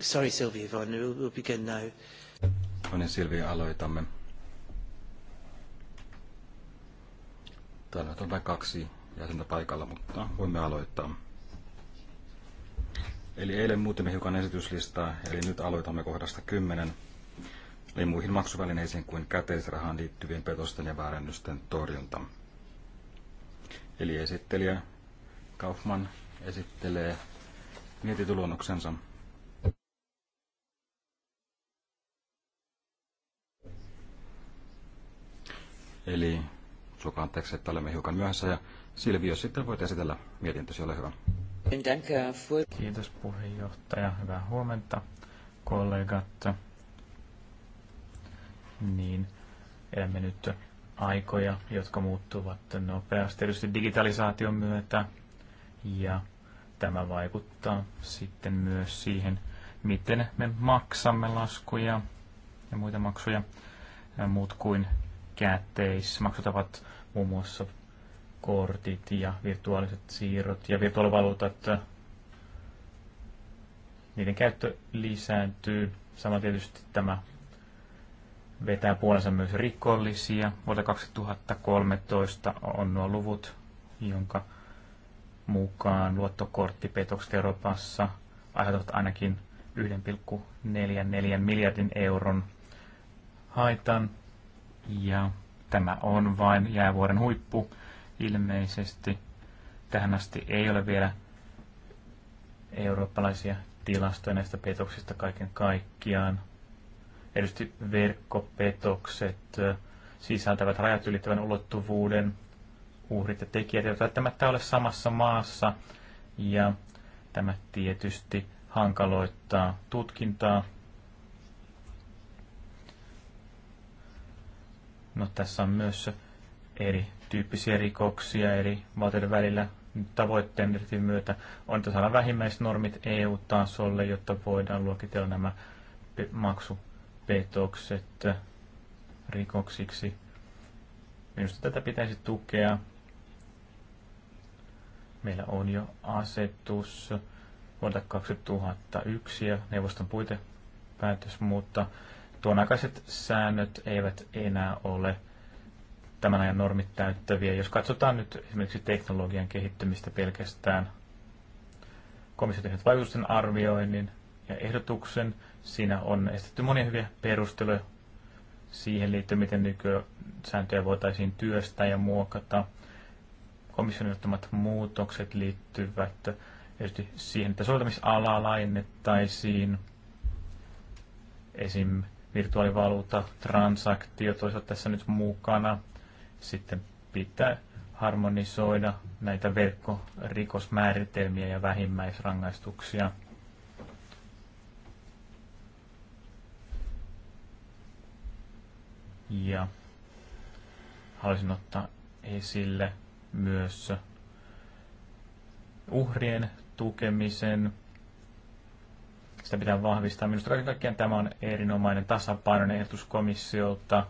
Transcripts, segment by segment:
Sorry Sylvia Yvonne, we'll begin now. No niin, Silvia, aloitamme. Täällä on vain kaksi jäsentä paikalla, mutta voimme aloittaa. Eli eilen muutimme hiukan esityslistaa, eli nyt aloitamme kohdasta 10, eli muihin maksuvälineisiin kuin käteisrahaan liittyvien petosten ja väärennysten torjunta. Eli esittelijä Kaufman esittelee mietintöluonnoksensa. Eli suokaa anteeksi, että olemme hiukan myöhässä ja Silvi, jos sitten voit esitellä mietintösi, ole hyvä. Kiitos puheenjohtaja, hyvää huomenta kollegat. Niin, elämme nyt aikoja, jotka muuttuvat nopeasti tietysti digitalisaation myötä ja tämä vaikuttaa sitten myös siihen, miten me maksamme laskuja ja muita maksuja. Muut kuin käteismaksut ovat muun muassa kortit ja virtuaaliset siirrot ja virtuaalivaluutat. Niiden käyttö lisääntyy. Sama tietysti tämä vetää puolensa myös rikollisia. Vuodelta 2013 on nuo luvut, jonka mukaan luottokorttipetokset Euroopassa aiheutuvat ainakin 1,44 miljardin euron haitan. Ja tämä on vain jäävuoren huippu ilmeisesti. Tähän asti ei ole vielä eurooppalaisia tilastoja näistä petoksista kaiken kaikkiaan. Erityisesti verkkopetokset äh, sisältävät rajat ylittävän ulottuvuuden – uhrit ja tekijät eivät välttämättä ole samassa maassa ja tämä tietysti hankaloittaa tutkintaa. No, tässä on myös eri tyyppisiä rikoksia eri valtioiden välillä tavoitteen myötä on saada vähimmäisnormit EU-tasolle, jotta voidaan luokitella nämä maksupetokset rikoksiksi. Minusta tätä pitäisi tukea. Meillä on jo asetus vuodelta 2001 ja neuvoston puitepäätös, mutta tuonaikaiset säännöt eivät enää ole tämän ajan normit täyttäviä. Jos katsotaan nyt esimerkiksi teknologian kehittymistä pelkästään, komission tehnyt vaikutusten arvioinnin ja ehdotuksen, siinä on estetty monia hyviä perusteluja siihen liittyen, miten sääntöjä voitaisiin työstää ja muokata – komission ottamat muutokset liittyvät tietysti siihen, että soveltamisalaa laajennettaisiin esim. virtuaalivaluuta, transaktio toisaalta tässä nyt mukana. Sitten pitää harmonisoida näitä verkkorikosmääritelmiä ja vähimmäisrangaistuksia. Ja haluaisin ottaa esille myös uhrien tukemisen. Sitä pitää vahvistaa. Minusta kaiken kaikkiaan tämä on erinomainen tasapainoinen ehdotus komissiolta.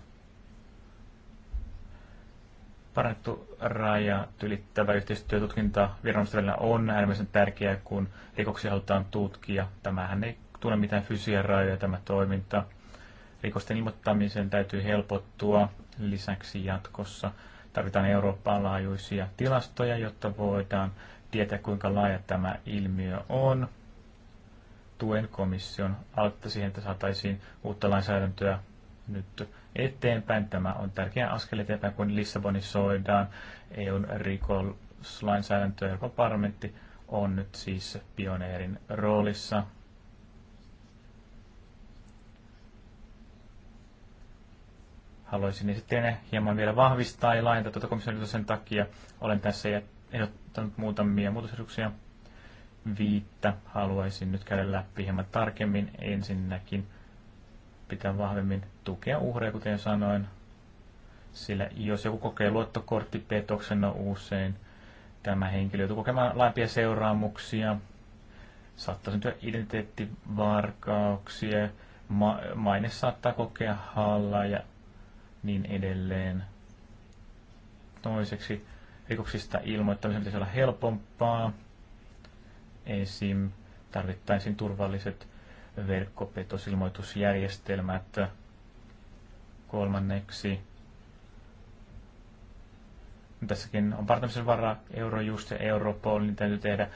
Parannettu raja ylittävä yhteistyötutkinta viranomaisten välillä on äärimmäisen tärkeää, kun rikoksia halutaan tutkia. Tämähän ei tunne mitään fysiä rajoja tämä toiminta. Rikosten ilmoittamisen täytyy helpottua lisäksi jatkossa Tarvitaan Eurooppaan laajuisia tilastoja, jotta voidaan tietää, kuinka laaja tämä ilmiö on. Tuen komission alta siihen, että saataisiin uutta lainsäädäntöä nyt eteenpäin. Tämä on tärkeä askel eteenpäin, kun Lissabonisoidaan EUn rikoslainsäädäntöä, joka parlamentti on nyt siis pioneerin roolissa. haluaisin sitten hieman vielä vahvistaa ja laajentaa tuota komission sen takia. Olen tässä ehdottanut muutamia muutosehdotuksia. Viittä haluaisin nyt käydä läpi hieman tarkemmin. Ensinnäkin pitää vahvemmin tukea uhreja, kuten sanoin. Sillä jos joku kokee luottokorttipetoksena no usein, tämä henkilö joutuu kokemaan laajempia seuraamuksia. Saattaa syntyä identiteettivarkauksia, ma- maine saattaa kokea hallaa ja niin edelleen. Toiseksi rikoksista ilmoittamisen pitäisi olla helpompaa. Esim. tarvittaisiin turvalliset verkkopetosilmoitusjärjestelmät. Kolmanneksi tässäkin on partamisen varaa, Eurojust ja Europol, niin täytyy tehdä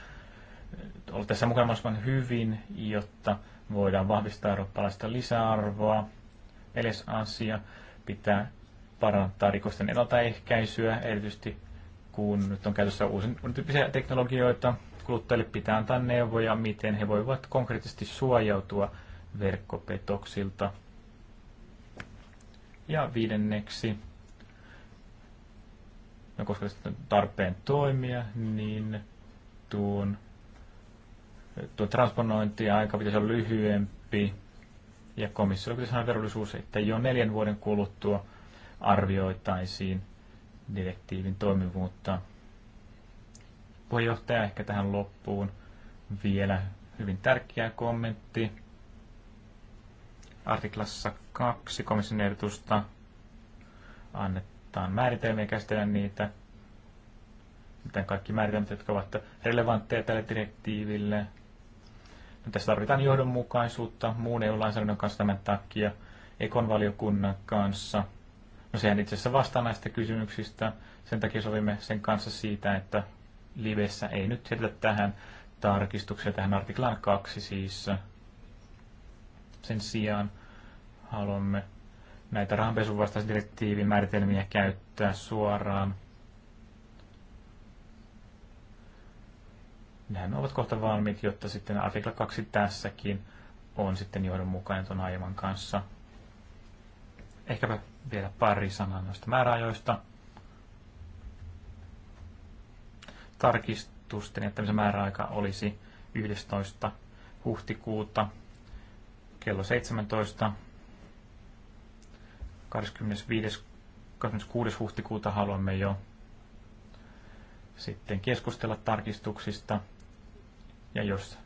olla tässä mukana mahdollisimman hyvin, jotta voidaan vahvistaa eurooppalaista lisäarvoa. Neljäs asia, pitää parantaa rikosten ennaltaehkäisyä, erityisesti kun nyt on käytössä uusin tyyppisiä teknologioita. Kuluttajille pitää antaa neuvoja, miten he voivat konkreettisesti suojautua verkkopetoksilta. Ja viidenneksi, no koska on tarpeen toimia, niin tuon, tuo transponointiaika pitäisi olla lyhyempi ja komissio pitäisi sanoa velvollisuus, että jo neljän vuoden kuluttua arvioitaisiin direktiivin toimivuutta. Puheenjohtaja, ehkä tähän loppuun vielä hyvin tärkeä kommentti. Artiklassa 2 komission ehdotusta annetaan määritelmiä, käsitellä niitä, miten kaikki määritelmät, jotka ovat relevantteja tälle direktiiville – tässä tarvitaan johdonmukaisuutta muun EU-lainsäädännön kanssa tämän takia, valiokunnan kanssa. No sehän itse asiassa vastaa näistä kysymyksistä. Sen takia sovimme sen kanssa siitä, että livessä ei nyt jätetä tähän tarkistukseen, tähän artiklaan 2 siis. Sen sijaan haluamme näitä rahanpesun vastaisen direktiivin määritelmiä käyttää suoraan Nehän ovat kohta valmiit, jotta sitten artikla 2 tässäkin on sitten johdonmukainen tuon aiemman kanssa. Ehkäpä vielä pari sanaa noista määräajoista. Tarkistusten se määräaika olisi 11. huhtikuuta kello 17. 25. 26. huhtikuuta haluamme jo sitten keskustella tarkistuksista ja jos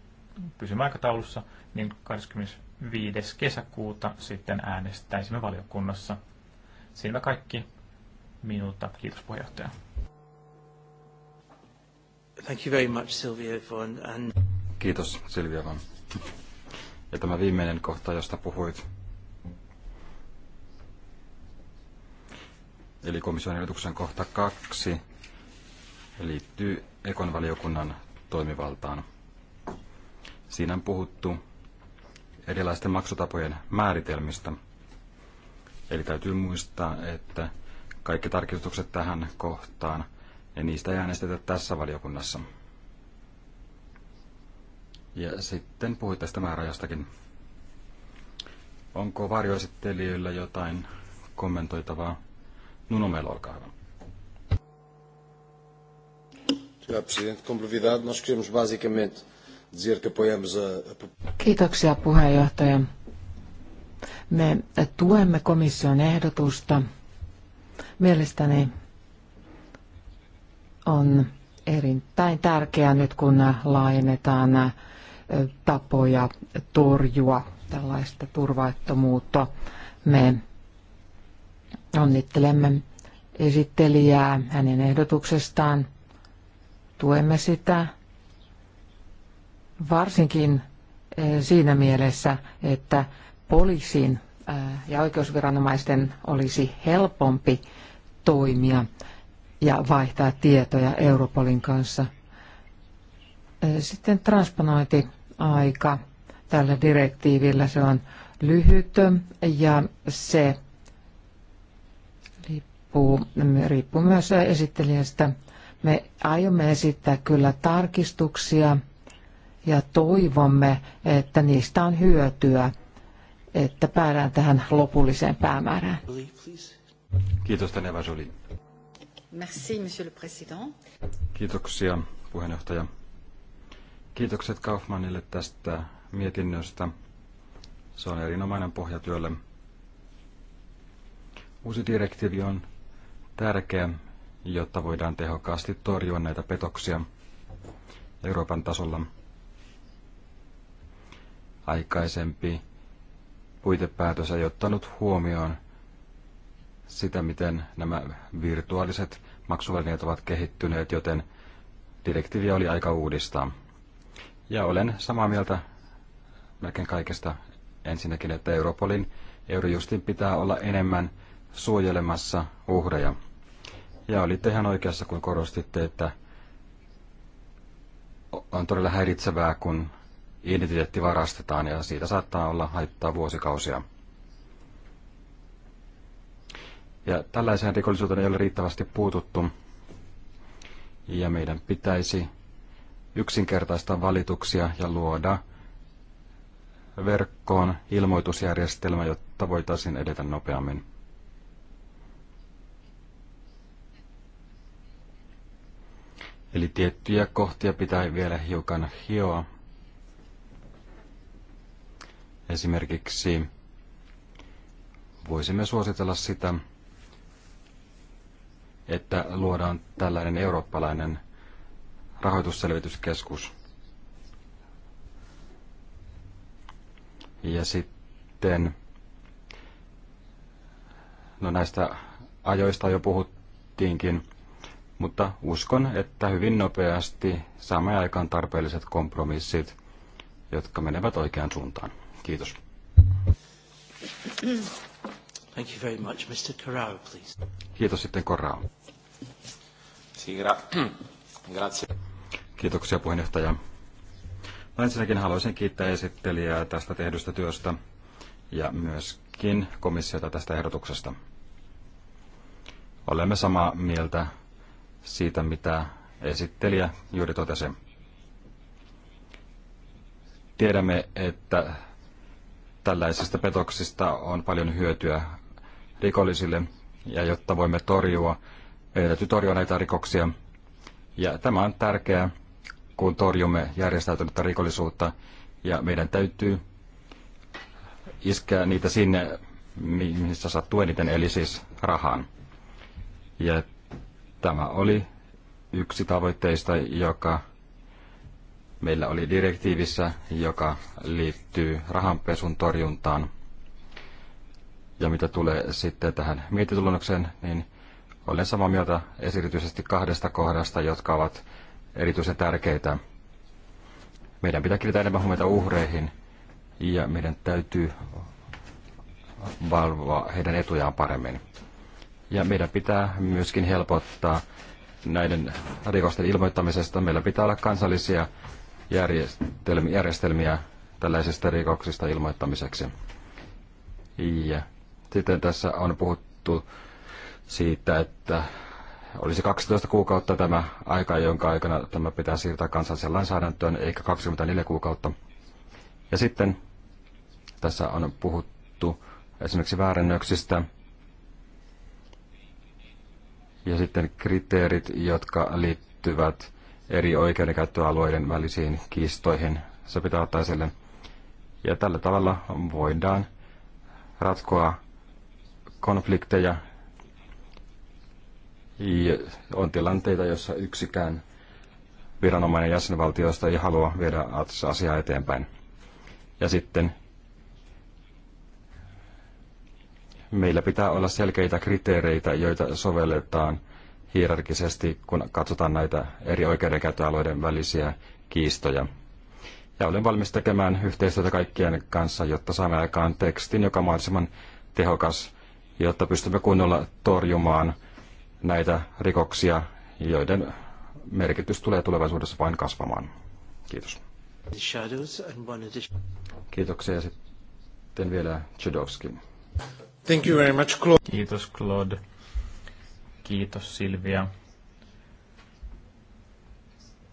pysymme aikataulussa, niin 25. kesäkuuta sitten äänestäisimme valiokunnassa. Siinä kaikki minulta. Kiitos puheenjohtaja. Thank you very much, Silvia Von. And... Kiitos, Silvia Von. Ja tämä viimeinen kohta, josta puhuit. Eli komission ehdotuksen kohta kaksi liittyy ekonvaliokunnan toimivaltaan. Siinä on puhuttu erilaisten maksutapojen määritelmistä. Eli täytyy muistaa, että kaikki tarkistukset tähän kohtaan, ja niistä ei äänestetä tässä valiokunnassa. Ja sitten puhuit tästä määräajastakin. Onko varjoesittelijöillä jotain kommentoitavaa? Nuno Melo, olkaa hyvä. Senhor Presidente, como novidade, nós queremos basicamente Kiitoksia puheenjohtaja. Me tuemme komission ehdotusta. Mielestäni on erittäin tärkeää nyt, kun laajennetaan tapoja torjua tällaista turvattomuutta. Me onnittelemme esittelijää hänen ehdotuksestaan. Tuemme sitä varsinkin eh, siinä mielessä, että poliisin eh, ja oikeusviranomaisten olisi helpompi toimia ja vaihtaa tietoja Europolin kanssa. Eh, sitten transponointiaika tällä direktiivillä se on lyhyt ja se riippuu, riippuu myös esittelijästä. Me aiomme esittää kyllä tarkistuksia ja toivomme, että niistä on hyötyä, että päädään tähän lopulliseen päämäärään. Kiitos, Taneva Jolie. Merci, monsieur le président. Kiitoksia, puheenjohtaja. Kiitokset Kaufmanille tästä mietinnöstä. Se on erinomainen pohja työlle. Uusi direktiivi on tärkeä, jotta voidaan tehokkaasti torjua näitä petoksia Euroopan tasolla – aikaisempi puitepäätös ei ottanut huomioon sitä, miten nämä virtuaaliset maksuvälineet ovat kehittyneet, joten direktiiviä oli aika uudistaa. Ja olen samaa mieltä melkein kaikesta ensinnäkin, että Europolin Eurojustin pitää olla enemmän suojelemassa uhreja. Ja olitte ihan oikeassa, kun korostitte, että on todella häiritsevää, kun identiteetti varastetaan ja siitä saattaa olla haittaa vuosikausia. Ja tällaiseen rikollisuuteen ei ole riittävästi puututtu ja meidän pitäisi yksinkertaistaa valituksia ja luoda verkkoon ilmoitusjärjestelmä, jotta voitaisiin edetä nopeammin. Eli tiettyjä kohtia pitää vielä hiukan hioa, Esimerkiksi voisimme suositella sitä, että luodaan tällainen eurooppalainen rahoitusselvityskeskus. Ja sitten, no näistä ajoista jo puhuttiinkin, mutta uskon, että hyvin nopeasti saamme aikaan tarpeelliset kompromissit, jotka menevät oikeaan suuntaan. Kiitos. Thank you very much. Mr. Corral, please. Kiitos sitten Corral. Sigra. Grazie. Kiitoksia puheenjohtaja. No ensinnäkin haluaisin kiittää esittelijää tästä tehdystä työstä ja myöskin komissiota tästä ehdotuksesta. Olemme samaa mieltä siitä, mitä esittelijä juuri totesi. Tiedämme, että tällaisista petoksista on paljon hyötyä rikollisille ja jotta voimme torjua, meidän täytyy torjua näitä rikoksia. Ja tämä on tärkeää, kun torjumme järjestäytynyttä rikollisuutta ja meidän täytyy iskeä niitä sinne, missä sattuu eniten, eli siis rahaan. Ja tämä oli yksi tavoitteista, joka Meillä oli direktiivissä, joka liittyy rahanpesun torjuntaan. Ja mitä tulee sitten tähän mietitulonnokseen, niin olen samaa mieltä esityisesti kahdesta kohdasta, jotka ovat erityisen tärkeitä. Meidän pitää kiinnittää enemmän huomiota uhreihin ja meidän täytyy valvoa heidän etujaan paremmin. Ja meidän pitää myöskin helpottaa näiden rikosten ilmoittamisesta. Meillä pitää olla kansallisia järjestelmiä tällaisista rikoksista ilmoittamiseksi. Ja sitten tässä on puhuttu siitä, että olisi 12 kuukautta tämä aika, jonka aikana tämä pitää siirtää kansalliseen lainsäädäntöön, eikä 24 kuukautta. Ja sitten tässä on puhuttu esimerkiksi väärennöksistä ja sitten kriteerit, jotka liittyvät eri oikeudenkäyttöalueiden välisiin kiistoihin. Se pitää ottaa esille. Ja tällä tavalla voidaan ratkoa konflikteja. Ja on tilanteita, joissa yksikään viranomainen jäsenvaltioista ei halua viedä asiaa eteenpäin. Ja sitten meillä pitää olla selkeitä kriteereitä, joita sovelletaan – hierarkisesti, kun katsotaan näitä eri oikeudenkäyttöalueiden välisiä kiistoja. Ja olen valmis tekemään yhteistyötä kaikkien kanssa, jotta saamme aikaan tekstin, joka on mahdollisimman tehokas, jotta pystymme kunnolla torjumaan näitä rikoksia, joiden merkitys tulee tulevaisuudessa vain kasvamaan. Kiitos. Kiitoksia sitten vielä Chudovskin. Thank you very much, Claude. Kiitos, Claude. Kiitos Silvia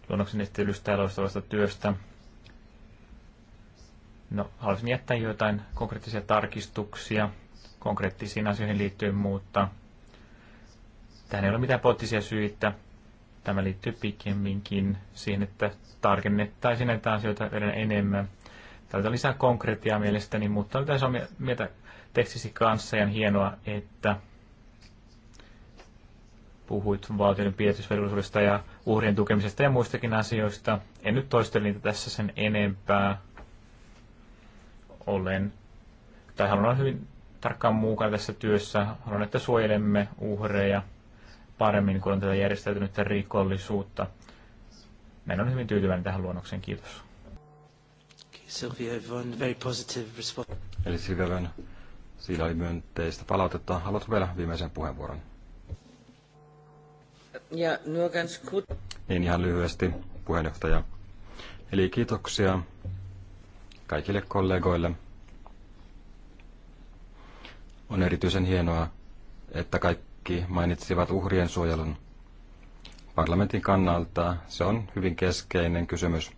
luonnoksen esittelystä ja loistavasta työstä. No, haluaisin jättää jotain konkreettisia tarkistuksia konkreettisiin asioihin liittyen, mutta tähän ei ole mitään poliittisia syitä. Tämä liittyy pikemminkin siihen, että tarkennettaisiin näitä asioita vielä enemmän. Täältä lisää konkreettia mielestäni, mutta olen tässä mieltä tekstisi kanssa ja on hienoa, että Puhuit valtioiden pietysvelvollisuudesta ja uhrien tukemisesta ja muistakin asioista. En nyt toistele niitä tässä sen enempää. Olen, tai haluan olla hyvin tarkkaan mukana tässä työssä. Haluan, että suojelemme uhreja paremmin kuin on tätä järjestäytynyttä rikollisuutta. Näin on hyvin tyytyväinen tähän luonnokseen. Kiitos. Eli Silvia Vön, siinä oli myönteistä palautetta. Haluatko vielä viimeisen puheenvuoron? Ja Niin ihan lyhyesti, puheenjohtaja. Eli kiitoksia kaikille kollegoille. On erityisen hienoa, että kaikki mainitsivat uhrien suojelun. Parlamentin kannalta se on hyvin keskeinen kysymys.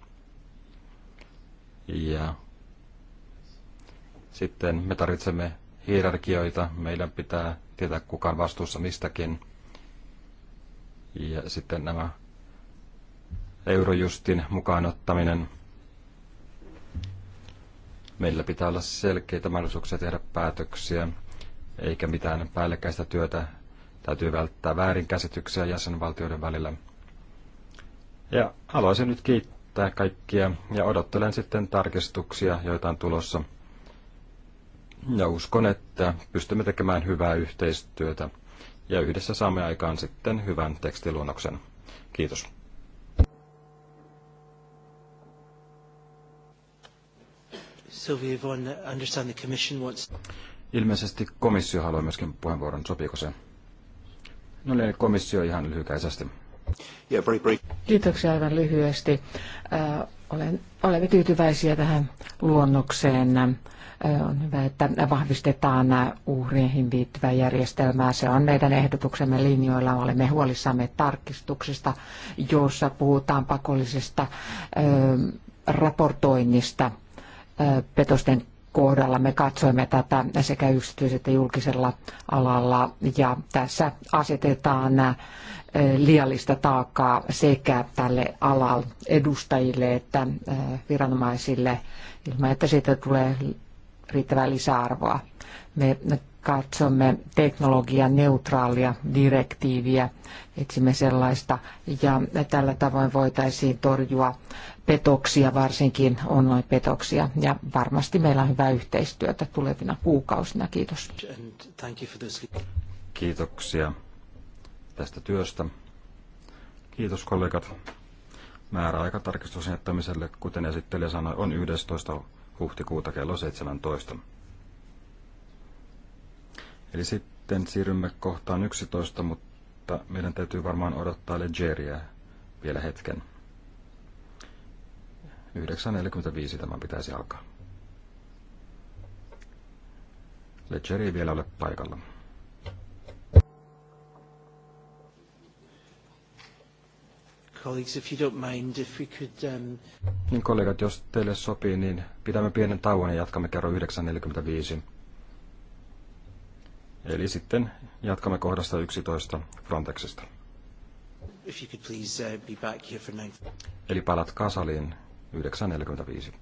Ja sitten me tarvitsemme hierarkioita. Meidän pitää tietää, kuka on vastuussa mistäkin – ja sitten nämä Eurojustin mukaan ottaminen. Meillä pitää olla selkeitä mahdollisuuksia tehdä päätöksiä, eikä mitään päällekkäistä työtä. Täytyy välttää väärinkäsityksiä jäsenvaltioiden välillä. Ja haluaisin nyt kiittää kaikkia ja odottelen sitten tarkistuksia, joita on tulossa. Ja uskon, että pystymme tekemään hyvää yhteistyötä ja yhdessä saamme aikaan sitten hyvän tekstiluonnoksen. Kiitos. Sylvia understand the commission wants... Ilmeisesti komissio haluaa myöskin puheenvuoron. Sopiiko se? No niin, komissio ihan lyhykäisesti. Yeah, very brief. Kiitoksia aivan lyhyesti. Äh, olen, olemme tyytyväisiä tähän luonnokseen. On hyvä, että vahvistetaan uhrien liittyvää järjestelmää. Se on meidän ehdotuksemme linjoilla. Olemme huolissamme tarkistuksista, joissa puhutaan pakollisesta raportoinnista petosten kohdalla. Me katsoimme tätä sekä yksityisellä että julkisella alalla ja tässä asetetaan liiallista taakkaa sekä tälle alan edustajille että viranomaisille ilman, että siitä tulee riittävää lisäarvoa. Me katsomme teknologian neutraalia direktiiviä, etsimme sellaista ja tällä tavoin voitaisiin torjua petoksia, varsinkin online-petoksia ja varmasti meillä on hyvää yhteistyötä tulevina kuukausina. Kiitos. Kiitoksia tästä työstä. Kiitos kollegat. Määräaikatarkistusjättämiselle, kuten esittelijä sanoi, on 11 huhtikuuta kello 17. Eli sitten siirrymme kohtaan 11, mutta meidän täytyy varmaan odottaa Legeriä vielä hetken. 9.45 tämän pitäisi alkaa. Legeri ei vielä ole paikalla. colleagues, if you don't mind, if we could... Um... Niin kollegat, jos teille sopii, niin pidämme pienen tauon ja jatkamme kerro 9.45. Eli sitten jatkamme kohdasta 11 Frontexista. If you could please, uh, be back here for 9... Eli palatkaa saliin 9.45.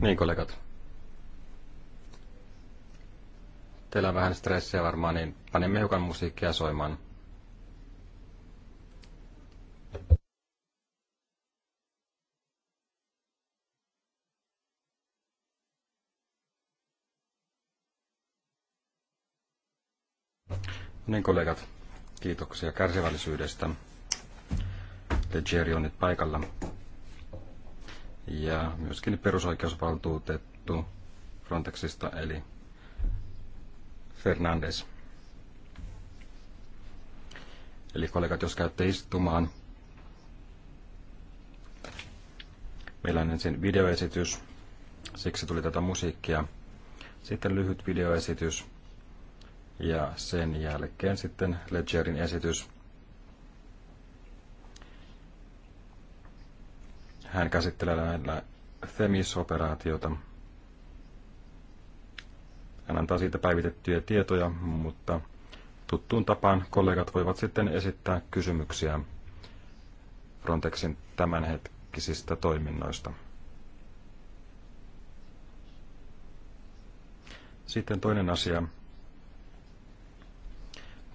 Niin, kollegat. Teillä on vähän stressiä varmaan, niin panemme hiukan musiikkia soimaan. No niin kollegat, kiitoksia kärsivällisyydestä. Legeri on nyt paikalla ja myöskin perusoikeusvaltuutettu Frontexista, eli Fernandes. Eli kollegat, jos käytte istumaan, meillä on ensin videoesitys, siksi tuli tätä musiikkia. Sitten lyhyt videoesitys ja sen jälkeen sitten Ledgerin esitys – Hän käsittelee näillä Themis-operaatiota. Hän antaa siitä päivitettyjä tietoja, mutta tuttuun tapaan kollegat voivat sitten esittää kysymyksiä Frontexin tämänhetkisistä toiminnoista. Sitten toinen asia.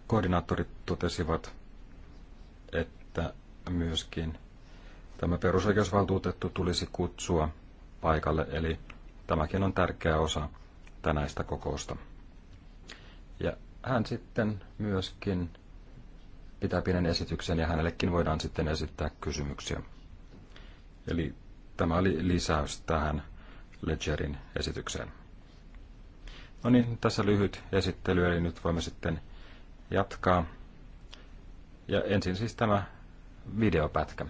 Koordinaattorit totesivat, että myöskin tämä perusoikeusvaltuutettu tulisi kutsua paikalle, eli tämäkin on tärkeä osa tänäistä kokousta. Ja hän sitten myöskin pitää pienen esityksen ja hänellekin voidaan sitten esittää kysymyksiä. Eli tämä oli lisäys tähän Ledgerin esitykseen. No niin, tässä lyhyt esittely, eli nyt voimme sitten jatkaa. Ja ensin siis tämä videopätkä.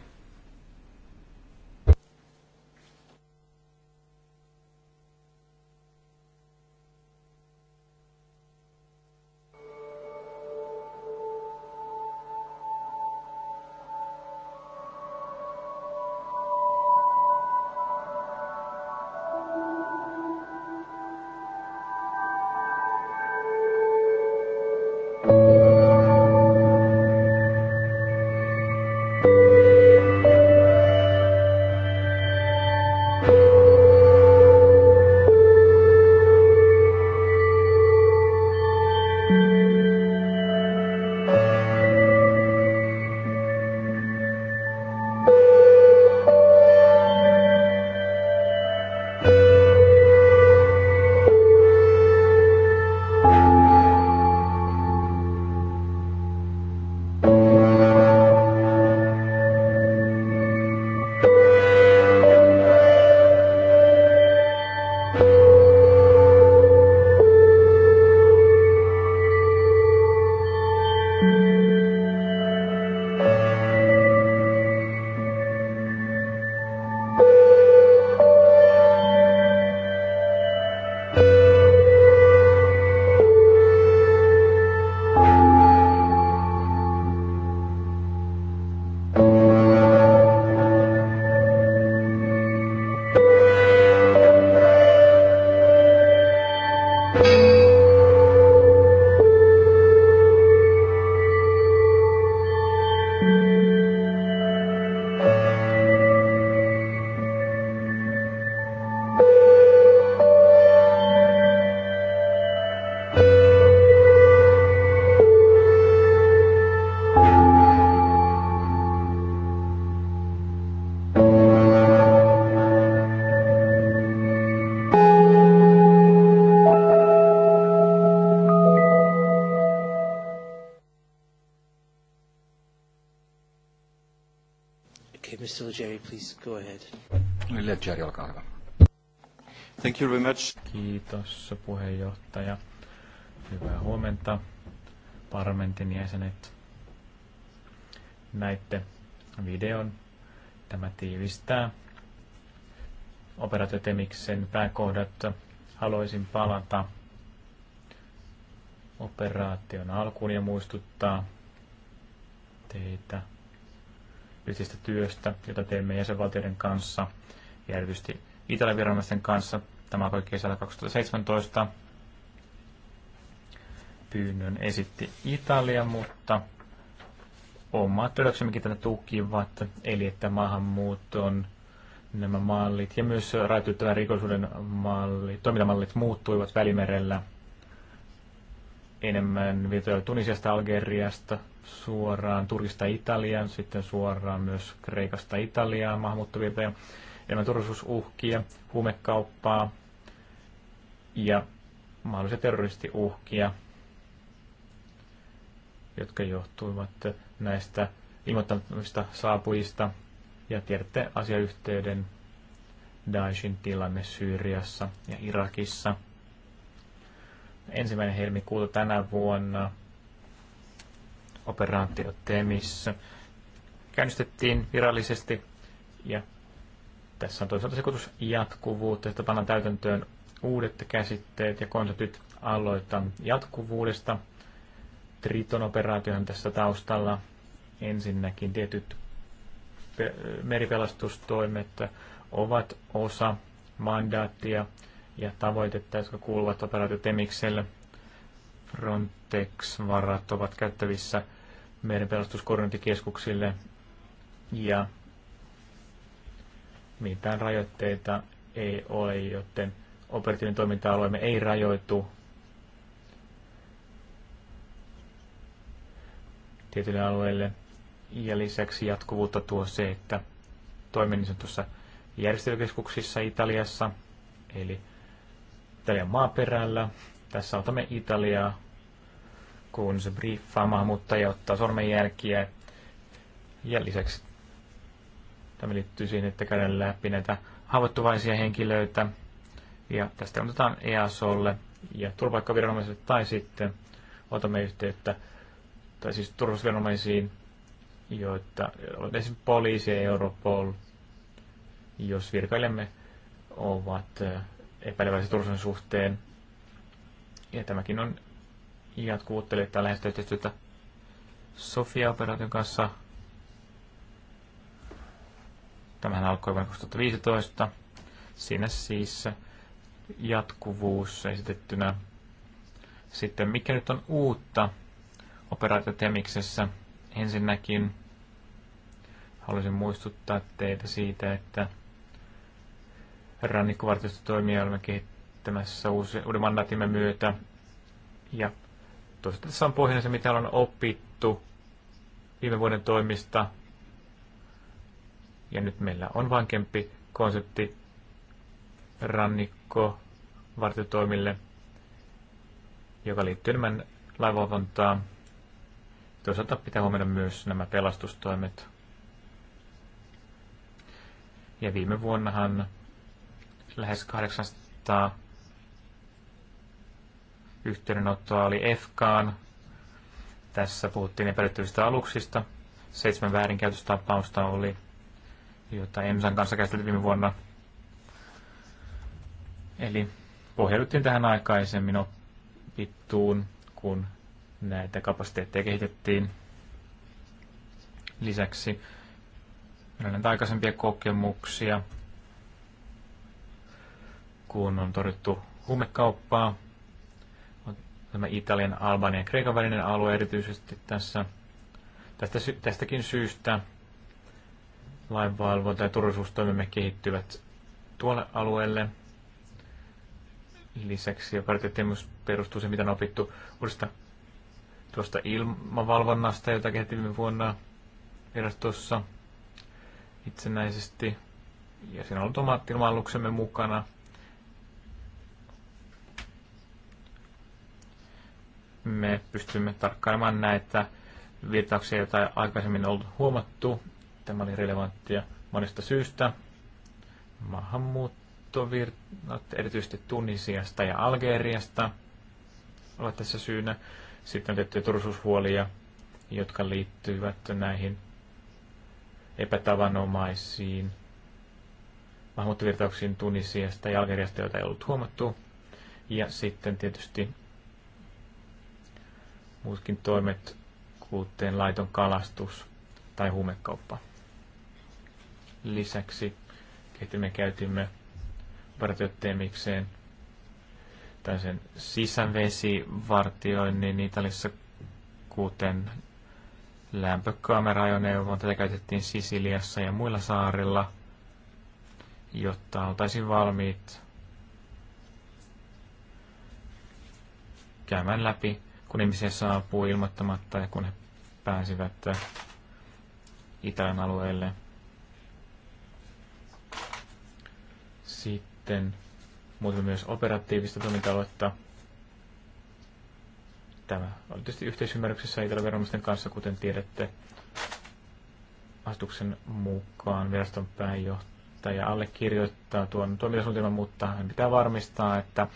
Go ahead. Ledger, olkaa hyvä. Thank you very much. Kiitos puheenjohtaja. Hyvää huomenta parlamentin jäsenet. Näitte videon. Tämä tiivistää operaatiotemiksen pääkohdat. Haluaisin palata operaation alkuun ja muistuttaa teitä yhteisestä työstä, jota teemme jäsenvaltioiden kanssa ja erityisesti Italian viranomaisten kanssa. Tämä alkoi kesällä 2017. Pyynnön esitti Italia, mutta omat löydöksemmekin tätä tukivat, eli että maahanmuuton nämä mallit ja myös rajoitettavan rikollisuuden mallit, toimintamallit muuttuivat välimerellä – enemmän virtoja Tunisiasta, Algeriasta, suoraan Turkista Italiaan, sitten suoraan myös Kreikasta Italiaan maahanmuuttovirtoja, enemmän turvallisuusuhkia, huumekauppaa ja mahdollisia terroristiuhkia, jotka johtuivat näistä ilmoittamista saapujista. Ja tiedätte asiayhteyden Daeshin tilanne Syyriassa ja Irakissa ensimmäinen helmikuuta tänä vuonna operaatio Temissä käynnistettiin virallisesti ja tässä on toisaalta sekoitus jatkuvuutta, että pannaan täytäntöön uudet käsitteet ja konseptit aloitan jatkuvuudesta. Triton operaatiohan tässä taustalla ensinnäkin tietyt meripelastustoimet ovat osa mandaattia, ja tavoitetta, jotka kuuluvat operaatio Temikselle. Frontex-varat ovat käyttävissä meidän pelastuskoordinointikeskuksille ja mitään rajoitteita ei ole, joten operatiivinen toiminta-alueemme ei rajoitu tietyille alueille. Ja lisäksi jatkuvuutta tuo se, että toimin niin tuossa järjestelykeskuksissa Italiassa, eli Italian maaperällä. Tässä otamme Italiaa, kun se briefaa maahanmuuttajia, ottaa sormenjälkiä. Ja lisäksi tämä liittyy siihen, että käydään läpi näitä haavoittuvaisia henkilöitä. Ja tästä otetaan EASOlle ja turvapaikkaviranomaisille tai sitten otamme yhteyttä tai siis turvallisuusviranomaisiin, joita on esimerkiksi poliisi ja Europol, jos virkailemme ovat epäileväisen turvallisuuden suhteen. Ja tämäkin on jatkuvuutta, eli läheistä yhteistyötä Sofia-operaation kanssa. Tämähän alkoi vuonna 2015. Siinä siis jatkuvuus esitettynä. Sitten mikä nyt on uutta operaatiotemiksessä? Ensinnäkin haluaisin muistuttaa teitä siitä, että rannikkovartiostotoimia olemme kehittämässä uusi, uuden mandaatimme myötä. Ja toisaalta tässä on pohjana se, mitä on opittu viime vuoden toimista. Ja nyt meillä on vankempi konsepti rannikkovartiotoimille, joka liittyy enemmän laivavalvontaa. Toisaalta pitää huomioida myös nämä pelastustoimet. Ja viime vuonnahan lähes 800 yhteydenottoa oli EFKAan. Tässä puhuttiin epäilyttävistä aluksista. Seitsemän väärinkäytöstapausta oli, jota EMSAn kanssa käsiteltiin viime vuonna. Eli pohjauduttiin tähän aikaisemmin opittuun, kun näitä kapasiteetteja kehitettiin. Lisäksi meillä on aikaisempia kokemuksia kun on torjuttu huumekauppaa. Tämä Italian, Albanian ja Kreikan välinen alue erityisesti tässä. Tästä, tästäkin syystä lainvalvonta ja turvallisuustoimimme kehittyvät tuolle alueelle. Lisäksi myös perustuu se, mitä on opittu uudesta tuosta ilmavalvonnasta, jota kehitimme vuonna virastossa itsenäisesti. Ja siinä on ollut omat ilma mukana. me pystymme tarkkailemaan näitä virtauksia, joita aikaisemmin on ollut huomattu. Tämä oli relevanttia monesta syystä. Maahanmuuttovirtaukset, erityisesti Tunisiasta ja Algeriasta, ovat tässä syynä. Sitten on tiettyjä turvallisuushuolia, jotka liittyvät näihin epätavanomaisiin maahanmuuttovirtauksiin Tunisiasta ja Algeriasta, joita ei ollut huomattu. Ja sitten tietysti muutkin toimet, kuten laiton kalastus tai huumekauppa. Lisäksi me käytimme vartioitteemikseen sen sisävesivartioinnin Italiassa, kuten lämpökamerajoneuvoon. Tätä käytettiin Sisiliassa ja muilla saarilla, jotta oltaisiin valmiit käymään läpi kun ihmisiä saapuu ilmoittamatta ja kun he pääsivät Itään alueelle. Sitten muutamme myös operatiivista toiminta-aluetta. Tämä oli tietysti yhteisymmärryksessä Itälän kanssa, kuten tiedätte. Asetuksen mukaan viraston pääjohtaja allekirjoittaa tuon toimintasuunnitelman, mutta hän pitää varmistaa, että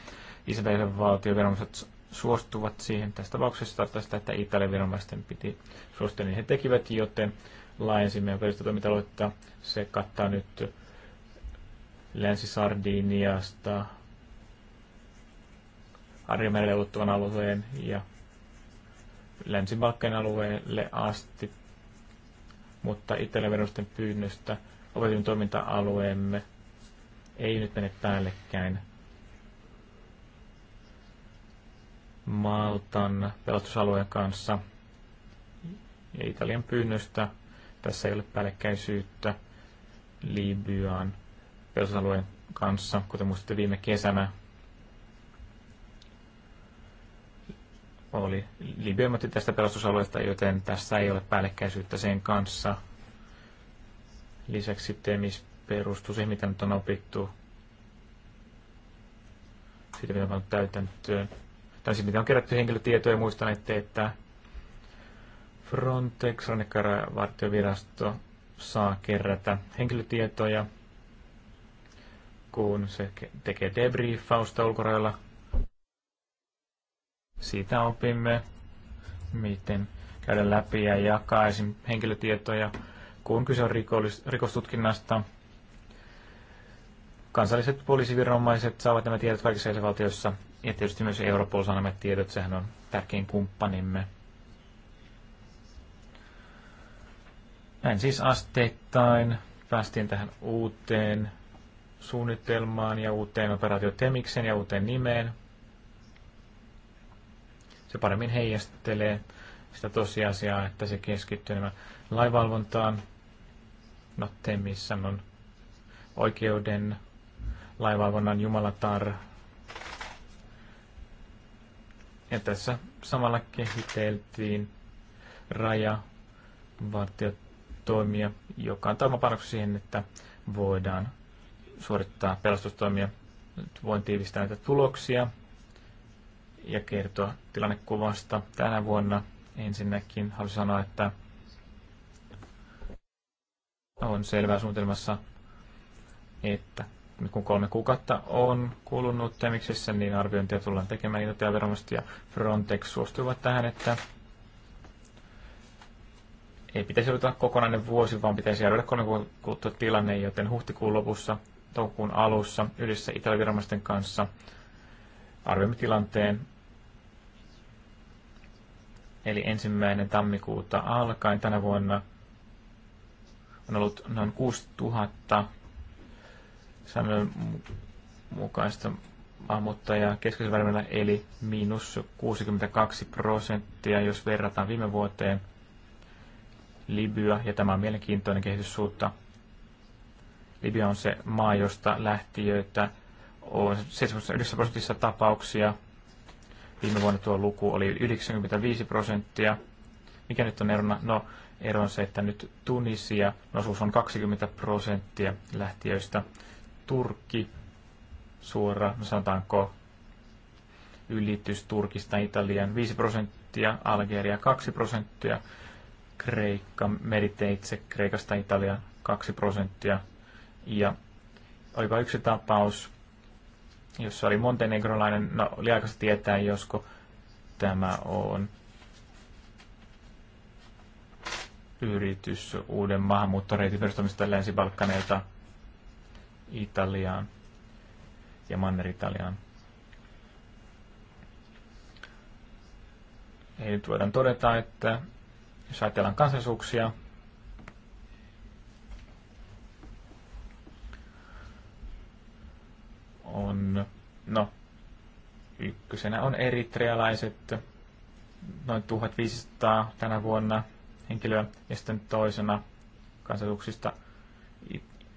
Isabelin valtioviranomaiset suostuvat siihen. Tässä tapauksessa tarkoittaa sitä, että Italian viranomaisten piti suostua, niin he tekivät, joten laajensimme ympäristötoimintaloitetta. Se kattaa nyt Länsi-Sardiniasta Arjomerelle ulottuvan alueen ja länsi alueelle asti, mutta Italian viranomaisten pyynnöstä opetin toiminta-alueemme ei nyt mene päällekkäin Maltan pelastusalueen kanssa ja Italian pyynnöstä. Tässä ei ole päällekkäisyyttä Libyan pelastusalueen kanssa, kuten muistatte viime kesänä. Oli Libyan tästä pelastusalueesta, joten tässä ei ole päällekkäisyyttä sen kanssa. Lisäksi Temis perustuu siihen, mitä nyt on opittu siitä, mitä on täytäntöön tai siis mitä on kerätty henkilötietoja, muistan, että, että Frontex, Rannikaravartiovirasto, saa kerätä henkilötietoja, kun se tekee debriefausta ulkorajalla. Siitä opimme, miten käydä läpi ja jakaa esim. henkilötietoja, kun kyse on rikollis- rikostutkinnasta. Kansalliset poliisiviranomaiset saavat nämä tiedot kaikissa jäsenvaltioissa ja tietysti myös Europol sanomme tiedot, sehän on tärkein kumppanimme. Näin siis asteittain päästiin tähän uuteen suunnitelmaan ja uuteen operaatiotemikseen ja uuteen nimeen. Se paremmin heijastelee sitä tosiasiaa, että se keskittyy enemmän laivalvontaan. No Temissä on oikeuden laivalvonnan jumalatar ja tässä samalla kehiteltiin rajavartiotoimia, joka antaa toimapanoksi siihen, että voidaan suorittaa pelastustoimia. Nyt voin tiivistää näitä tuloksia ja kertoa tilannekuvasta tänä vuonna. Ensinnäkin haluan sanoa, että on selvää suunnitelmassa, että kun kolme kuukautta on kulunut Temiksessä, niin arviointia tullaan tekemään. Italia viranomaiset ja Frontex suostuivat tähän, että ei pitäisi olla kokonainen vuosi, vaan pitäisi jäädä kolme kuukautta tilanne, joten huhtikuun lopussa, toukokuun alussa yhdessä Italian kanssa arvioimme tilanteen. Eli ensimmäinen tammikuuta alkaen tänä vuonna on ollut noin 6000 säännön mukaista maahanmuuttajaa keskisvärmällä eli miinus 62 prosenttia, jos verrataan viime vuoteen Libya, ja tämä on mielenkiintoinen kehityssuunta. Libya on se maa, josta lähtiöitä on 79 prosentissa tapauksia. Viime vuonna tuo luku oli 95 prosenttia. Mikä nyt on erona? No, ero on se, että nyt Tunisia, osuus on 20 prosenttia lähtiöistä Turkki suora, no sanotaanko ylitys Turkista Italian 5 prosenttia, Algeria 2 prosenttia, Kreikka meriteitse Kreikasta Italia 2 prosenttia. Ja olipa yksi tapaus, jossa oli montenegrolainen, no oli aikaista tietää, josko tämä on yritys uuden maahanmuuttoreitin perustamista Länsi-Balkaneelta Italiaan ja Manner-Italiaan. Eli nyt voidaan todeta, että jos ajatellaan kansallisuuksia, on, no, ykkösenä on eritrealaiset, noin 1500 tänä vuonna henkilöä, ja sitten toisena kansallisuuksista –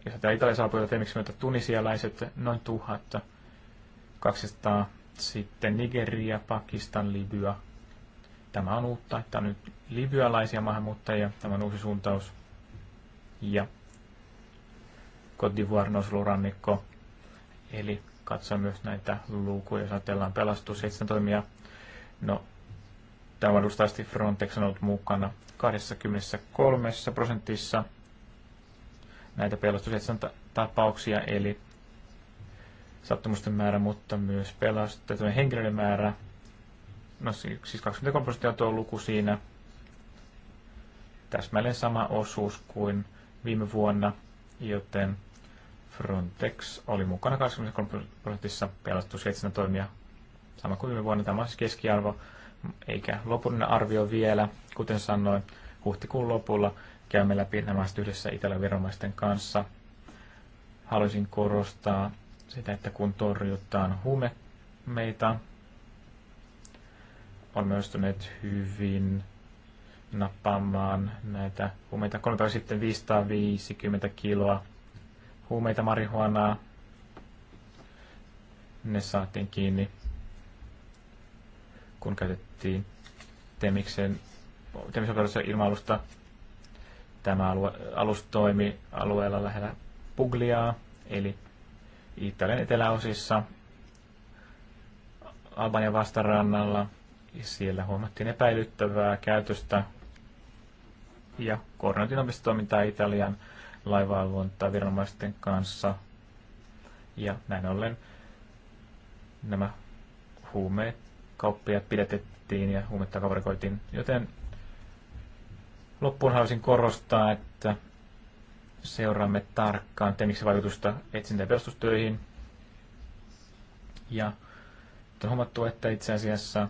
jos tätä Italia saapui, esimerkiksi meiltä tunisialaiset noin 1200, sitten Nigeria, Pakistan, Libya. Tämä on uutta, että on nyt libyalaisia maahanmuuttajia, tämä on uusi suuntaus. Ja Côte d'Ivoire, Eli katsoa myös näitä lukuja, jos ajatellaan pelastus, toimia. No, tämä on varustaisesti Frontex on ollut mukana 23 prosentissa näitä pelastusetsän tapauksia, eli sattumusten määrä, mutta myös pelastettujen henkilöiden määrä. No siis 23 prosenttia tuo luku siinä. Täsmälleen sama osuus kuin viime vuonna, joten Frontex oli mukana 23 prosentissa pelastusetsinnän toimia sama kuin viime vuonna. Tämä on siis keskiarvo, eikä lopullinen arvio vielä, kuten sanoin, huhtikuun lopulla käymme läpi nämä yhdessä Italian viranomaisten kanssa. Haluaisin korostaa sitä, että kun torjutaan huumeita, on ostuneet hyvin nappaamaan näitä huumeita. Kolme päivä sitten 550 kiloa huumeita marihuanaa. Ne saatiin kiinni, kun käytettiin Temiksen ilma-alusta Tämä alue, alus toimi alueella lähellä Pugliaa, eli Italian eteläosissa, Albanian vastarannalla. Siellä huomattiin epäilyttävää käytöstä ja koordinoitiin omistotoimintaa Italian laivaalvontaa viranomaisten kanssa. Ja näin ollen nämä huumeet kauppiaat pidätettiin ja huumetta kavarikoitiin, joten Loppuun haluaisin korostaa, että seuraamme tarkkaan temiksi vaikutusta etsintä- ja pelastustyöihin. Ja on huomattu, että itse asiassa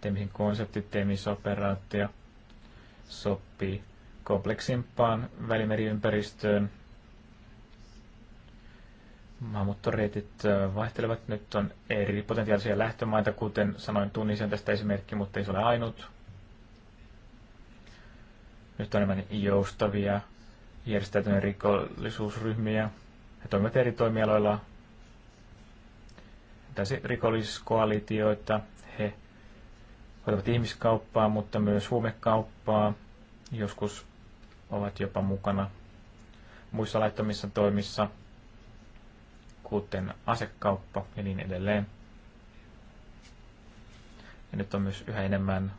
Temisin konsepti, Temis-operaatio sopii kompleksimpaan välimeriympäristöön. Maahanmuuttoreitit äh, vaihtelevat. Nyt on eri potentiaalisia lähtömaita, kuten sanoin, tunnisen tästä esimerkki, mutta ei se ole ainut. Nyt on enemmän joustavia järjestäytyneen rikollisuusryhmiä. He toimivat eri toimialoilla. Tällaisia rikolliskoalitioita. He hoitavat ihmiskauppaa, mutta myös huumekauppaa. Joskus ovat jopa mukana muissa laittomissa toimissa, kuten asekauppa ja niin edelleen. Ja nyt on myös yhä enemmän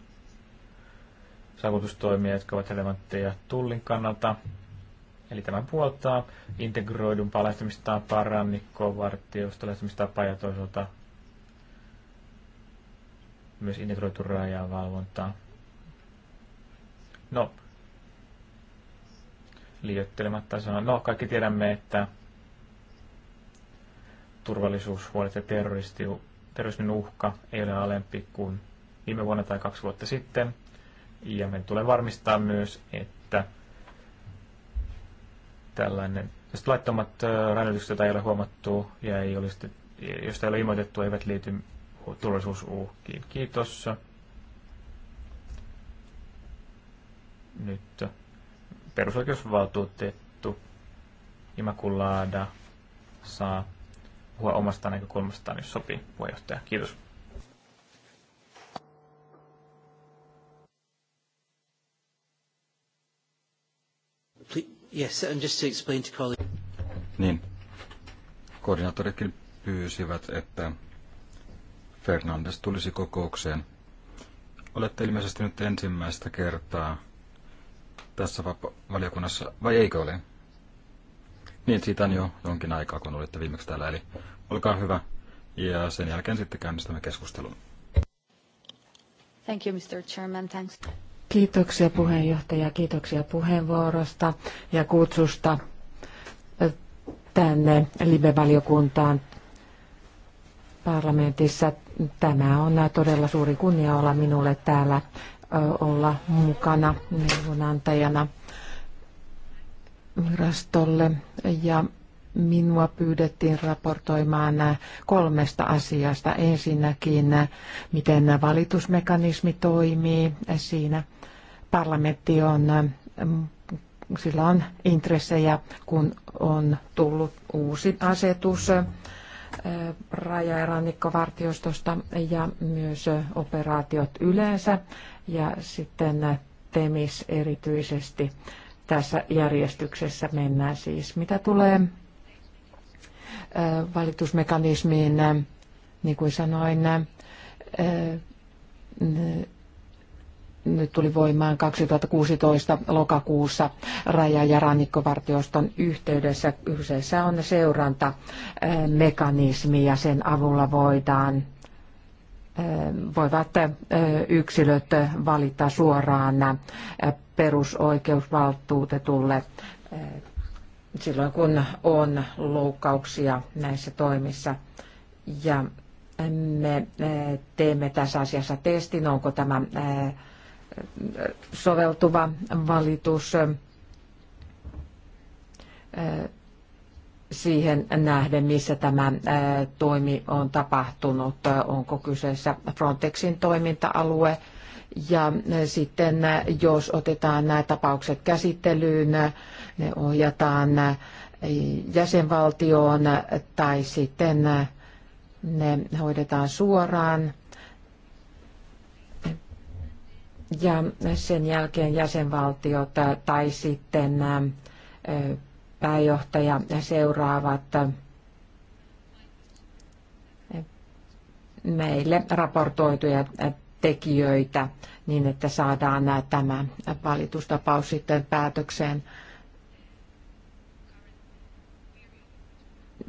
saavutustoimia, jotka ovat relevantteja tullin kannalta. Eli tämä puoltaa integroidun lähestymistapaa, rannikkoon, vartiosta lähestymistapaa ja toisaalta myös integroitu rajavalvontaa. No, liioittelematta sanoa, no kaikki tiedämme, että turvallisuushuolet ja terrorismin uhka ei ole alempi kuin viime vuonna tai kaksi vuotta sitten. Ja me tulee varmistaa myös, että tällainen, jos laittomat rajoitukset, joita ei ole huomattu ja ei ole, josta ei ole ilmoitettu, eivät liity turvallisuusuhkiin. Kiitos. Nyt perusoikeusvaltuutettu Imakulaada saa puhua omasta näkökulmastaan, jos sopii puheenjohtaja. Kiitos. Yes, and just to explain to colleagues. Niin. Koordinaattoritkin pyysivät, että Fernandes tulisi kokoukseen. Olette ilmeisesti nyt ensimmäistä kertaa tässä valiokunnassa, vai eikö ole? Niin, siitä on jo jonkin aikaa, kun olitte viimeksi täällä, eli olkaa hyvä. Ja sen jälkeen sitten käynnistämme keskustelun. Thank you, Mr. Chairman. Thanks. Kiitoksia puheenjohtaja, kiitoksia puheenvuorosta ja kutsusta tänne live-valiokuntaan parlamentissa. Tämä on todella suuri kunnia olla minulle täällä olla mukana neuvonantajana virastolle ja minua pyydettiin raportoimaan kolmesta asiasta. Ensinnäkin, miten valitusmekanismi toimii siinä parlamentti on, ähm, sillä on intressejä, kun on tullut uusi asetus äh, raja- ja rannikkovartiostosta ja myös äh, operaatiot yleensä ja sitten äh, TEMIS erityisesti tässä järjestyksessä mennään siis. Mitä tulee valitusmekanismiin, niin kuin sanoin, nyt tuli voimaan 2016 lokakuussa raja- ja rannikkovartioston yhteydessä. Kyseessä on seurantamekanismi ja sen avulla voidaan voivat yksilöt valita suoraan perusoikeusvaltuutetulle silloin, kun on loukkauksia näissä toimissa. Ja me teemme tässä asiassa testin, onko tämä soveltuva valitus siihen nähden, missä tämä toimi on tapahtunut, onko kyseessä Frontexin toiminta-alue. Ja sitten jos otetaan nämä tapaukset käsittelyyn, ne ohjataan jäsenvaltioon tai sitten ne hoidetaan suoraan ja sen jälkeen jäsenvaltiot tai sitten pääjohtaja seuraavat meille raportoituja tekijöitä niin, että saadaan tämä valitustapaus sitten päätökseen.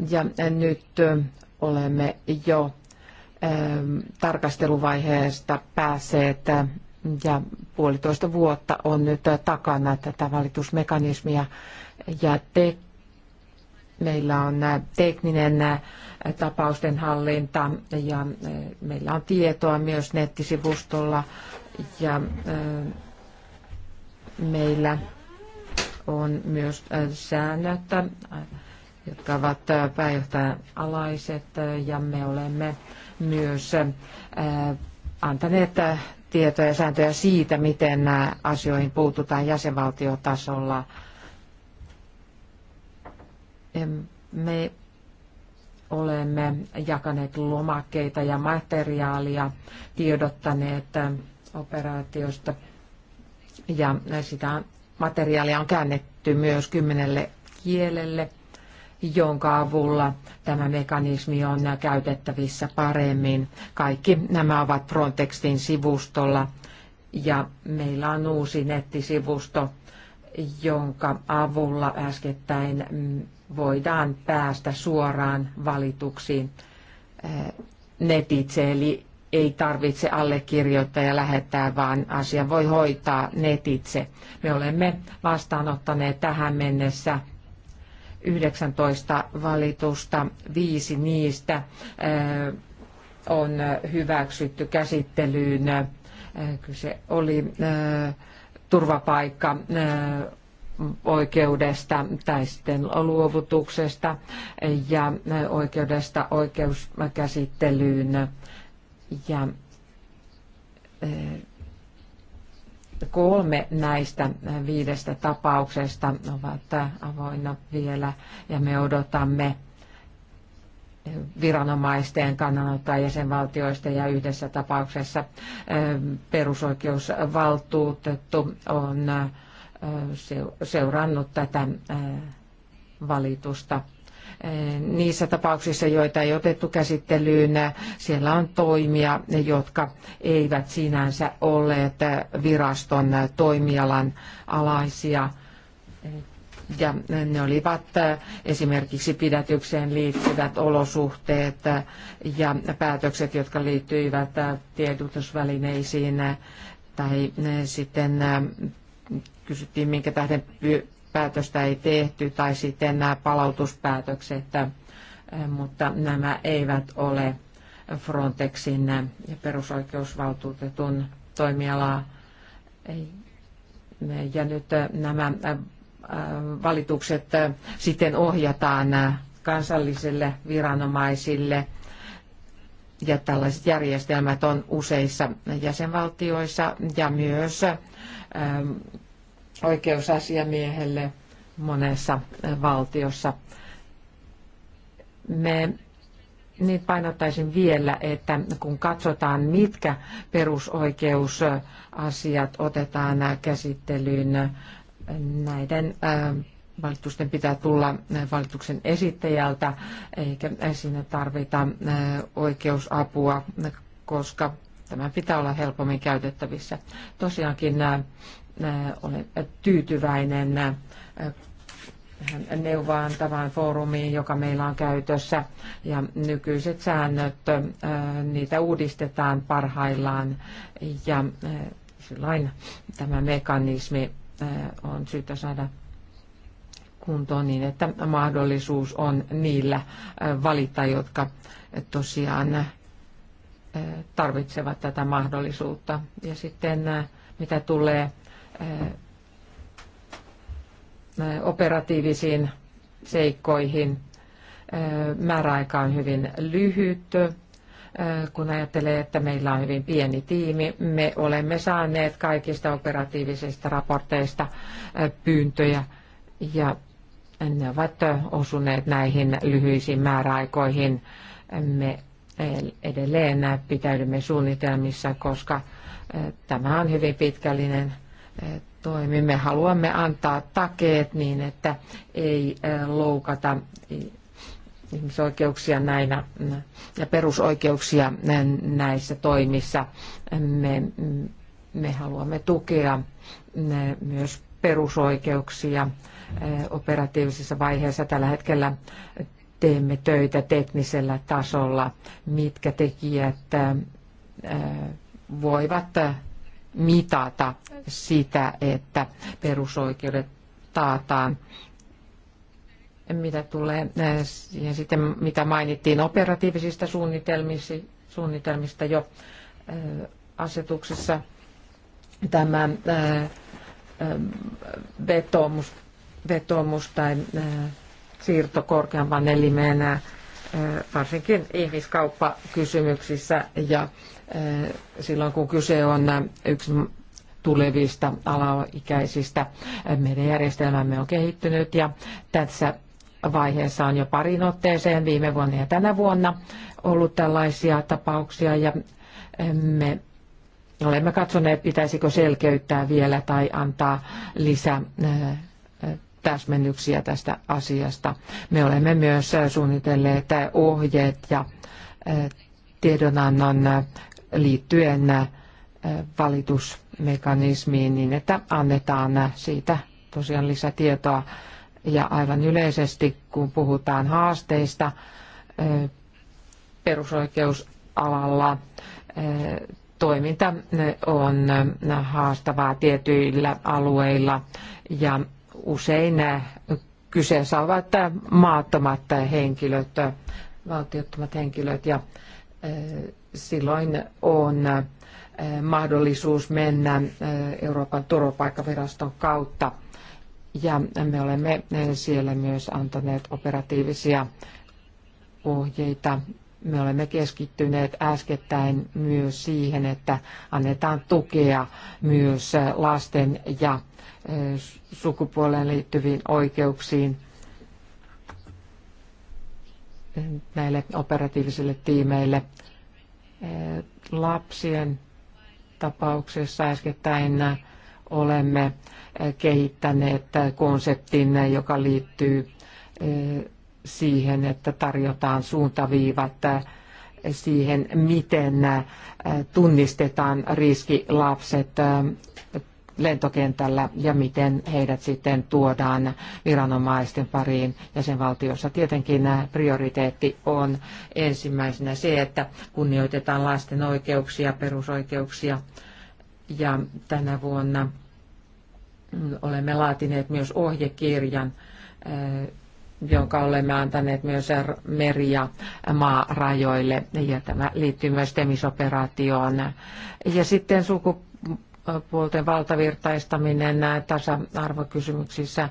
Ja nyt olemme jo tarkasteluvaiheesta päässeet ja puolitoista vuotta on nyt takana tätä valitusmekanismia ja te, meillä on tekninen tapausten hallinta ja e, meillä on tietoa myös nettisivustolla ja e, meillä on myös e, säännöt, jotka ovat pääjohtajan alaiset ja me olemme myös antaneet tietoja ja sääntöjä siitä, miten asioihin puututaan jäsenvaltiotasolla. Me olemme jakaneet lomakkeita ja materiaalia, tiedottaneet operaatiosta ja sitä materiaalia on käännetty myös kymmenelle kielelle jonka avulla tämä mekanismi on käytettävissä paremmin. Kaikki nämä ovat Frontextin sivustolla ja meillä on uusi nettisivusto, jonka avulla äskettäin voidaan päästä suoraan valituksiin eh, netitse, eli ei tarvitse allekirjoittaa ja lähettää, vaan asia voi hoitaa netitse. Me olemme vastaanottaneet tähän mennessä 19 valitusta, viisi niistä on hyväksytty käsittelyyn. Kyse oli turvapaikka oikeudesta tai sitten luovutuksesta ja oikeudesta oikeuskäsittelyyn ja Kolme näistä viidestä tapauksesta ovat avoinna vielä ja me odotamme viranomaisten kannanottoa jäsenvaltioista ja yhdessä tapauksessa perusoikeusvaltuutettu on seurannut tätä valitusta niissä tapauksissa, joita ei otettu käsittelyyn, siellä on toimia, jotka eivät sinänsä olleet viraston toimialan alaisia. Ja ne olivat esimerkiksi pidätykseen liittyvät olosuhteet ja päätökset, jotka liittyivät tiedotusvälineisiin tai sitten kysyttiin, minkä tähden päätöstä ei tehty tai sitten nämä palautuspäätökset, äh, mutta nämä eivät ole Frontexin ja perusoikeusvaltuutetun toimialaa. Ja nyt äh, nämä äh, valitukset sitten ohjataan kansallisille viranomaisille – ja tällaiset järjestelmät on useissa jäsenvaltioissa ja myös ähm, oikeusasiamiehelle monessa valtiossa. Me niin painottaisin vielä, että kun katsotaan, mitkä perusoikeusasiat otetaan käsittelyyn, näiden valitusten pitää tulla valituksen esittäjältä, eikä siinä tarvita oikeusapua, koska tämä pitää olla helpommin käytettävissä. Tosiaankin Äh, olen tyytyväinen äh, neuvoantavaan foorumiin, joka meillä on käytössä. Ja nykyiset säännöt, äh, niitä uudistetaan parhaillaan ja silloin tämä mekanismi on syytä saada kuntoon niin, että mahdollisuus on niillä valita, jotka tosiaan tarvitsevat tätä mahdollisuutta. Ja sitten mitä tulee operatiivisiin seikkoihin. Määräaika on hyvin lyhyt, kun ajattelee, että meillä on hyvin pieni tiimi. Me olemme saaneet kaikista operatiivisista raporteista pyyntöjä ja ne ovat osuneet näihin lyhyisiin määräaikoihin. Me edelleen pitäydymme suunnitelmissa, koska tämä on hyvin pitkällinen toimimme. Haluamme antaa takeet niin, että ei loukata ihmisoikeuksia näinä ja perusoikeuksia näissä toimissa. Me, me haluamme tukea myös perusoikeuksia operatiivisessa vaiheessa. Tällä hetkellä teemme töitä teknisellä tasolla, mitkä tekijät voivat mitata sitä, että perusoikeudet taataan. Mitä tulee siihen eh, sitten, mitä mainittiin operatiivisista suunnitelmista jo eh, asetuksessa, tämä eh, vetoomus, vetoomus tai siirto korkeamman elimeen varsinkin ihmiskauppakysymyksissä ja Eh, silloin kun kyse on eh, yksi tulevista alaikäisistä. Eh, meidän järjestelmämme on kehittynyt ja tässä vaiheessa on jo parin otteeseen viime vuonna ja tänä vuonna ollut tällaisia tapauksia ja me olemme katsoneet, pitäisikö selkeyttää vielä tai antaa lisää täsmennyksiä tästä asiasta. Me olemme myös suunnitelleet ohjeet ja tiedonannon liittyen äh, valitusmekanismiin niin, että annetaan siitä tosiaan lisätietoa. Ja aivan yleisesti, kun puhutaan haasteista äh, perusoikeusalalla, äh, toiminta on haastavaa tietyillä alueilla ja usein kyseessä ovat maattomat henkilöt, valtiottomat henkilöt ja silloin on äh, mahdollisuus mennä äh, Euroopan turvapaikkaviraston kautta. Ja me olemme äh, siellä myös antaneet operatiivisia ohjeita. Me olemme keskittyneet äskettäin myös siihen, että annetaan tukea myös lasten ja sukupuoleen liittyviin oikeuksiin näille operatiivisille tiimeille Eh, lapsien tapauksessa äskettäin olemme eh, kehittäneet eh, konseptin, joka liittyy siihen, että tarjotaan suuntaviivat siihen, miten tunnistetaan riskilapset lentokentällä ja miten heidät sitten tuodaan viranomaisten pariin jäsenvaltiossa. Tietenkin prioriteetti on ensimmäisenä se, että kunnioitetaan lasten oikeuksia, perusoikeuksia ja tänä vuonna olemme laatineet myös ohjekirjan, eh, jonka olemme antaneet myös meri- ja maarajoille, ja tämä liittyy myös temisoperaatioon. Ja sitten sukup sukupuolten valtavirtaistaminen tasa-arvokysymyksissä.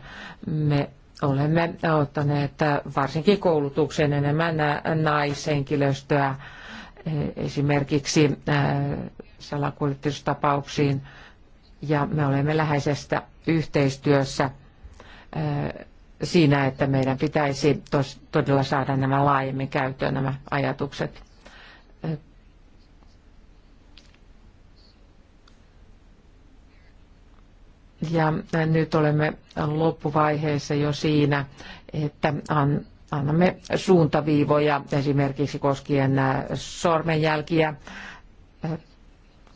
Me olemme ottaneet varsinkin koulutukseen enemmän naishenkilöstöä esimerkiksi salakuljetustapauksiin ja me olemme läheisestä yhteistyössä siinä, että meidän pitäisi todella saada nämä laajemmin käyttöön nämä ajatukset. Ja nyt olemme loppuvaiheessa jo siinä, että annamme suuntaviivoja esimerkiksi koskien sormenjälkiä.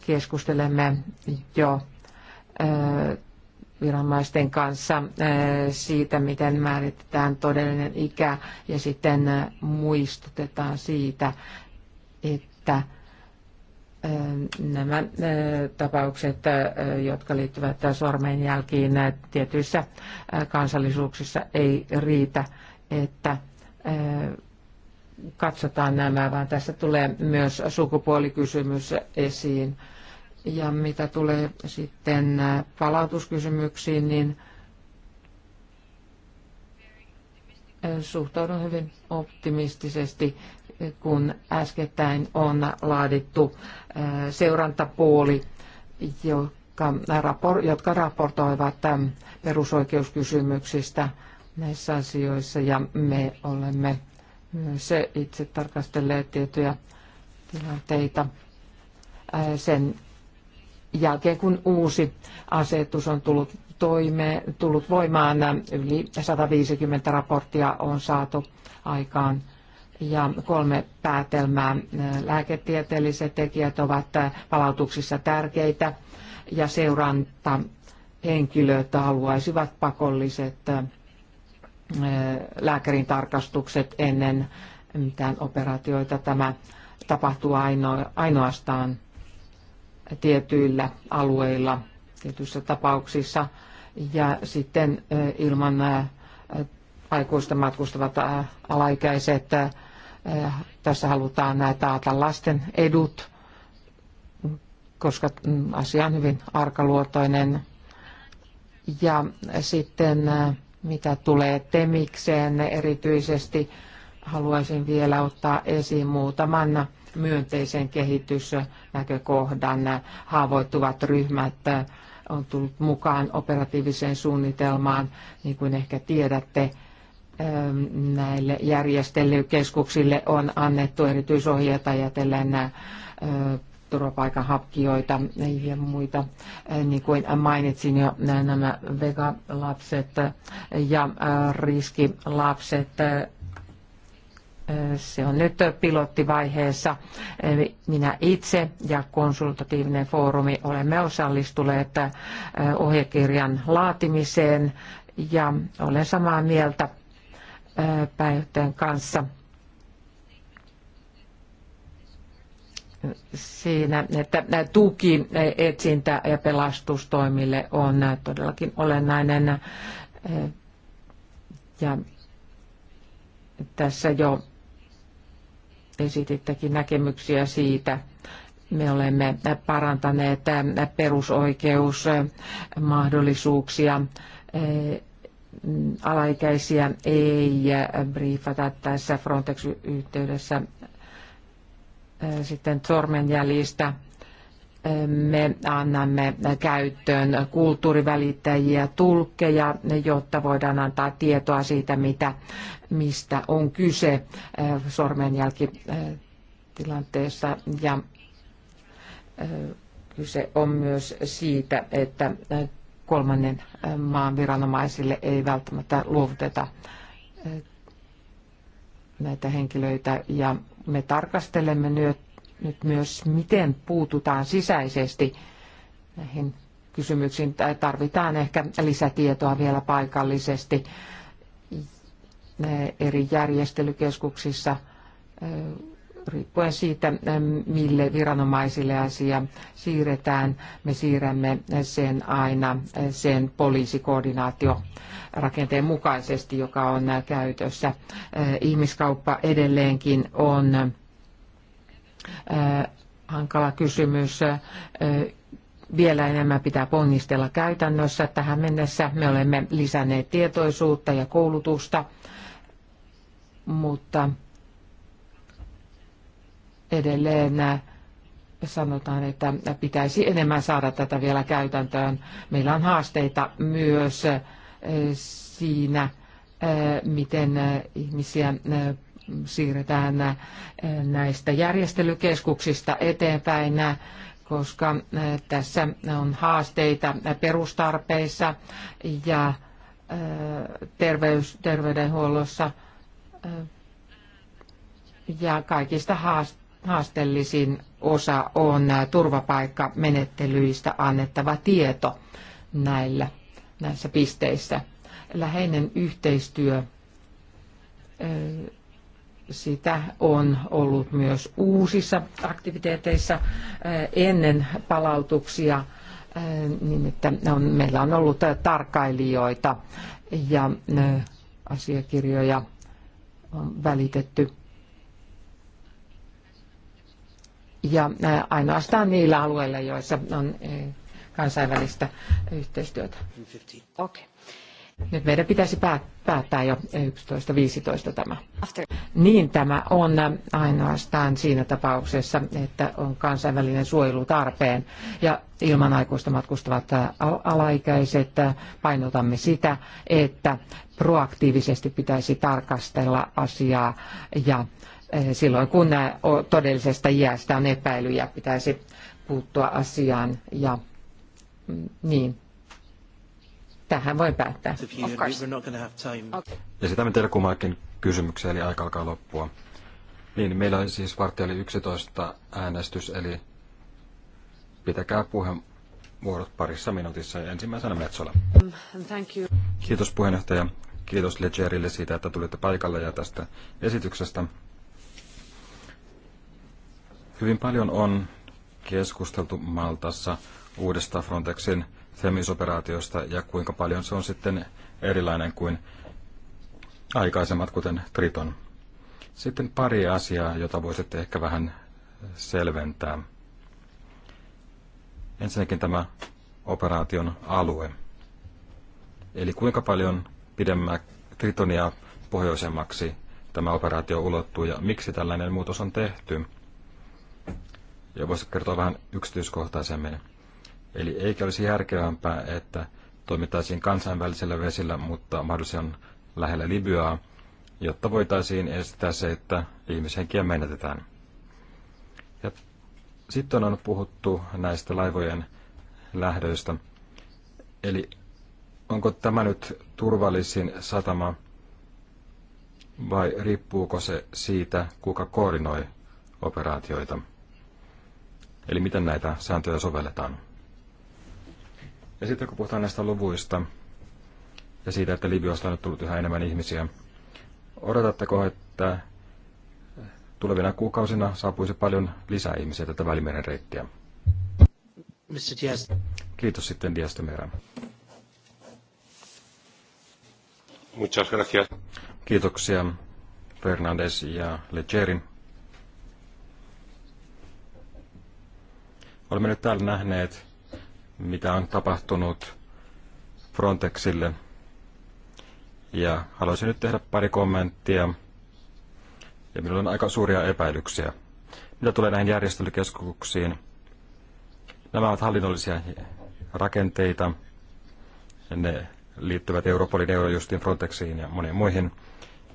Keskustelemme jo viranomaisten kanssa siitä, miten määritetään todellinen ikä ja sitten muistutetaan siitä, että nämä tapaukset, jotka liittyvät sormenjälkiin tietyissä kansallisuuksissa ei riitä, että katsotaan nämä, vaan tässä tulee myös sukupuolikysymys esiin. Ja mitä tulee sitten palautuskysymyksiin, niin suhtaudun hyvin optimistisesti kun äskettäin on laadittu seurantapuoli, jotka raportoivat perusoikeuskysymyksistä näissä asioissa ja me olemme myös itse tarkastelleet tiettyjä tilanteita sen jälkeen, kun uusi asetus on tullut, toime, tullut voimaan. Yli 150 raporttia on saatu aikaan ja kolme päätelmää. Lääketieteelliset tekijät ovat palautuksissa tärkeitä ja seuranta henkilöt haluaisivat pakolliset äh, lääkärin tarkastukset ennen mitään operaatioita. Tämä tapahtuu ainoastaan tietyillä alueilla, tietyissä tapauksissa. Ja sitten äh, ilman äh, aikuista matkustavat alaikäiset Eh, tässä halutaan eh, taata lasten edut, koska mm, asia on hyvin arkaluotoinen. Ja sitten eh, mitä tulee temikseen, erityisesti haluaisin vielä ottaa esiin muutaman myönteisen kehitysnäkökohdan. Haavoittuvat ryhmät on tullut mukaan operatiiviseen suunnitelmaan, niin kuin ehkä tiedätte, näille järjestelykeskuksille on annettu erityisohjeita ajatellen turvapaikanhakijoita ja muita, niin kuin mainitsin jo, nämä vegalapset ja riskilapset. Se on nyt pilottivaiheessa. Minä itse ja konsultatiivinen foorumi olemme osallistuneet ohjekirjan laatimiseen ja olen samaa mieltä pääjohtajan kanssa siinä, että tuki etsintä- ja pelastustoimille on todellakin olennainen. Ja tässä jo esitittekin näkemyksiä siitä. Me olemme parantaneet perusoikeusmahdollisuuksia alaikäisiä ei briefata tässä Frontex-yhteydessä. Äh, sitten sormenjäljistä me annamme käyttöön kulttuurivälittäjiä, tulkkeja, jotta voidaan antaa tietoa siitä, mitä, mistä on kyse sormenjälkitilanteessa. Äh, ja äh, kyse on myös siitä, että kolmannen maan viranomaisille ei välttämättä luovuteta näitä henkilöitä. Ja me tarkastelemme nyt, nyt myös, miten puututaan sisäisesti näihin kysymyksiin. Tarvitaan ehkä lisätietoa vielä paikallisesti eri järjestelykeskuksissa riippuen siitä, mille viranomaisille asia siirretään, me siirrämme sen aina eh, sen poliisikoordinaatio rakenteen mukaisesti, joka on eh, käytössä. Eh, ihmiskauppa edelleenkin on hankala kysymys. Vielä enemmän pitää ponnistella käytännössä. Tähän mennessä me olemme lisänneet tietoisuutta ja koulutusta, mutta edelleen äh, sanotaan, että pitäisi enemmän saada tätä vielä käytäntöön. Meillä on haasteita myös äh, siinä, äh, miten ihmisiä siirretään näistä järjestelykeskuksista eteenpäin, koska tässä on haasteita perustarpeissa ja terveys, terveydenhuollossa ja kaikista haasteista haasteellisin osa on äh, turvapaikkamenettelyistä annettava tieto näillä, näissä pisteissä. Läheinen yhteistyö, äh, sitä on ollut myös uusissa aktiviteeteissa äh, ennen palautuksia, niin että on, meillä on ollut tarkkailijoita ja asiakirjoja on välitetty ja ainoastaan niillä alueilla, joissa on kansainvälistä yhteistyötä. Okay. Nyt meidän pitäisi päättää jo 11.15 tämä. After. Niin tämä on ainoastaan siinä tapauksessa, että on kansainvälinen suojelu tarpeen ja ilman aikuista matkustavat alaikäiset painotamme sitä, että proaktiivisesti pitäisi tarkastella asiaa ja Eh, silloin kun todellisesta iästä on epäilyjä, pitäisi puuttua asiaan ja mm, niin. Tähän voi päättää. Ja sitä me teillä kysymykseen, eli aika alkaa loppua. Niin, meillä on siis vartti oli 11 äänestys, eli pitäkää puheenvuorot parissa minuutissa ja ensimmäisenä Metsola. Thank you. Kiitos puheenjohtaja. Kiitos Legerille siitä, että tulitte paikalle ja tästä esityksestä. Hyvin paljon on keskusteltu Maltassa uudesta Frontexin Themis-operaatiosta ja kuinka paljon se on sitten erilainen kuin aikaisemmat, kuten Triton. Sitten pari asiaa, jota voisitte ehkä vähän selventää. Ensinnäkin tämä operaation alue. Eli kuinka paljon pidemmä Tritonia pohjoisemmaksi tämä operaatio ulottuu ja miksi tällainen muutos on tehty? ja voisi kertoa vähän yksityiskohtaisemmin. Eli eikä olisi järkevämpää, että toimittaisiin kansainvälisellä vesillä, mutta mahdollisimman lähellä Libyaa, jotta voitaisiin estää se, että ihmishenkiä menetetään. Ja sitten on puhuttu näistä laivojen lähdöistä. Eli onko tämä nyt turvallisin satama vai riippuuko se siitä, kuka koordinoi operaatioita? Eli miten näitä sääntöjä sovelletaan. Ja sitten kun puhutaan näistä luvuista ja siitä, että Libyasta on nyt tullut yhä enemmän ihmisiä, odotatteko, että tulevina kuukausina saapuisi paljon lisää ihmisiä tätä Välimeren reittiä? Mr. Diaz. Kiitos sitten Diastomera. Muchas gracias. Kiitoksia Fernandes ja Legerin. Olemme nyt täällä nähneet, mitä on tapahtunut Frontexille. Ja haluaisin nyt tehdä pari kommenttia. Ja minulla on aika suuria epäilyksiä. Mitä tulee näihin järjestelykeskuksiin? Nämä ovat hallinnollisia rakenteita. Ne liittyvät Europolin, Eurojustin, Frontexiin ja moniin muihin.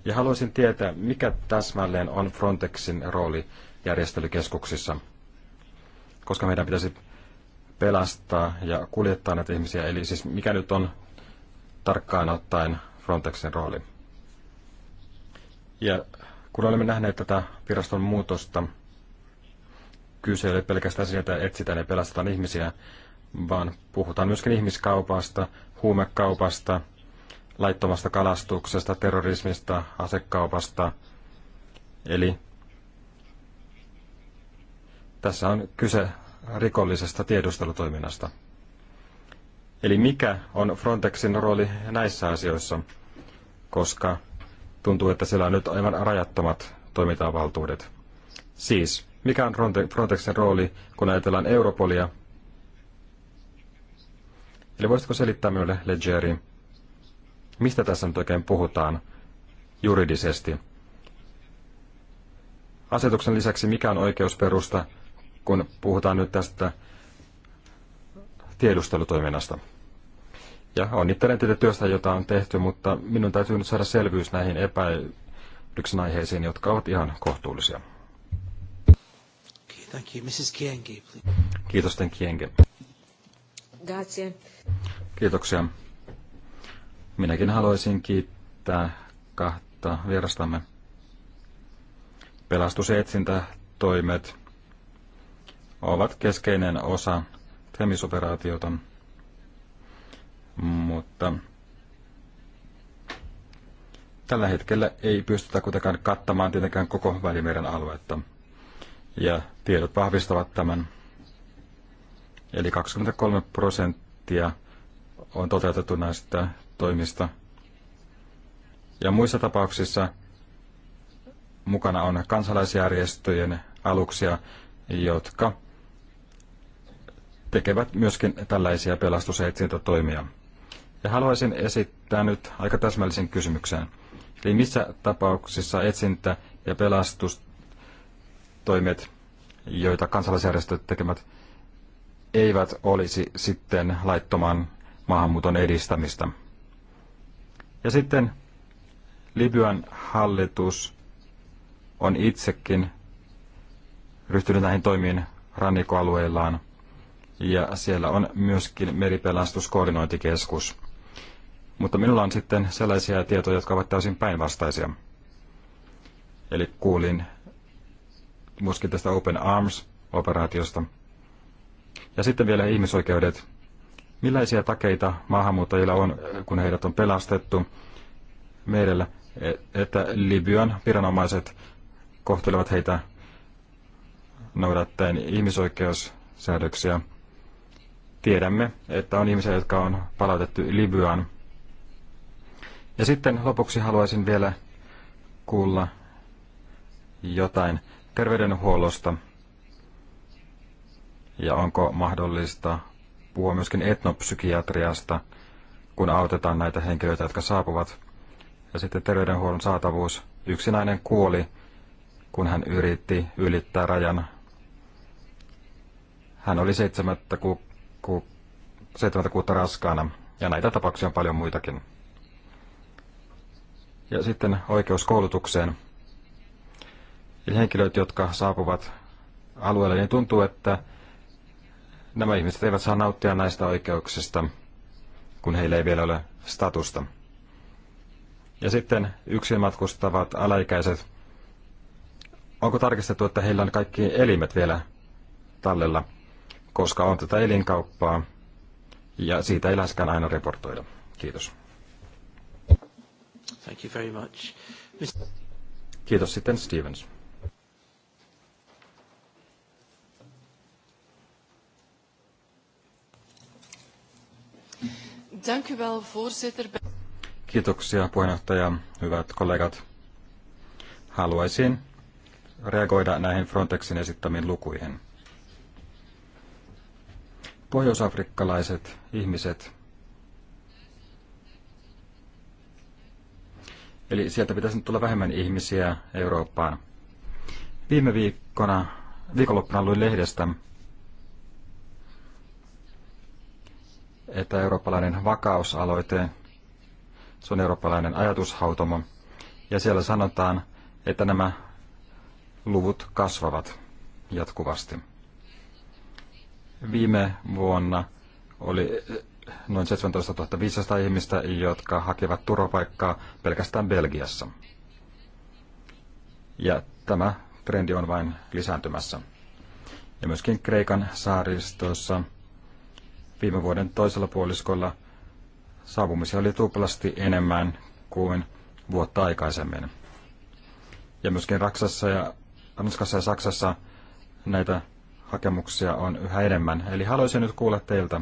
Ja haluaisin tietää, mikä täsmälleen on Frontexin rooli järjestelykeskuksissa koska meidän pitäisi pelastaa ja kuljettaa näitä ihmisiä. Eli siis mikä nyt on tarkkaan ottaen Frontexin rooli? Ja kun olemme nähneet tätä viraston muutosta, kyse ei ole pelkästään siitä, että etsitään ja pelastetaan ihmisiä, vaan puhutaan myöskin ihmiskaupasta, huumekaupasta, laittomasta kalastuksesta, terrorismista, asekaupasta. Eli tässä on kyse rikollisesta tiedustelutoiminnasta. Eli mikä on Frontexin rooli näissä asioissa, koska tuntuu, että sillä on nyt aivan rajattomat toimintavaltuudet. Siis, mikä on Frontexin rooli, kun ajatellaan Europolia? Eli voisitko selittää minulle, Leggeri, mistä tässä nyt oikein puhutaan juridisesti? Asetuksen lisäksi mikä on oikeusperusta kun puhutaan nyt tästä tiedustelutoiminnasta. Ja onnittelen tätä työstä, jota on tehty, mutta minun täytyy nyt saada selvyys näihin epäilyksen aiheisiin, jotka ovat ihan kohtuullisia. Thank you. Mrs. Kienge, Kiitos, Kienge. Grazie. Kiitoksia. Minäkin haluaisin kiittää kahta vierastamme. Pelastus- ja etsintätoimet ovat keskeinen osa temisoperaatiota, mutta tällä hetkellä ei pystytä kuitenkaan kattamaan tietenkään koko Välimeren aluetta. Ja tiedot vahvistavat tämän. Eli 23 prosenttia on toteutettu näistä toimista. Ja muissa tapauksissa mukana on kansalaisjärjestöjen aluksia, jotka tekevät myöskin tällaisia pelastus- ja etsintätoimia. Ja haluaisin esittää nyt aika täsmällisen kysymyksen. Eli missä tapauksissa etsintä- ja pelastustoimet, joita kansalaisjärjestöt tekevät, eivät olisi sitten laittoman maahanmuuton edistämistä. Ja sitten Libyan hallitus on itsekin ryhtynyt näihin toimiin rannikkoalueillaan ja siellä on myöskin meripelastuskoordinointikeskus. Mutta minulla on sitten sellaisia tietoja, jotka ovat täysin päinvastaisia. Eli kuulin myöskin tästä Open Arms-operaatiosta. Ja sitten vielä ihmisoikeudet. Millaisia takeita maahanmuuttajilla on, kun heidät on pelastettu merellä, että Libyan viranomaiset kohtelevat heitä noudattaen ihmisoikeussäädöksiä – Tiedämme, että on ihmisiä, jotka on palautettu Libyaan. Ja sitten lopuksi haluaisin vielä kuulla jotain terveydenhuollosta ja onko mahdollista puhua myöskin etnopsykiatriasta, kun autetaan näitä henkilöitä, jotka saapuvat. Ja sitten terveydenhuollon saatavuus. Yksinäinen kuoli, kun hän yritti ylittää rajan. Hän oli seitsemättä kuukautta ku, 76 raskaana, ja näitä tapauksia on paljon muitakin. Ja sitten oikeus koulutukseen. Eli henkilöt, jotka saapuvat alueelle, niin tuntuu, että nämä ihmiset eivät saa nauttia näistä oikeuksista, kun heillä ei vielä ole statusta. Ja sitten yksin matkustavat alaikäiset. Onko tarkistettu, että heillä on kaikki elimet vielä tallella? koska on tätä elinkauppaa ja siitä ei läheskään aina reportoida. Kiitos. Thank you very much. Kiitos sitten Stevens. Dank u wel, voorzitter. Kiitoksia puheenjohtaja, hyvät kollegat. Haluaisin reagoida näihin Frontexin esittämiin lukuihin pohjoisafrikkalaiset ihmiset. Eli sieltä pitäisi nyt tulla vähemmän ihmisiä Eurooppaan. Viime viikkona, viikonloppuna luin lehdestä, että eurooppalainen vakausaloite, se on eurooppalainen ajatushautomo, ja siellä sanotaan, että nämä luvut kasvavat jatkuvasti. Viime vuonna oli eh, noin 17 500 ihmistä, jotka hakivat turvapaikkaa pelkästään Belgiassa. Ja tämä trendi on vain lisääntymässä. Ja myöskin Kreikan saaristossa viime vuoden toisella puoliskolla saapumisia oli tuplasti enemmän kuin vuotta aikaisemmin. Ja myöskin Raksassa ja Ranskassa ja Saksassa näitä hakemuksia on yhä enemmän. Eli haluaisin nyt kuulla teiltä,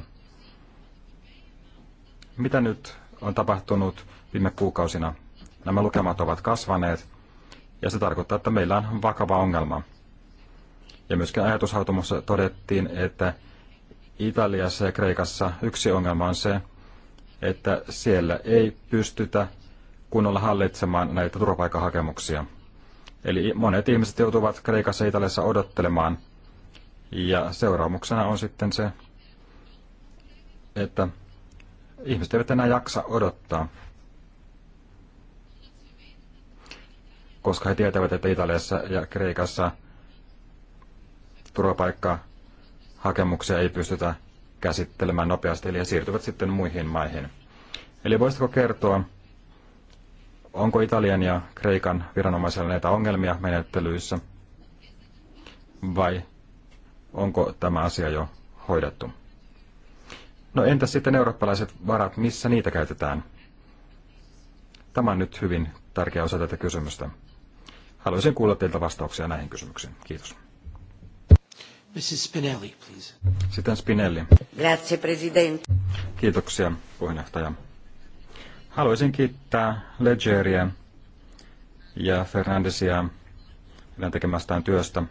mitä nyt on tapahtunut viime kuukausina. Nämä lukemat ovat kasvaneet ja se tarkoittaa, että meillä on vakava ongelma. Ja myöskin ajatushautumossa todettiin, että Italiassa ja Kreikassa yksi ongelma on se, että siellä ei pystytä kunnolla hallitsemaan näitä turvapaikkahakemuksia. Eli monet ihmiset joutuvat Kreikassa ja Italiassa odottelemaan – ja seuraamuksena on sitten se, että ihmiset eivät enää jaksa odottaa, koska he tietävät, että Italiassa ja Kreikassa turvapaikkahakemuksia ei pystytä käsittelemään nopeasti, eli he siirtyvät sitten muihin maihin. Eli voisitko kertoa, onko Italian ja Kreikan viranomaisilla näitä ongelmia menettelyissä, vai onko tämä asia jo hoidettu. No entä sitten eurooppalaiset varat, missä niitä käytetään? Tämä on nyt hyvin tärkeä osa tätä kysymystä. Haluaisin kuulla teiltä vastauksia näihin kysymyksiin. Kiitos. Mrs. Spinelli, please. Sitten Spinelli. Grazie, Presidente. Kiitoksia, puheenjohtaja. Haluaisin kiittää Legeria ja Fernandesia tekemästään työstä.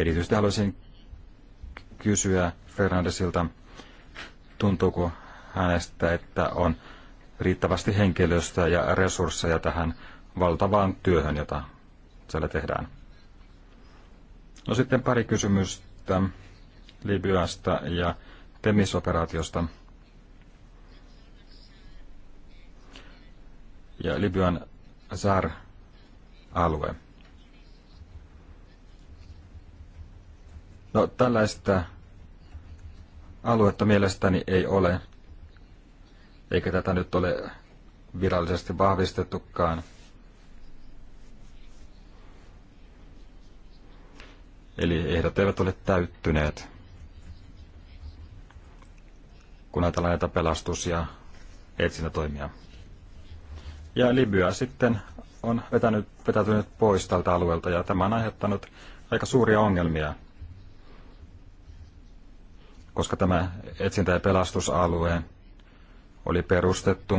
Erityisesti haluaisin kysyä Fernandesilta, tuntuuko hänestä, että on riittävästi henkilöstöä ja resursseja tähän valtavaan työhön, jota siellä tehdään. No sitten pari kysymystä Libyasta ja Temis-operaatiosta. Ja Libyan zar alue No tällaista aluetta mielestäni ei ole, eikä tätä nyt ole virallisesti vahvistettukaan. Eli ehdot eivät ole täyttyneet. Kun ajatellaan näitä pelastus- ja etsintätoimia. Ja Libya sitten on vetänyt, vetäytynyt pois tältä alueelta ja tämä on aiheuttanut aika suuria ongelmia koska tämä etsintä- ja pelastusalue oli perustettu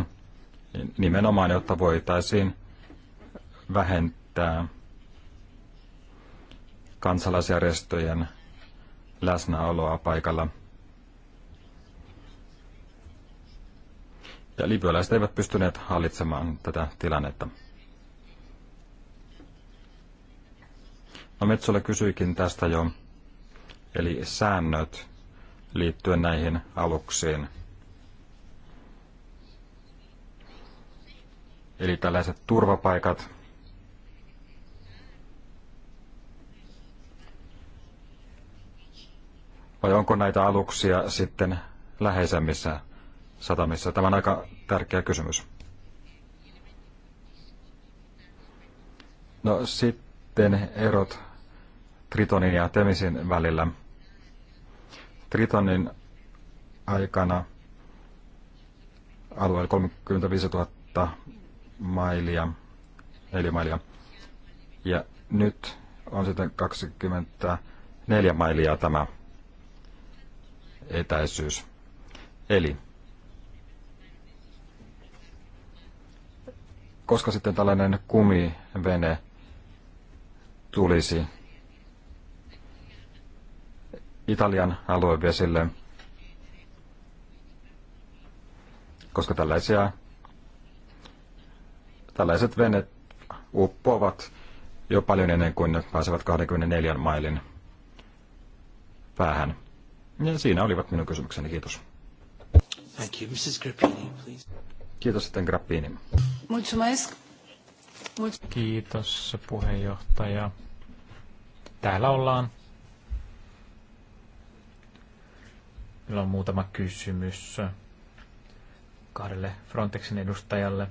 nimenomaan, jotta voitaisiin vähentää kansalaisjärjestöjen läsnäoloa paikalla. Ja libyalaiset eivät pystyneet hallitsemaan tätä tilannetta. No Metsola kysyikin tästä jo, eli säännöt liittyen näihin aluksiin. Eli tällaiset turvapaikat, vai onko näitä aluksia sitten läheisemmissä satamissa? Tämä on aika tärkeä kysymys. No sitten erot Tritonin ja Temisin välillä – Tritonin aikana alueella 35 000 mailia, nelimailia. Ja nyt on sitten 24 mailia tämä etäisyys. Eli koska sitten tällainen kumivene tulisi Italian aluevesille, koska tällaisia, tällaiset venet uppoavat jo paljon ennen kuin ne pääsevät 24 mailin päähän. Ja siinä olivat minun kysymykseni. Kiitos. Thank you. Mrs. Grappini, please. Kiitos sitten Grappini. Kiitos puheenjohtaja. Täällä ollaan. Meillä on muutama kysymys kahdelle Frontexin edustajalle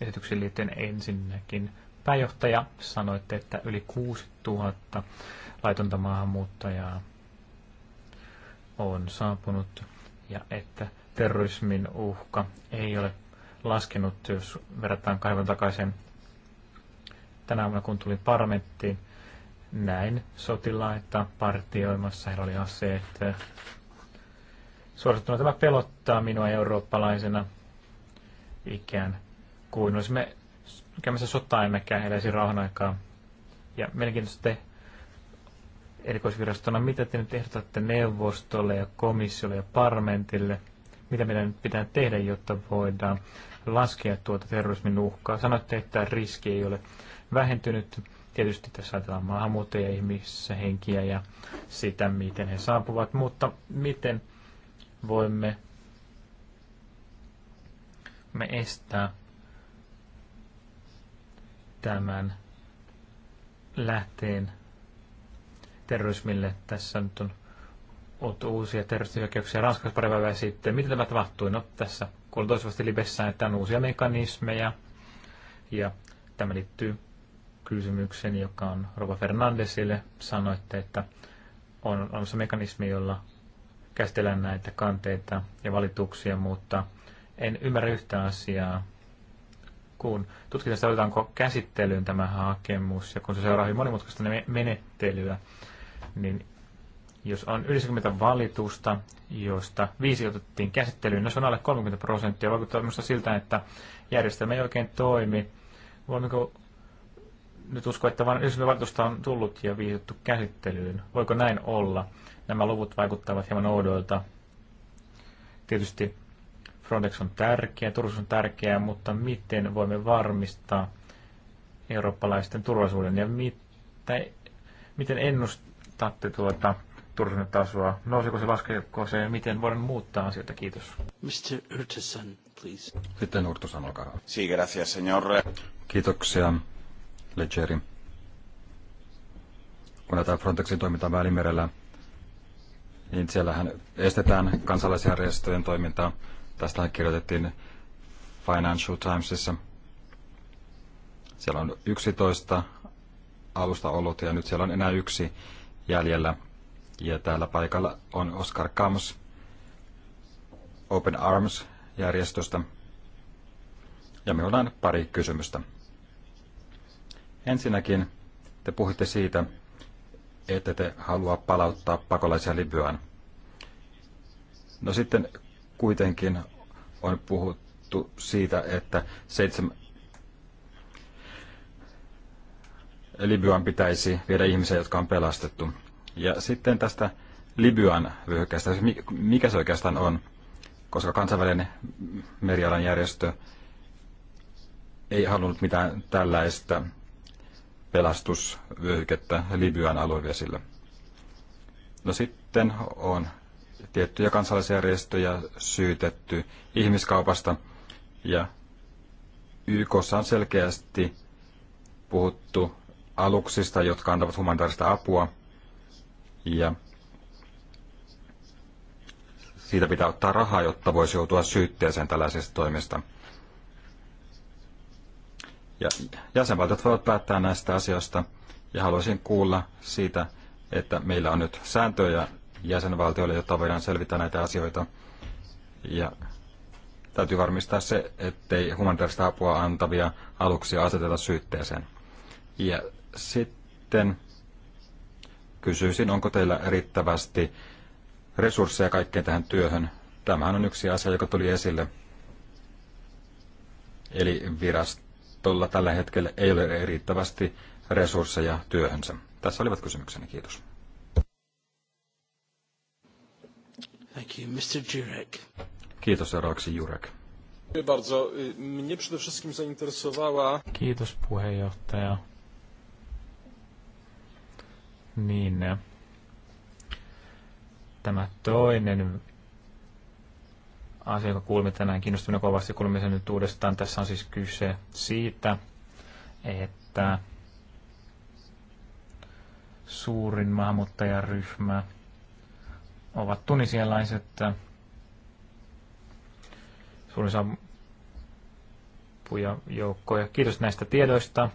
esityksiin liittyen ensinnäkin. Pääjohtaja, sanoitte, että yli 6000 laitonta maahanmuuttajaa on saapunut ja että terrorismin uhka ei ole laskenut, jos verrataan kaivan takaisin tänä aamuna, kun tulin parlamenttiin näin sotilaita partioimassa, heillä oli aseet. Eh, Suorastaan tämä pelottaa minua eurooppalaisena ikään kuin olisimme käymässä sotaa emmekä eläisi rauhan aikaa. Ja mielenkiintoista te erikoisvirastona, mitä te nyt ehdotatte neuvostolle ja komissiolle ja parlamentille, mitä meidän nyt pitää tehdä, jotta voidaan laskea tuota terrorismin uhkaa. Sanoitte, että riski ei ole vähentynyt Tietysti tässä ajatellaan maahanmuuttajia, henkiä ja sitä, miten he saapuvat, mutta miten voimme me estää tämän lähteen terrorismille. Tässä nyt on ollut uusia terroristihyökkäyksiä Ranskassa pari päivää sitten. Miten tämä tapahtui? No tässä kuuluu toisaalta libessään, että on uusia mekanismeja ja tämä liittyy kysymyksen, joka on Rova Fernandesille. Sanoitte, että on olemassa mekanismi, jolla käsitellään näitä kanteita ja valituksia, mutta en ymmärrä yhtä asiaa. Kun tutkitaan otetaanko käsittelyyn tämä hakemus, ja kun se seuraa hyvin monimutkaista menettelyä, niin jos on 50 valitusta, joista viisi otettiin käsittelyyn, no se on alle 30 prosenttia. Vaikuttaa siltä, että järjestelmä ei oikein toimi. Voimmeko nyt usko, että vain 90 on tullut ja viitattu käsittelyyn. Voiko näin olla? Nämä luvut vaikuttavat hieman oudoilta. Tietysti Frontex on tärkeä, Turus on tärkeä, mutta miten voimme varmistaa eurooppalaisten turvallisuuden ja mit, tai, miten ennustatte tuota turvallisuuden tasoa? Nouseeko se, laskeeko se, miten voidaan muuttaa asioita? Kiitos. Mr. urtusan, please. Sitten urtusan olkaa Sí, gracias, señor. Kiitoksia Leggeri. Kun näitä Frontexin toimintaa Välimerellä, niin siellähän estetään kansalaisjärjestöjen toimintaa. Tästähän kirjoitettiin Financial Timesissa. Siellä on 11 alusta ollut ja nyt siellä on enää yksi jäljellä. Ja täällä paikalla on Oscar Kams Open Arms järjestöstä. Ja me on pari kysymystä. Ensinnäkin te puhitte siitä, että te halua palauttaa pakolaisia Libyaan. No sitten kuitenkin on puhuttu siitä, että seitsemän Libyan pitäisi viedä ihmisiä, jotka on pelastettu. Ja sitten tästä Libyan vyöhykkeestä, siis mikä se oikeastaan on, koska kansainvälinen merialan järjestö ei halunnut mitään tällaista pelastusvyöhykettä Libyan aluevesillä. No sitten on tiettyjä kansalaisjärjestöjä syytetty ihmiskaupasta ja YK on selkeästi puhuttu aluksista, jotka antavat humanitaarista apua ja siitä pitää ottaa rahaa, jotta voisi joutua syytteeseen tällaisesta toimista. Ja jäsenvaltiot voivat päättää näistä asioista ja haluaisin kuulla siitä, että meillä on nyt sääntöjä jäsenvaltioille, jotta voidaan selvittää näitä asioita. Ja täytyy varmistaa se, ettei humanitaarista apua antavia aluksia aseteta syytteeseen. Ja sitten kysyisin, onko teillä riittävästi resursseja kaikkeen tähän työhön. Tämähän on yksi asia, joka tuli esille. Eli virasto toimistolla tällä hetkellä ei ole riittävästi resursseja työhönsä. Tässä olivat kysymykseni. Kiitos. Thank you, Mr. Jurek. Kiitos seuraavaksi Jurek. Kiitos puheenjohtaja. Niin. Tämä toinen asia, joka kuulimme tänään kiinnostuneen kovasti, kuulimme sen nyt uudestaan. Tässä on siis kyse siitä, että suurin maahanmuuttajaryhmä ovat tunisialaiset. Suurin saapuja joukkoja. Kiitos näistä tiedoista.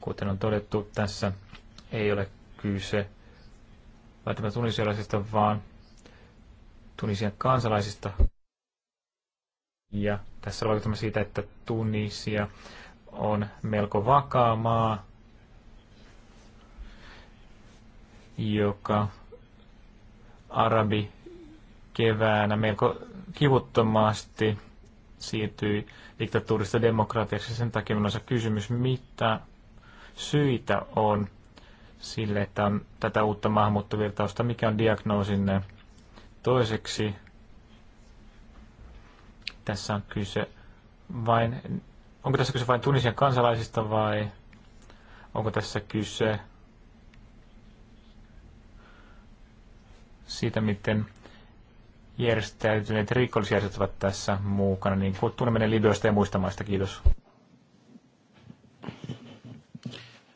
Kuten on todettu, tässä ei ole kyse välttämättä tunisialaisista, vaan Tunisian kansalaisista. Ja tässä on vaikutelma siitä, että Tunisia on melko vakaa maa, joka arabi keväänä melko kivuttomasti siirtyi diktatuurista demokratiaksi. Sen takia minulla on kysymys, mitä syitä on sille, että on tätä uutta maahanmuuttovirtausta, mikä on diagnoosinne Toiseksi tässä on kyse vain, onko tässä kyse vain Tunisian kansalaisista vai onko tässä kyse siitä, miten järjestäytyneet rikollisjärjestöt ovat tässä mukana, niin kuin tunnemme Libyasta ja muista maista. Kiitos.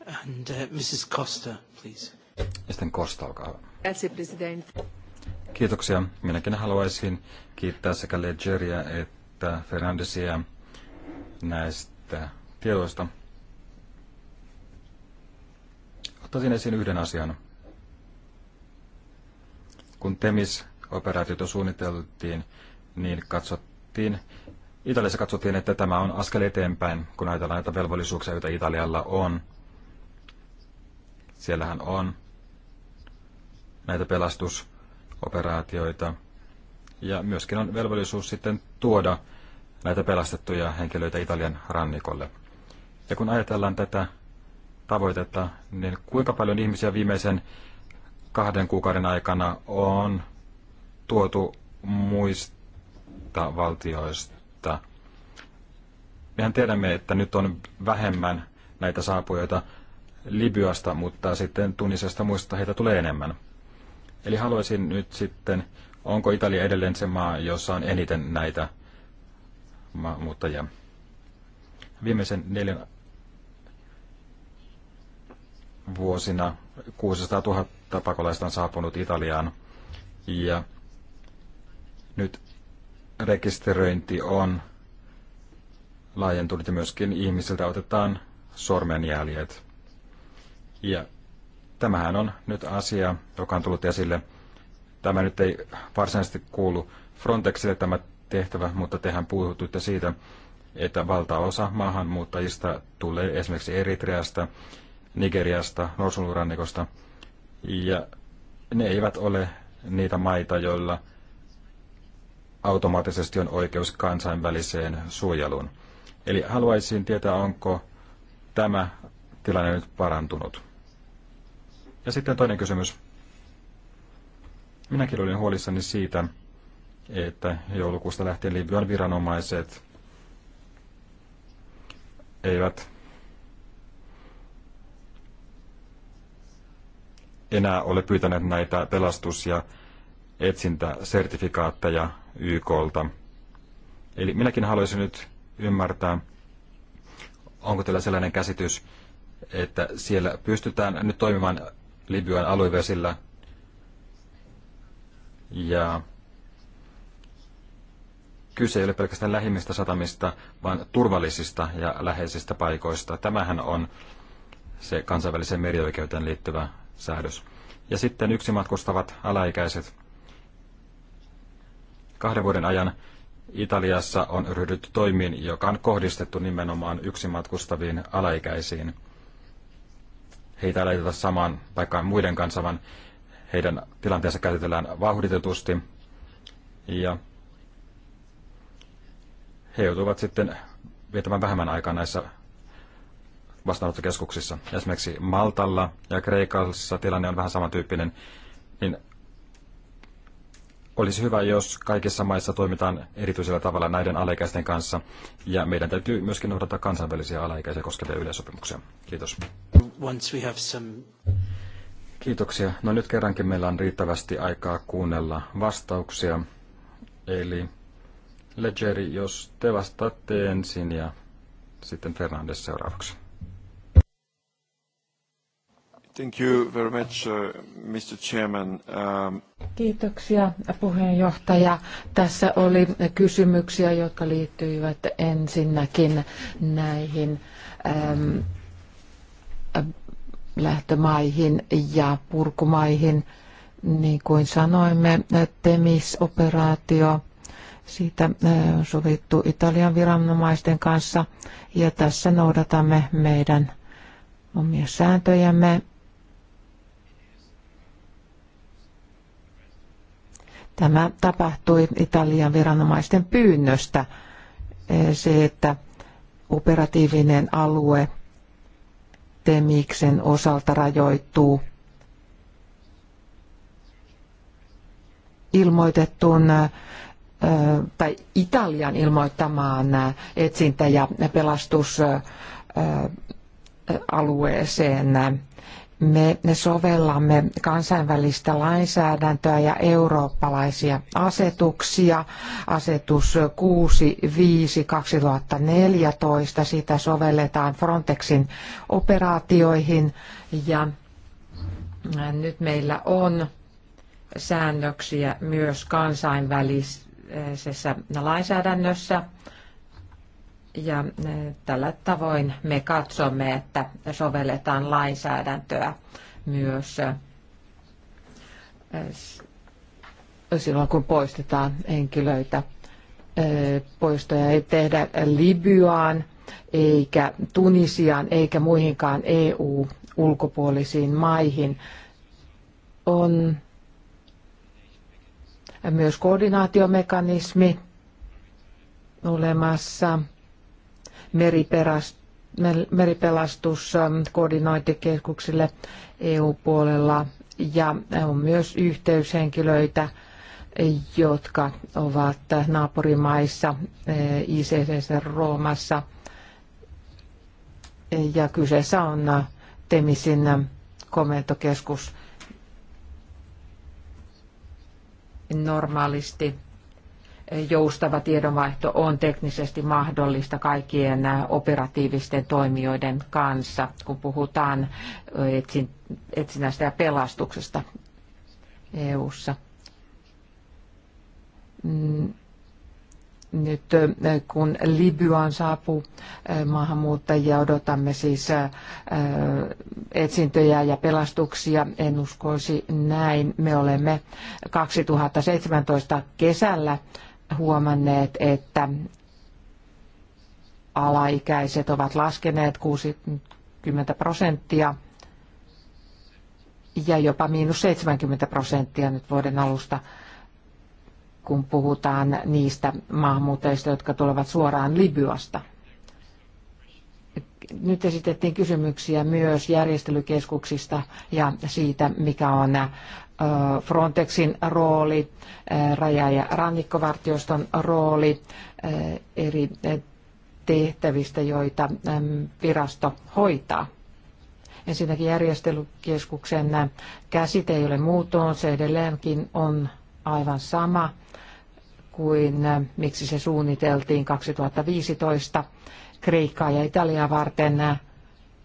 And, uh, Mrs. Costa, please. Ja sitten Costa, olkaa hyvä. Grazie, Presidente. Kiitoksia. Minäkin haluaisin kiittää sekä Ledgeria että Fernandesia näistä tiedoista. Ottaisin esiin yhden asian. Kun Temis-operaatiota suunniteltiin, niin katsottiin, Italiassa katsottiin, että tämä on askel eteenpäin, kun ajatellaan näitä velvollisuuksia, joita Italialla on. Siellähän on näitä pelastus- operaatioita. Ja myöskin on velvollisuus sitten tuoda näitä pelastettuja henkilöitä Italian rannikolle. Ja kun ajatellaan tätä tavoitetta, niin kuinka paljon ihmisiä viimeisen kahden kuukauden aikana on tuotu muista valtioista? Mehän tiedämme, että nyt on vähemmän näitä saapujoita Libyasta, mutta sitten Tunisesta muista heitä tulee enemmän. Eli haluaisin nyt sitten, onko Italia edelleen se maa, jossa on eniten näitä maahanmuuttajia? Viimeisen neljän vuosina 600 000 pakolaista on saapunut Italiaan ja nyt rekisteröinti on laajentunut ja myöskin ihmisiltä otetaan sormenjäljet. Ja tämähän on nyt asia, joka on tullut esille. Tämä nyt ei varsinaisesti kuulu Frontexille tämä tehtävä, mutta tehän puhututte siitä, että valtaosa maahanmuuttajista tulee esimerkiksi Eritreasta, Nigeriasta, Norsulurannikosta, ja ne eivät ole niitä maita, joilla automaattisesti on oikeus kansainväliseen suojeluun. Eli haluaisin tietää, onko tämä tilanne nyt parantunut. Ja sitten toinen kysymys. Minäkin olin huolissani siitä, että joulukuusta lähtien Libyan viranomaiset eivät enää ole pyytäneet näitä pelastus- ja etsintäsertifikaatteja YKlta. Eli minäkin haluaisin nyt ymmärtää, onko teillä sellainen käsitys, että siellä pystytään nyt toimimaan Libyan aluevesillä. Ja kyse ei ole pelkästään lähimmistä satamista, vaan turvallisista ja läheisistä paikoista. Tämähän on se kansainväliseen merioikeuteen liittyvä säädös. Ja sitten yksi matkustavat alaikäiset. Kahden vuoden ajan Italiassa on ryhdytty toimiin, joka on kohdistettu nimenomaan yksin matkustaviin alaikäisiin – heitä ei laiteta samaan paikkaan muiden kanssa, vaan heidän tilanteensa käsitellään vauhditetusti. Ja he joutuvat sitten viettämään vähemmän aikaa näissä vastaanottokeskuksissa. Esimerkiksi Maltalla ja Kreikassa tilanne on vähän samantyyppinen, niin olisi hyvä, jos kaikissa maissa toimitaan erityisellä tavalla näiden alaikäisten kanssa, ja meidän täytyy myöskin noudattaa kansainvälisiä alaikäisiä koskevia yleissopimuksia. Kiitos. Once we have some... Kiitoksia. No nyt kerrankin meillä on riittävästi aikaa kuunnella vastauksia. Eli Ledgeri, jos te vastaatte ensin ja sitten Fernandes seuraavaksi. Thank you very much, uh, Mr. Chairman. Um, Kiitoksia puheenjohtaja. Tässä oli kysymyksiä, jotka liittyivät ensinnäkin näihin äm, lähtömaihin ja purkumaihin. Niin kuin sanoimme, TEMIS-operaatio, siitä äh, on sovittu Italian viranomaisten kanssa ja tässä noudatamme meidän omia sääntöjämme Tämä tapahtui Italian viranomaisten pyynnöstä. Se, että operatiivinen alue Temiksen osalta rajoittuu ilmoitettuun tai Italian ilmoittamaan etsintä- ja pelastusalueeseen me sovellamme kansainvälistä lainsäädäntöä ja eurooppalaisia asetuksia. Asetus 65-2014, sitä sovelletaan Frontexin operaatioihin ja nyt meillä on säännöksiä myös kansainvälisessä lainsäädännössä ja eh, tällä tavoin me katsomme, että sovelletaan lainsäädäntöä myös eh, silloin, kun poistetaan henkilöitä. Eh, poistoja ei tehdä Libyaan, eikä Tunisiaan, eikä muihinkaan EU-ulkopuolisiin maihin. On myös koordinaatiomekanismi olemassa meripelastuskoordinointikeskuksille EU-puolella ja on myös yhteyshenkilöitä, jotka ovat naapurimaissa, e, ICC Roomassa. Ja kyseessä on Temisin komentokeskus normaalisti joustava tiedonvaihto on teknisesti mahdollista kaikkien operatiivisten toimijoiden kanssa, kun puhutaan etsinnästä ja pelastuksesta EU-ssa. Mm, nyt kun Libyaan saapuu maahanmuuttajia, odotamme siis etsintöjä ja pelastuksia. En uskoisi näin. Me olemme 2017 kesällä huomanneet, että alaikäiset ovat laskeneet 60 prosenttia ja jopa miinus 70 prosenttia nyt vuoden alusta, kun puhutaan niistä maahanmuuttajista, jotka tulevat suoraan Libyasta. Nyt esitettiin kysymyksiä myös järjestelykeskuksista ja siitä, mikä on Äh, Frontexin rooli, äh, raja- ja rannikkovartioston rooli äh, eri tehtävistä, joita virasto hoitaa. Ensinnäkin järjestelykeskuksen käsite ei ole muuttunut, se edelleenkin on aivan sama kuin miksi se suunniteltiin 2015 Kreikkaa ja Italiaa varten.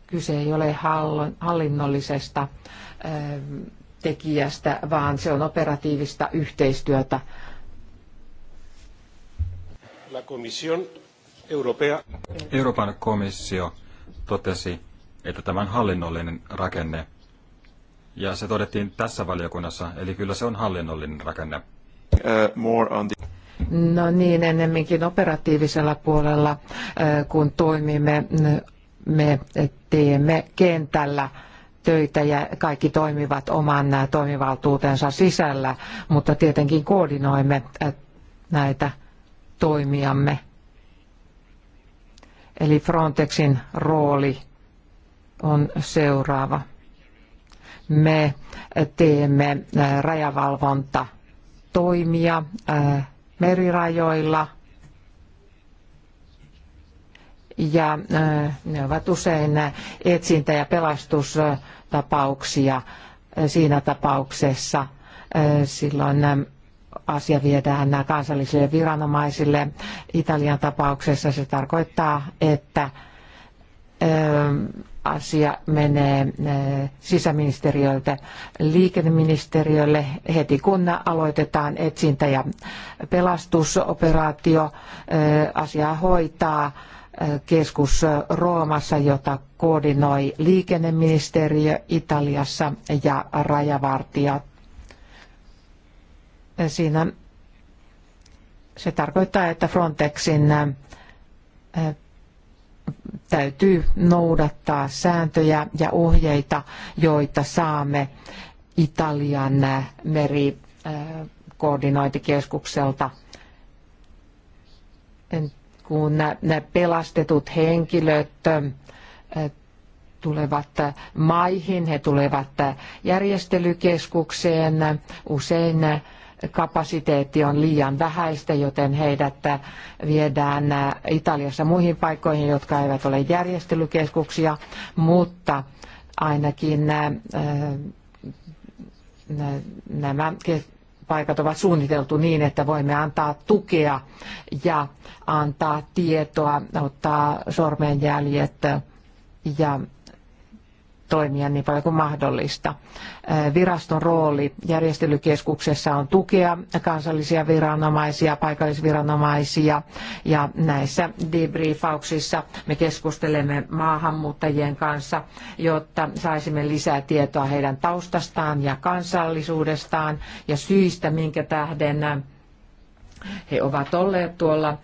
Kyse ei ole hallinnollisesta tekijästä, vaan se on operatiivista yhteistyötä. La Comisión Europea. Euroopan komissio totesi, että tämä on hallinnollinen rakenne. Ja se todettiin tässä valiokunnassa, eli kyllä se on hallinnollinen rakenne. Uh, more on the... No niin, ennemminkin operatiivisella puolella, uh, kun toimimme, me teemme kentällä töitä ja kaikki toimivat oman toimivaltuutensa sisällä, mutta tietenkin koordinoimme äh, näitä toimiamme. Eli Frontexin rooli on seuraava. Me äh, teemme äh, rajavalvonta toimia merirajoilla ja ne ovat usein etsintä- ja pelastus tapauksia. Eh, siinä tapauksessa eh, silloin eh, asia viedään kansallisille viranomaisille. Italian tapauksessa se tarkoittaa, että asia menee sisäministeriöltä liikenneministeriölle heti kun aloitetaan etsintä- ja pelastusoperaatio. Asiaa hoitaa keskus Roomassa, jota koordinoi liikenneministeriö Italiassa ja rajavartijat. Siinä se tarkoittaa, että Frontexin täytyy noudattaa sääntöjä ja ohjeita, joita saamme Italian merikoordinointikeskukselta – kun pelastetut henkilöt tulevat maihin, he tulevat järjestelykeskukseen. Usein kapasiteetti on liian vähäistä, joten heidät viedään Italiassa muihin paikkoihin, jotka eivät ole järjestelykeskuksia, mutta ainakin nämä paikat ovat suunniteltu niin, että voimme antaa tukea ja antaa tietoa, ottaa sormenjäljet ja toimia niin paljon kuin mahdollista. Viraston rooli järjestelykeskuksessa on tukea kansallisia viranomaisia, paikallisviranomaisia ja näissä debriefauksissa me keskustelemme maahanmuuttajien kanssa, jotta saisimme lisää tietoa heidän taustastaan ja kansallisuudestaan ja syistä, minkä tähden he ovat olleet tuolla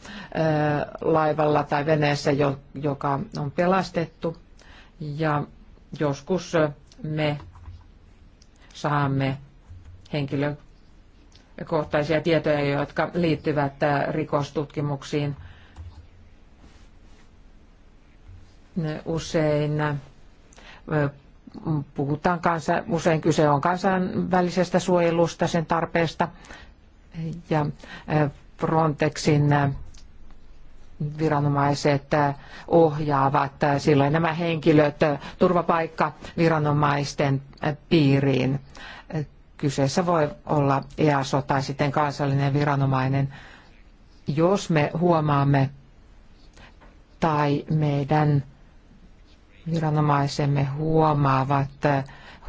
laivalla tai veneessä, joka on pelastettu. Ja joskus me saamme henkilökohtaisia tietoja, jotka liittyvät rikostutkimuksiin. Usein puhutaan kansa, usein kyse on kansainvälisestä suojelusta, sen tarpeesta ja Frontexin viranomaiset äh, ohjaavat äh, silloin nämä henkilöt äh, turvapaikka viranomaisten piiriin. Kyseessä voi olla EASO tai sitten kansallinen viranomainen. Jos me huomaamme tai meidän viranomaisemme huomaavat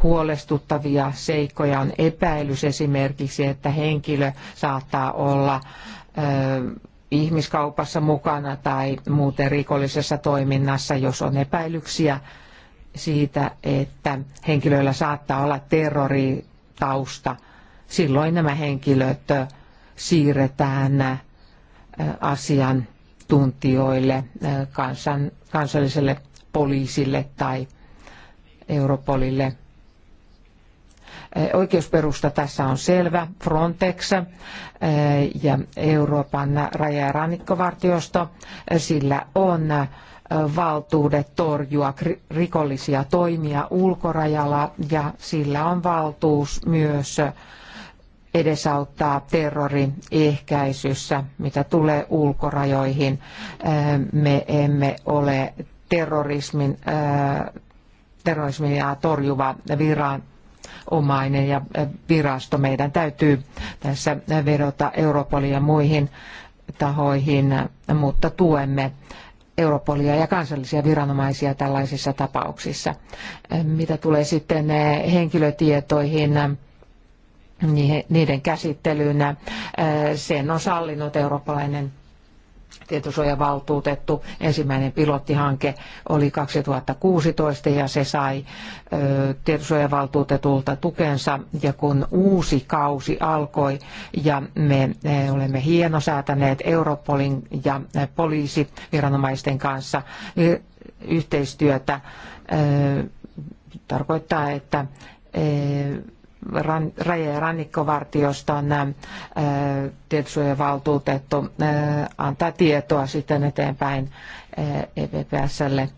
huolestuttavia seikkoja on epäilys esimerkiksi, että henkilö saattaa olla ö, ihmiskaupassa mukana tai muuten rikollisessa toiminnassa, jos on epäilyksiä siitä, että henkilöillä saattaa olla terroritausta. Silloin nämä henkilöt siirretään asiantuntijoille, kansan, kansalliselle poliisille tai Europolille Eh, oikeusperusta tässä on selvä. Frontex eh, ja Euroopan raja- ja rannikkovartiosto, eh, sillä on valtuudet torjua rikollisia toimia ulkorajalla ja sillä on valtuus myös edesauttaa terrorin ehkäisyssä, mitä tulee ulkorajoihin. Me emme ole terrorismin, terrorismia torjuva viran, omainen ja eh, virasto. Meidän täytyy tässä vedota Europoliin ja muihin tahoihin, mutta tuemme Europolia ja kansallisia viranomaisia tällaisissa tapauksissa. Eh, mitä tulee sitten eh, henkilötietoihin, niiden käsittelyyn, sen on sallinut eurooppalainen tietosuojavaltuutettu. Ensimmäinen pilottihanke oli 2016 ja se sai tietosuojavaltuutetulta tukensa. Ja kun uusi kausi alkoi ja me olemme hienosäätäneet Europolin ja poliisiviranomaisten kanssa niin yhteistyötä, tarkoittaa, että ran, raja- ja nämä äh, tietosuojavaltuutettu äh, antaa tietoa sitten eteenpäin äh, EPPSlle.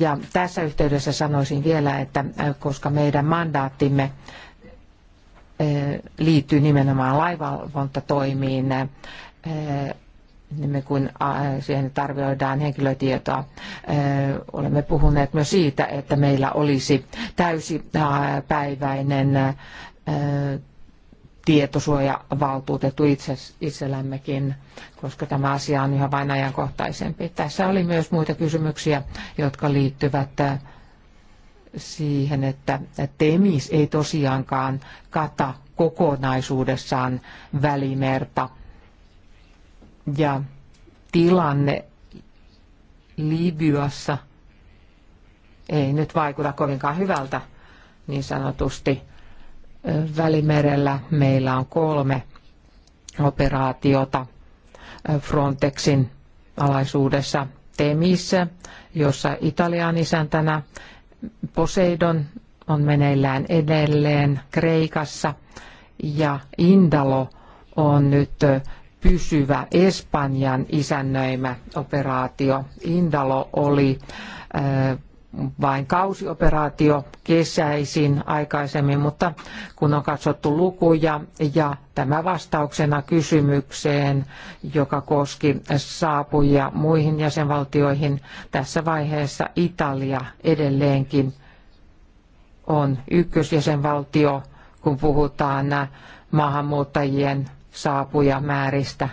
Ja tässä yhteydessä sanoisin vielä, että koska meidän mandaattimme liittyy nimenomaan laivalvontatoimiin, niin kun siihen tarvioidaan henkilötietoa. Olemme puhuneet myös siitä, että meillä olisi täysipäiväinen tietosuojavaltuutettu itse, itsellämmekin, koska tämä asia on yhä vain ajankohtaisempi. Tässä oli myös muita kysymyksiä, jotka liittyvät siihen, että TEMIS ei tosiaankaan kata kokonaisuudessaan välimerta – ja tilanne Libyassa ei nyt vaikuta kovinkaan hyvältä niin sanotusti. Välimerellä meillä on kolme operaatiota Frontexin alaisuudessa Temissä, jossa Italian isäntänä Poseidon on meneillään edelleen Kreikassa ja Indalo on nyt pysyvä Espanjan isännöimä operaatio. Indalo oli äh, vain kausioperaatio kesäisin aikaisemmin, mutta kun on katsottu lukuja ja tämä vastauksena kysymykseen, joka koski saapujia muihin jäsenvaltioihin, tässä vaiheessa Italia edelleenkin on ykkösjäsenvaltio, kun puhutaan maahanmuuttajien saapujamääristä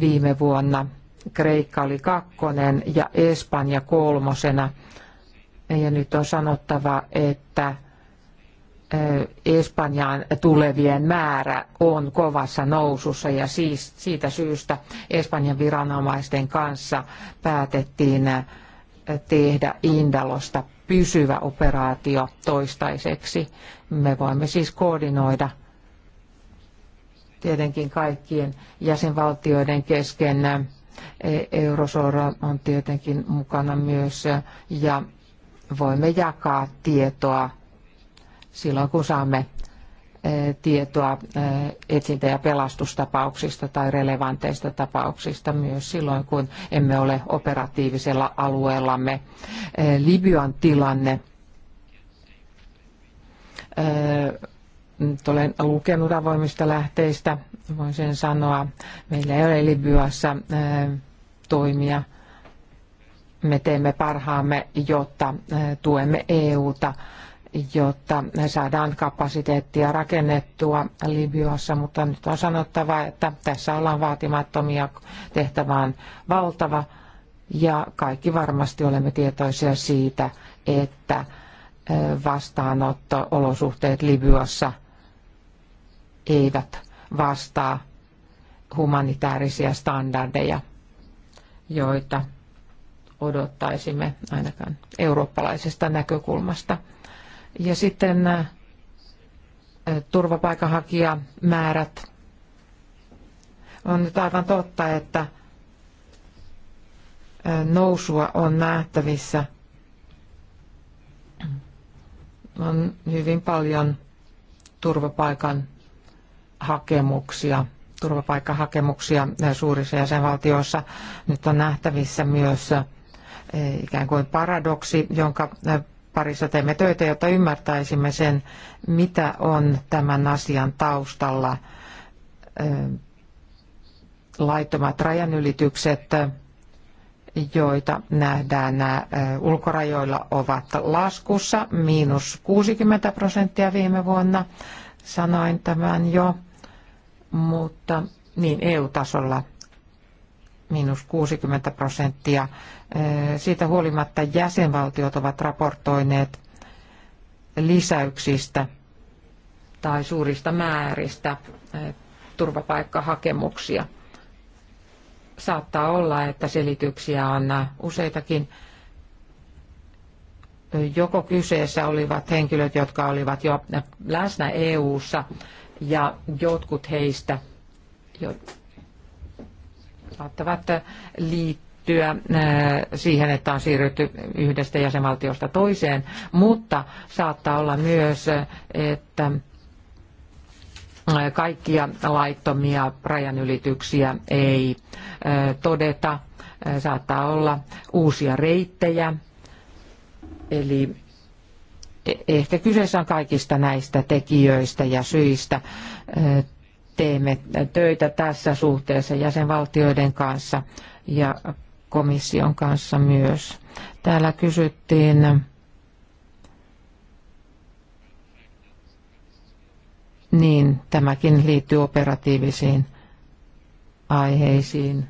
viime vuonna. Kreikka oli kakkonen ja Espanja kolmosena. Ja nyt on sanottava, että Espanjaan tulevien määrä on kovassa nousussa ja siis siitä syystä Espanjan viranomaisten kanssa päätettiin tehdä Indalosta pysyvä operaatio toistaiseksi. Me voimme siis koordinoida tietenkin kaikkien jäsenvaltioiden kesken. E- Eurosora on tietenkin mukana myös ja voimme jakaa tietoa silloin, kun saamme e, tietoa e, etsintä- ja pelastustapauksista tai relevanteista tapauksista myös silloin, kun emme ole operatiivisella alueellamme. Libyan tilanne nyt olen lukenut avoimista lähteistä, voin sen sanoa. Meillä ei ole Libyassa äh, toimia. Me teemme parhaamme, jotta äh, tuemme EUta, jotta saadaan kapasiteettia rakennettua Libyassa, mutta nyt on sanottava, että tässä ollaan vaatimattomia tehtävään valtava ja kaikki varmasti olemme tietoisia siitä, että äh, vastaanotto-olosuhteet Libyassa – eivät vastaa humanitaarisia standardeja, joita odottaisimme ainakaan eurooppalaisesta näkökulmasta. Ja sitten äh, turvapaikanhakijamäärät. On nyt aivan totta, että äh, nousua on nähtävissä. On hyvin paljon turvapaikan hakemuksia, turvapaikkahakemuksia eh, suurissa jäsenvaltioissa. Nyt on nähtävissä myös eh, ikään kuin paradoksi, jonka eh, parissa teemme töitä, jotta ymmärtäisimme sen, mitä on tämän asian taustalla laittomat rajanylitykset, joita nähdään ulkorajoilla ovat laskussa, miinus 60 prosenttia viime vuonna. Sanoin tämän jo mutta niin EU-tasolla miinus 60 prosenttia. Siitä huolimatta jäsenvaltiot ovat raportoineet lisäyksistä tai suurista määristä turvapaikkahakemuksia. Saattaa olla, että selityksiä on useitakin. Joko kyseessä olivat henkilöt, jotka olivat jo läsnä EU-ssa ja jotkut heistä jo, saattavat liittyä äh, siihen, että on siirrytty yhdestä jäsenvaltiosta toiseen, mutta saattaa olla myös, että äh, kaikkia laittomia rajanylityksiä ei äh, todeta. Saattaa olla uusia reittejä, eli E, ehkä kyseessä on kaikista näistä tekijöistä ja syistä. Teemme töitä tässä suhteessa jäsenvaltioiden kanssa ja komission kanssa myös. Täällä kysyttiin Niin, tämäkin liittyy operatiivisiin aiheisiin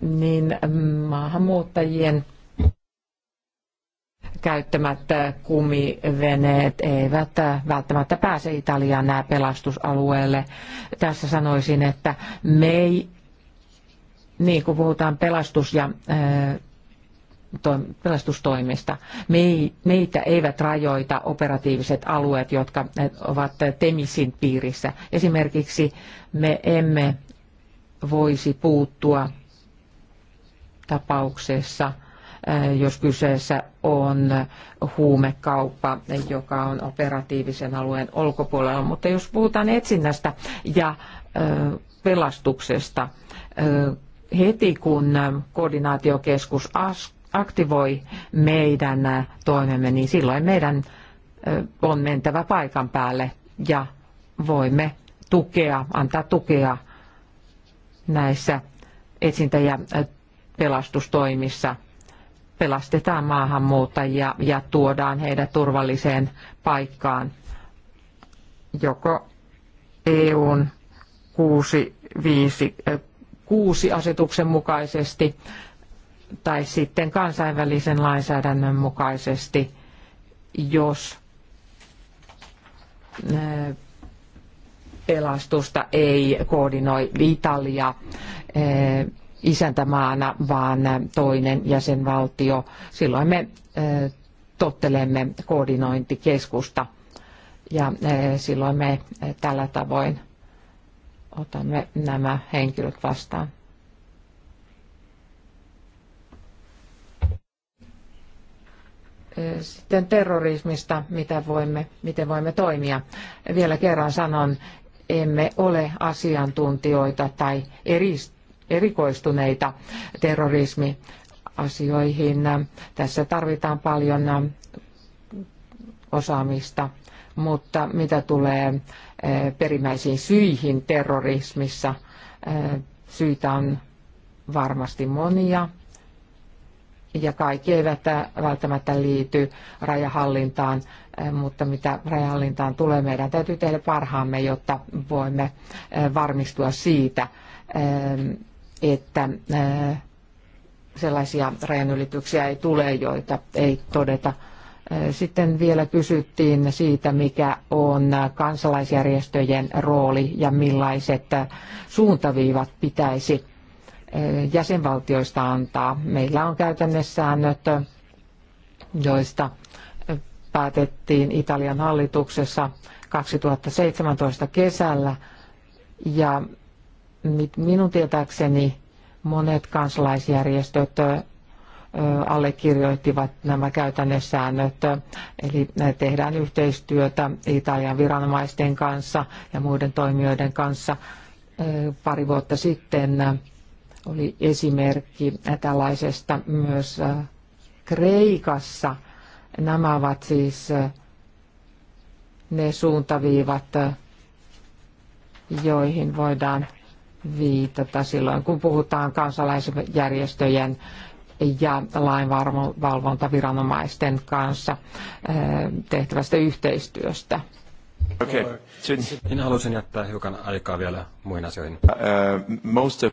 niin maahanmuuttajien käyttämät kumiveneet eivät välttämättä pääse Italiaan nämä pelastusalueelle. Tässä sanoisin, että me ei, niin kuin puhutaan pelastus- ja pelastustoimista. Meitä eivät rajoita operatiiviset alueet, jotka ovat Temisin piirissä. Esimerkiksi me emme voisi puuttua tapauksessa, äh, jos kyseessä on huumekauppa, joka on operatiivisen alueen ulkopuolella. Mutta jos puhutaan etsinnästä ja äh, pelastuksesta, äh, heti kun koordinaatiokeskus aktivoi meidän toimemme, niin silloin meidän on mentävä paikan päälle ja voimme tukea, antaa tukea näissä etsintä- ja pelastustoimissa pelastetaan maahanmuuttajia ja tuodaan heidät turvalliseen paikkaan joko EUn 6 äh, asetuksen mukaisesti tai sitten kansainvälisen lainsäädännön mukaisesti, jos äh, pelastusta ei koordinoi Italia äh, isäntämaana, vaan toinen jäsenvaltio. Silloin me tottelemme koordinointikeskusta ja silloin me tällä tavoin otamme nämä henkilöt vastaan. Sitten terrorismista, mitä voimme, miten voimme toimia. Vielä kerran sanon, emme ole asiantuntijoita tai eristä erikoistuneita terrorismiasioihin. Tässä tarvitaan paljon osaamista, mutta mitä tulee eh, perimmäisiin syihin terrorismissa, eh, syitä on varmasti monia ja kaikki eivät välttämättä liity rajahallintaan, eh, mutta mitä rajahallintaan tulee, meidän täytyy tehdä parhaamme, jotta voimme varmistua siitä, että sellaisia rajanylityksiä ei tule, joita ei todeta. Sitten vielä kysyttiin siitä, mikä on kansalaisjärjestöjen rooli ja millaiset suuntaviivat pitäisi jäsenvaltioista antaa. Meillä on nyt joista päätettiin Italian hallituksessa 2017 kesällä ja minun tietääkseni monet kansalaisjärjestöt allekirjoittivat nämä käytännössäännöt, eli tehdään yhteistyötä Italian viranomaisten kanssa ja muiden toimijoiden kanssa. Pari vuotta sitten oli esimerkki tällaisesta myös Kreikassa. Nämä ovat siis ne suuntaviivat, joihin voidaan viitata silloin, kun puhutaan kansalaisjärjestöjen ja lainvalvontaviranomaisten kanssa eh, tehtävästä yhteistyöstä. Okay. Niin halusin jättää hiukan aikaa vielä muihin asioihin. Uh,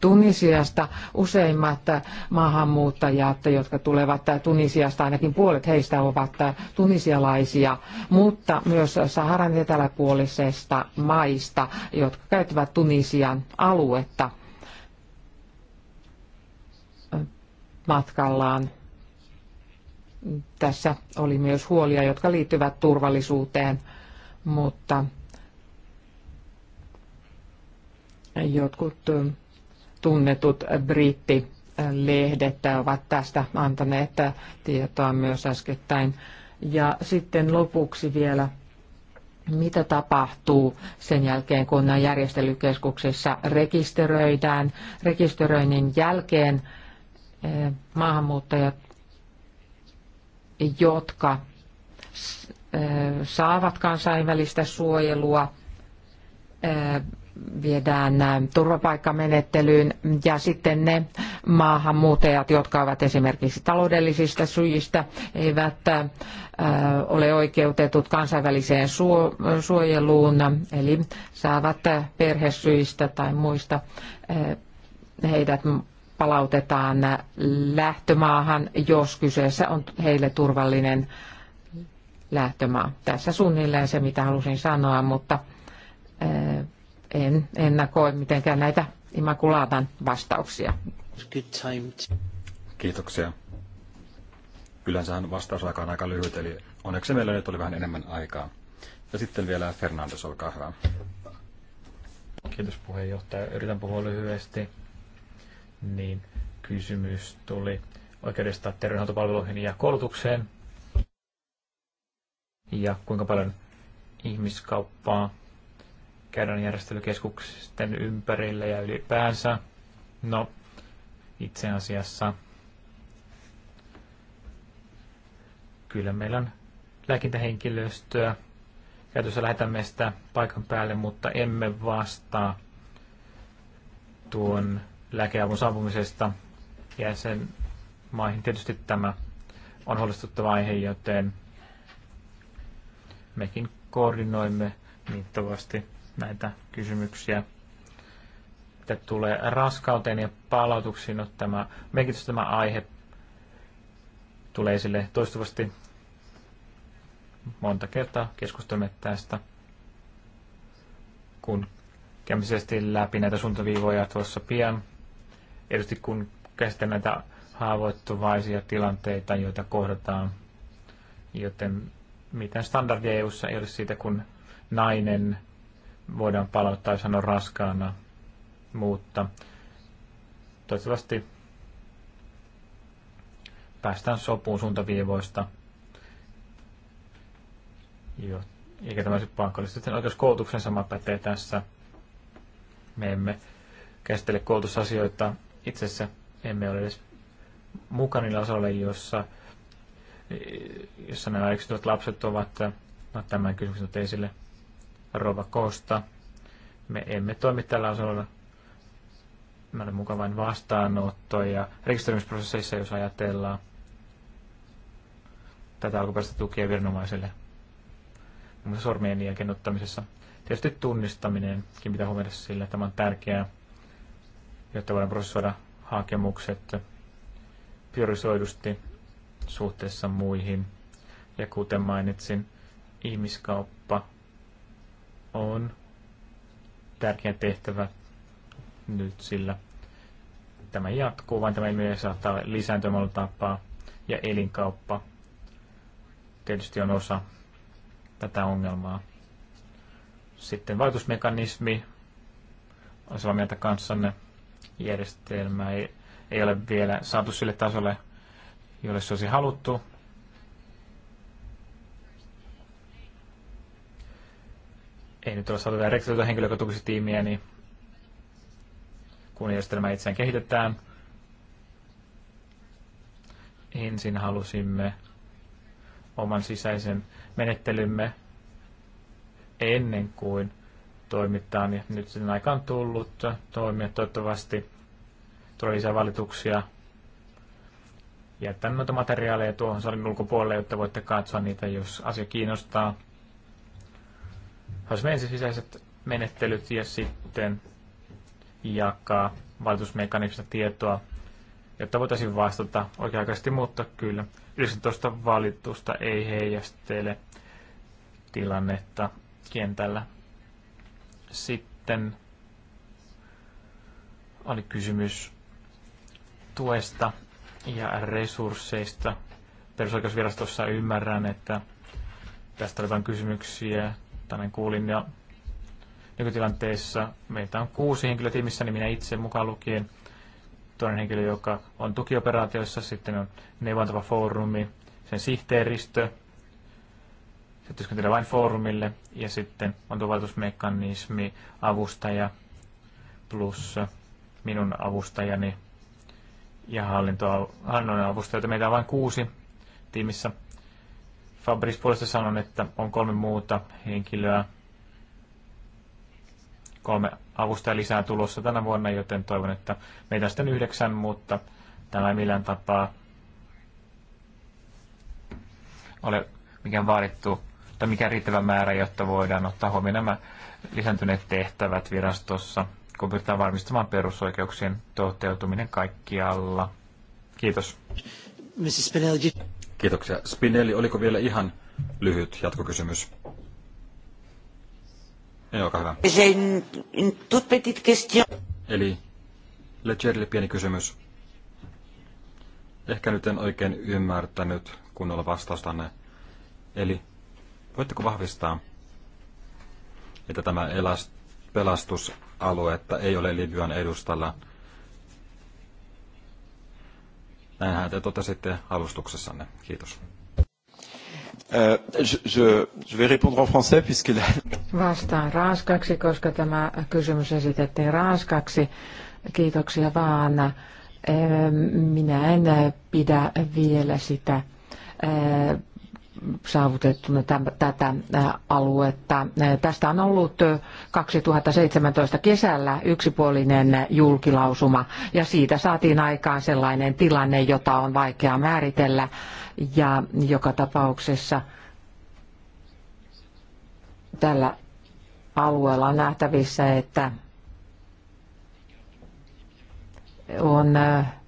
Tunisiasta useimmat maahanmuuttajat, jotka tulevat Tunisiasta, ainakin puolet heistä ovat tunisialaisia, mutta myös Saharan eteläpuolisesta maista, jotka käyttävät Tunisian aluetta matkallaan. Tässä oli myös huolia, jotka liittyvät turvallisuuteen mutta jotkut tunnetut brittilehdet ovat tästä antaneet tietoa myös äskettäin. Ja sitten lopuksi vielä, mitä tapahtuu sen jälkeen, kun nämä järjestelykeskuksissa rekisteröidään. Rekisteröinnin jälkeen eh, maahanmuuttajat, jotka saavat kansainvälistä suojelua, viedään turvapaikkamenettelyyn ja sitten ne maahanmuuttajat, jotka ovat esimerkiksi taloudellisista syistä, eivät ole oikeutetut kansainväliseen suojeluun, eli saavat perhesyistä tai muista heidät palautetaan lähtömaahan, jos kyseessä on heille turvallinen lähtömaa. Tässä suunnilleen se, mitä halusin sanoa, mutta eh, en ennakoi mitenkään näitä Imakulaatan vastauksia. Kiitoksia. Yleensähän vastausaika on aika lyhyt, eli onneksi meillä nyt oli vähän enemmän aikaa. Ja sitten vielä Fernandes, olkaa hyvä. Kiitos puheenjohtaja. Yritän puhua lyhyesti. Niin, kysymys tuli oikeudesta terveydenhuoltopalveluihin ja koulutukseen ja kuinka paljon ihmiskauppaa käydään järjestelykeskuksen ympärille ja ylipäänsä. No, itse asiassa kyllä meillä on lääkintähenkilöstöä käytössä lähetämme sitä paikan päälle, mutta emme vastaa tuon lääkeavun saapumisesta jäsenmaihin. Tietysti tämä on huolestuttava aihe, joten mekin koordinoimme mittavasti näitä kysymyksiä. Mitä tulee raskauteen ja palautuksiin, no tämä, merkitys tämä aihe tulee esille toistuvasti monta kertaa keskustelemme tästä, kun kämisesti läpi näitä suuntaviivoja tuossa pian. Erityisesti kun käsitellään näitä haavoittuvaisia tilanteita, joita kohdataan, joten mitään standardia EUssa ei ole siitä, kun nainen voidaan palauttaa ja sanoa raskaana, mutta toivottavasti päästään sopuun suuntaviivoista, jo, eikä tämä se pakollista. Sitten oikeuskoulutuksen sama pätee tässä. Me emme käsittele koulutusasioita asiassa. emme ole edes mukana niillä osalla, jossa jossa nämä yksityiset lapset ovat äh, no, tämän kysymyksen esille Rova Kosta. Me emme toimi tällä osalla mä olen mukavain vastaanotto ja rekisteröimisprosesseissa, jos ajatellaan tätä alkuperäistä tukea viranomaiselle. Muun sormien jälkeen ottamisessa. Tietysti tunnistaminenkin pitää huomioida sillä, tämä on tärkeää, jotta voidaan prosessoida hakemukset priorisoidusti suhteessa muihin. Ja kuten mainitsin, ihmiskauppa on tärkeä tehtävä nyt, sillä tämä jatkuu, vaan tämä ilmiö saattaa lisääntymällä tapaa. Ja elinkauppa tietysti on osa tätä ongelmaa. Sitten vaikutusmekanismi on samaa mieltä kanssanne. Järjestelmä ei, ei ole vielä saatu sille tasolle, jolle se olisi haluttu. Ei nyt ole saatu vielä rekrytoitua henkilöä, joka tukisi tiimiä, niin kun järjestelmä itseään kehitetään. Ensin halusimme oman sisäisen menettelymme ennen kuin toimitaan. Ja nyt sen aika on tullut toimia. Toivottavasti tulee lisää valituksia jättää noita materiaaleja tuohon salin ulkopuolelle, jotta voitte katsoa niitä, jos asia kiinnostaa. Olisi ensin sisäiset menettelyt ja sitten jakaa valitusmekanismista tietoa, jotta voitaisiin vastata oikea-aikaisesti, mutta kyllä 19 valitusta ei heijastele tilannetta kentällä. Sitten oli kysymys tuesta ja resursseista. Perusoikeusvirastossa ymmärrän, että tästä oli kysymyksiä. Tänään kuulin ja nykytilanteessa meitä on kuusi henkilöä niin minä itse mukaan lukien toinen henkilö, joka on tukioperaatioissa, sitten on neuvontava foorumi, sen sihteeristö, se työskentelee vain foorumille ja sitten on tuvaltusmekanismi, avustaja plus minun avustajani ja hallinnon avustajilta. Meitä on vain kuusi tiimissä. Fabrice puolesta sanon, että on kolme muuta henkilöä, kolme avustajaa lisää tulossa tänä vuonna, joten toivon, että meitä on sitten yhdeksän, mutta tämä ei millään tapaa ole mikään vaadittu tai mikään riittävä määrä, jotta voidaan ottaa huomioon nämä lisääntyneet tehtävät virastossa kun pyritään varmistamaan perusoikeuksien toteutuminen kaikkialla. Kiitos. Mrs. Spinelli. Kiitoksia. Spinelli, oliko vielä ihan lyhyt jatkokysymys? Ei, olkaa hyvä. Eli Legerille pieni kysymys. Ehkä nyt en oikein ymmärtänyt kunnolla vastaustanne. Eli voitteko vahvistaa, että tämä elast pelastusaluetta ei ole Libyan edustalla. Näinhän te totesitte alustuksessanne. Kiitos. Euh, Vastaan ranskaksi, koska tämä kysymys esitettiin ranskaksi. Kiitoksia vaan. Minä en pidä vielä sitä saavutettuna tätä aluetta. Tästä on ollut 2017 kesällä yksipuolinen julkilausuma ja siitä saatiin aikaan sellainen tilanne, jota on vaikea määritellä ja joka tapauksessa tällä alueella on nähtävissä, että on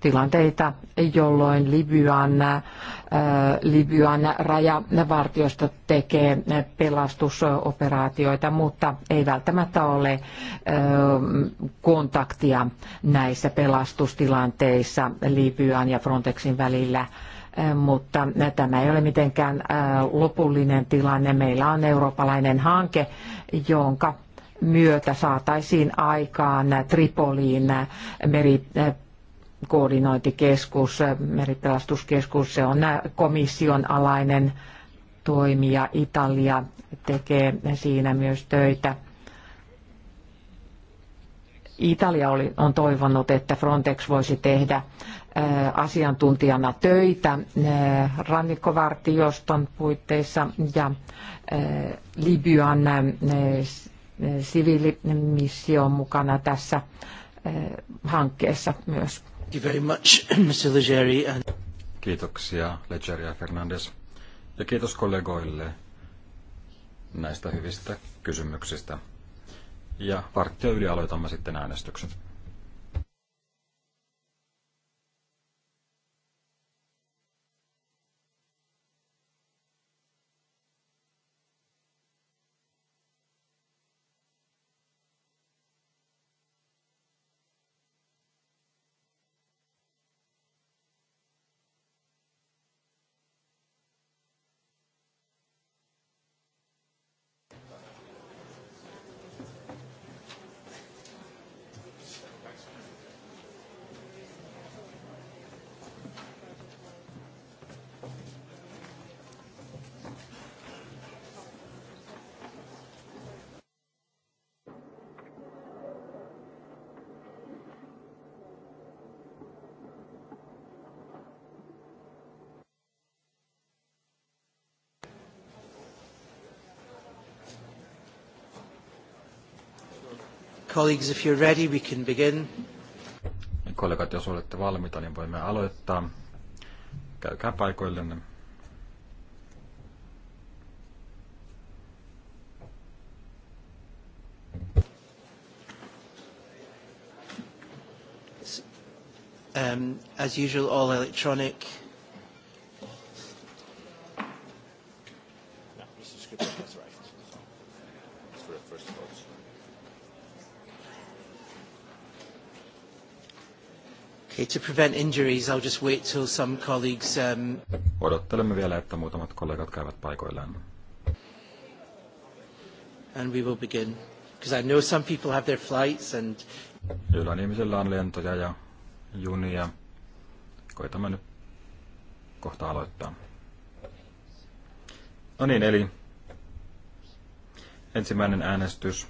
tilanteita, jolloin Libyan Libyan rajavartiosto tekee pelastusoperaatioita, mutta ei välttämättä ole kontaktia näissä pelastustilanteissa Libyan ja Frontexin välillä mutta tämä ei ole mitenkään lopullinen tilanne. Meillä on eurooppalainen hanke, jonka myötä saataisiin aikaan Tripoliin meri koordinointikeskus, meripelastuskeskus, se on komission alainen toimija. Italia tekee siinä myös töitä. Italia oli, on toivonut, että Frontex voisi tehdä asiantuntijana töitä rannikkovartioston puitteissa ja Libyan siviilimissio on mukana tässä hankkeessa myös. Thank you very much, Mr. Kiitoksia Legeri ja Fernandes. Ja kiitos kollegoille näistä hyvistä kysymyksistä. Ja varttia yli aloitamme sitten äänestykset. Colleagues, if you're ready, we can begin. Kollegat, jos olette valmiita, niin voimme aloittaa. Käykää paikoillenne. Um, as usual, all electronic. to prevent injuries, I'll just wait till some colleagues... Um... Odottelemme vielä, että muutamat kollegat käyvät paikoillaan. And we will begin. Because I know some people have their flights and... Joillain ihmisillä on lentoja ja junia. Koitamme nyt kohta aloittaa. No niin, eli ensimmäinen äänestys.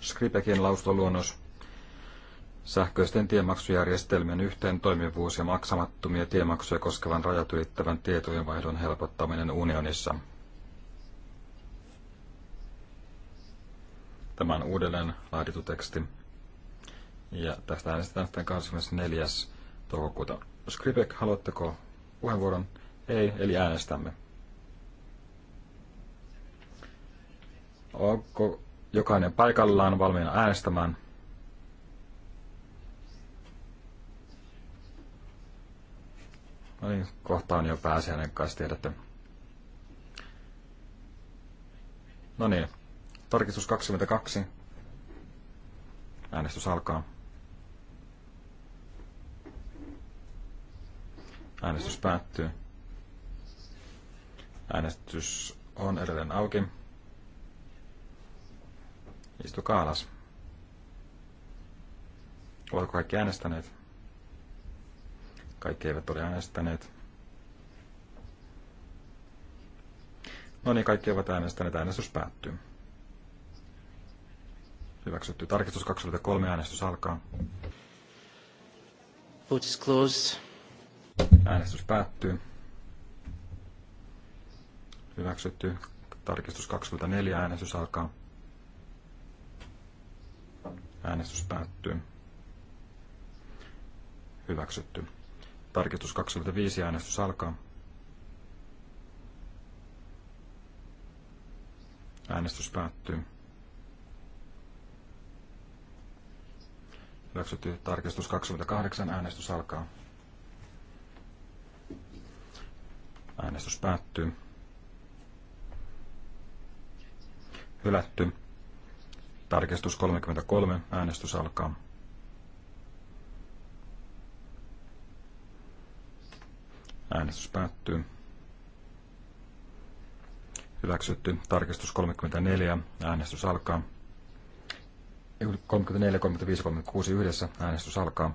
Skripekin lausuntoluonnos sähköisten tiemaksujärjestelmien yhteen toimivuus ja maksamattomia tiemaksuja koskevan rajat ylittävän tietojenvaihdon helpottaminen unionissa. Tämän uudelleen laaditu teksti. Ja tästä äänestetään sitten 24. toukokuuta. Skripek, haluatteko puheenvuoron? Ei, eli äänestämme. Onko jokainen paikallaan valmiina äänestämään? No niin, kohta on jo pääsiäinen kanssa, tiedätte. No niin, tarkistus 22. Äänestys alkaa. Äänestys päättyy. Äänestys on edelleen auki. Istukaa alas. Oletko kaikki äänestäneet? Kaikki eivät ole äänestäneet. No niin, kaikki ovat äänestäneet. Äänestys päättyy. Hyväksytty. Tarkistus 23. Äänestys alkaa. Vote is closed. Äänestys päättyy. Hyväksytty. Tarkistus 24. Äänestys alkaa. Äänestys päättyy. Hyväksytty. Tarkistus 25 äänestys alkaa. Äänestys päättyy. Hyväksytty tarkistus 28. Äänestys alkaa. Äänestys päättyy. Hylätty. Tarkistus 33. Äänestys alkaa. Äänestys päättyy. Hyväksytty. Tarkistus 34. Äänestys alkaa. 34, 35, 36 yhdessä. Äänestys alkaa.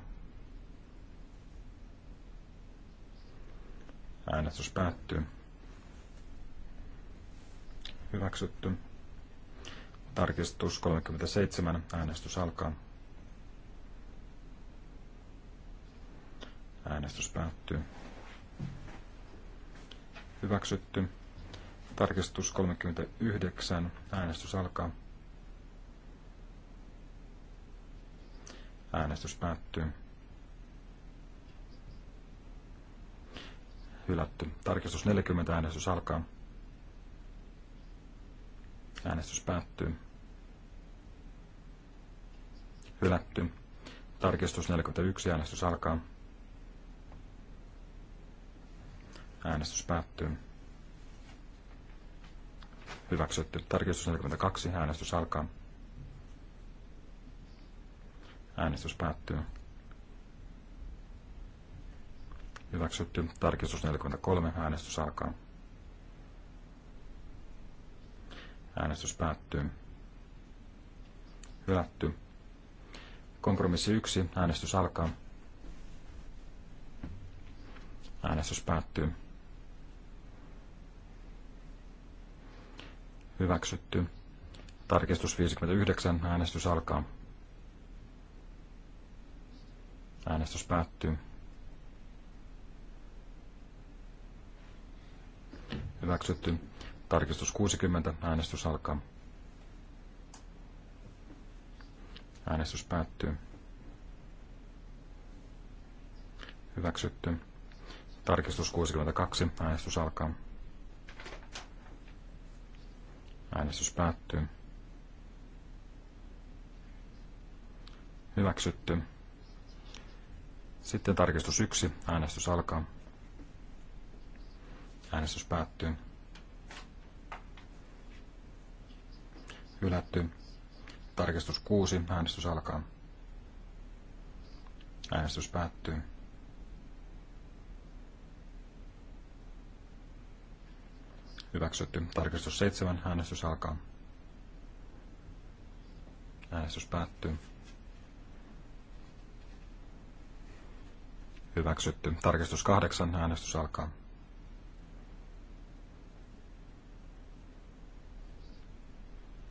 Äänestys päättyy. Hyväksytty. Tarkistus 37. Äänestys alkaa. Äänestys päättyy hyväksytty. Tarkistus 39. Äänestys alkaa. Äänestys päättyy. Hylätty. Tarkistus 40. Äänestys alkaa. Äänestys päättyy. Hylätty. Tarkistus 41. Äänestys alkaa. Äänestys päättyy. Hyväksytty. Tarkistus 42. Äänestys alkaa. Äänestys päättyy. Hyväksytty. Tarkistus 43. Äänestys alkaa. Äänestys päättyy. Hylätty. Kompromissi 1. Äänestys alkaa. Äänestys päättyy. hyväksytty. Tarkistus 59, äänestys alkaa. Äänestys päättyy. Hyväksytty. Tarkistus 60, äänestys alkaa. Äänestys päättyy. Hyväksytty. Tarkistus 62, äänestys alkaa. Äänestys päättyy. Hyväksytty. Sitten tarkistus 1. Äänestys alkaa. Äänestys päättyy. Hylätty. Tarkistus 6. Äänestys alkaa. Äänestys päättyy. Hyväksytty. Tarkistus 7. Äänestys alkaa. Äänestys päättyy. Hyväksytty. Tarkistus 8. Äänestys alkaa.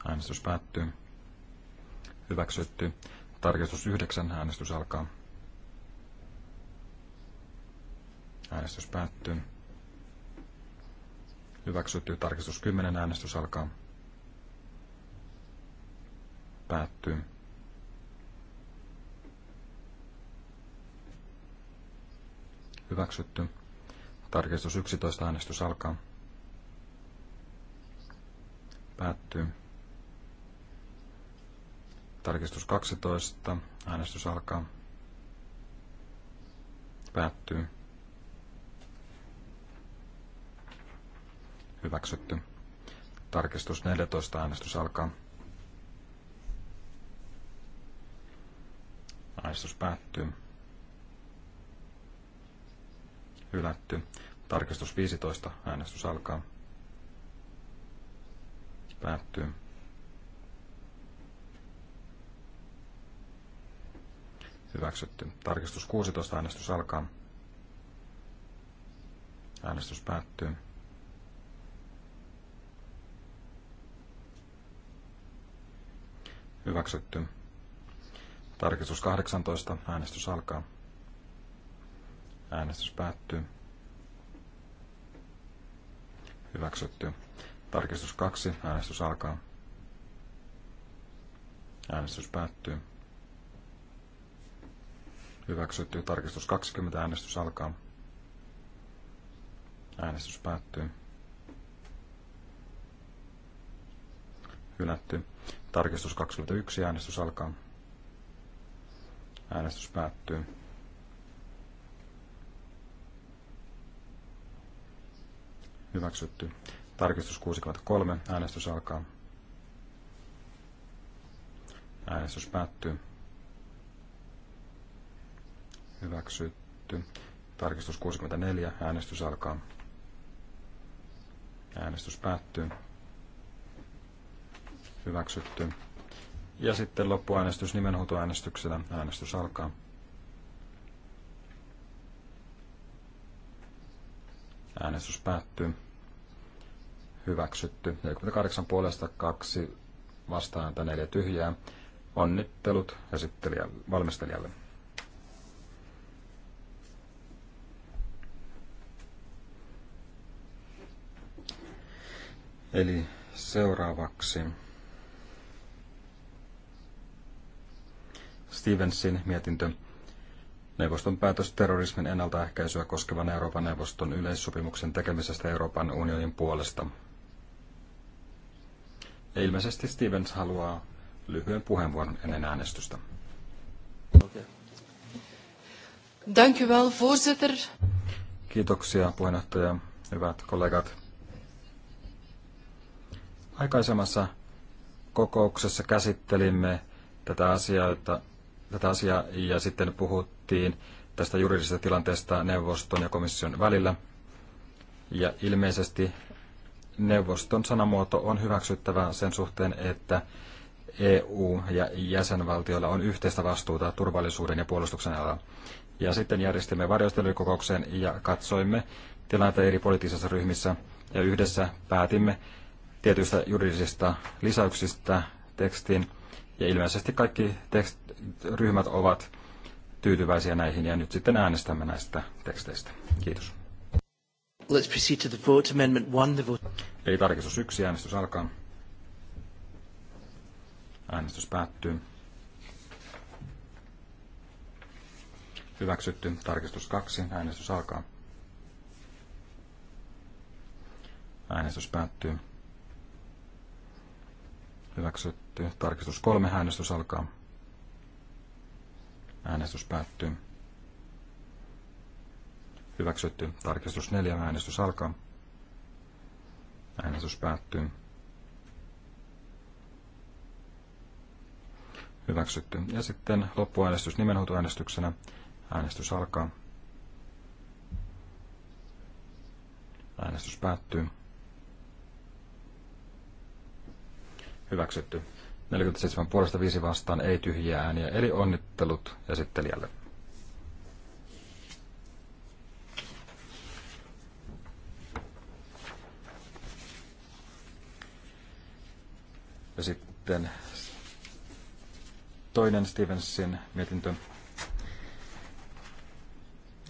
Äänestys päättyy. Hyväksytty. Tarkistus 9. Äänestys alkaa. Äänestys päättyy. Hyväksytty tarkistus 10. Äänestys alkaa. Päättyy. Hyväksytty. Tarkistus 11. Äänestys alkaa. Päättyy. Tarkistus 12. Äänestys alkaa. Päättyy. hyväksytty. Tarkistus 14, äänestys alkaa. Äänestys päättyy. Hylätty. Tarkistus 15, äänestys alkaa. Päättyy. Hyväksytty. Tarkistus 16, äänestys alkaa. Äänestys päättyy. Hyväksytty. Tarkistus 18. Äänestys alkaa. Äänestys päättyy. Hyväksytty. Tarkistus 2. Äänestys alkaa. Äänestys päättyy. Hyväksytty. Tarkistus 20. Äänestys alkaa. Äänestys päättyy. hylätty. Tarkistus 21, äänestys alkaa. Äänestys päättyy. Hyväksytty. Tarkistus 63, äänestys alkaa. Äänestys päättyy. Hyväksytty. Tarkistus 64, äänestys alkaa. Äänestys päättyy hyväksytty. Ja sitten loppuäänestys nimenhuutoäänestyksellä. Äänestys alkaa. Äänestys päättyy. Hyväksytty. 48 puolesta 2 vastaan tai 4 tyhjää. Onnittelut valmistelijalle. Eli seuraavaksi Stevensin mietintö Neuvoston päätös terrorismin ennaltaehkäisyä koskevan Euroopan neuvoston yleissopimuksen tekemisestä Euroopan unionin puolesta. Ja ilmeisesti Stevens haluaa lyhyen puheenvuoron ennen äänestystä. Okay. Kiitoksia puheenjohtaja, hyvät kollegat. Aikaisemmassa kokouksessa käsittelimme tätä asiaa, että tätä asiaa ja sitten puhuttiin tästä juridisesta tilanteesta neuvoston ja komission välillä. Ja ilmeisesti neuvoston sanamuoto on hyväksyttävä sen suhteen, että EU ja jäsenvaltioilla on yhteistä vastuuta turvallisuuden ja puolustuksen alalla. Ja sitten järjestimme varjostelukokouksen ja katsoimme tilannetta eri poliittisissa ryhmissä ja yhdessä päätimme tietyistä juridisista lisäyksistä tekstiin. Ja ilmeisesti kaikki tekst- ryhmät ovat tyytyväisiä näihin ja nyt sitten äänestämme näistä teksteistä. Kiitos. Let's proceed to the vote. Amendment one, the vote. Eli tarkistus yksi, äänestys alkaa. Äänestys päättyy. Hyväksytty. Tarkistus kaksi, äänestys alkaa. Äänestys päättyy. Hyväksytty. Tarkistus kolme, äänestys alkaa. Äänestys päättyy. Hyväksytty. Tarkistus 4. Äänestys alkaa. Äänestys päättyy. Hyväksytty. Ja sitten loppuäänestys nimenhoitoäänestyksenä. Äänestys alkaa. Äänestys päättyy. Hyväksytty. 47 puolesta 5 vastaan, ei tyhjiä ääniä. Eli onnittelut esittelijälle. Ja sitten toinen Stevensin mietintö.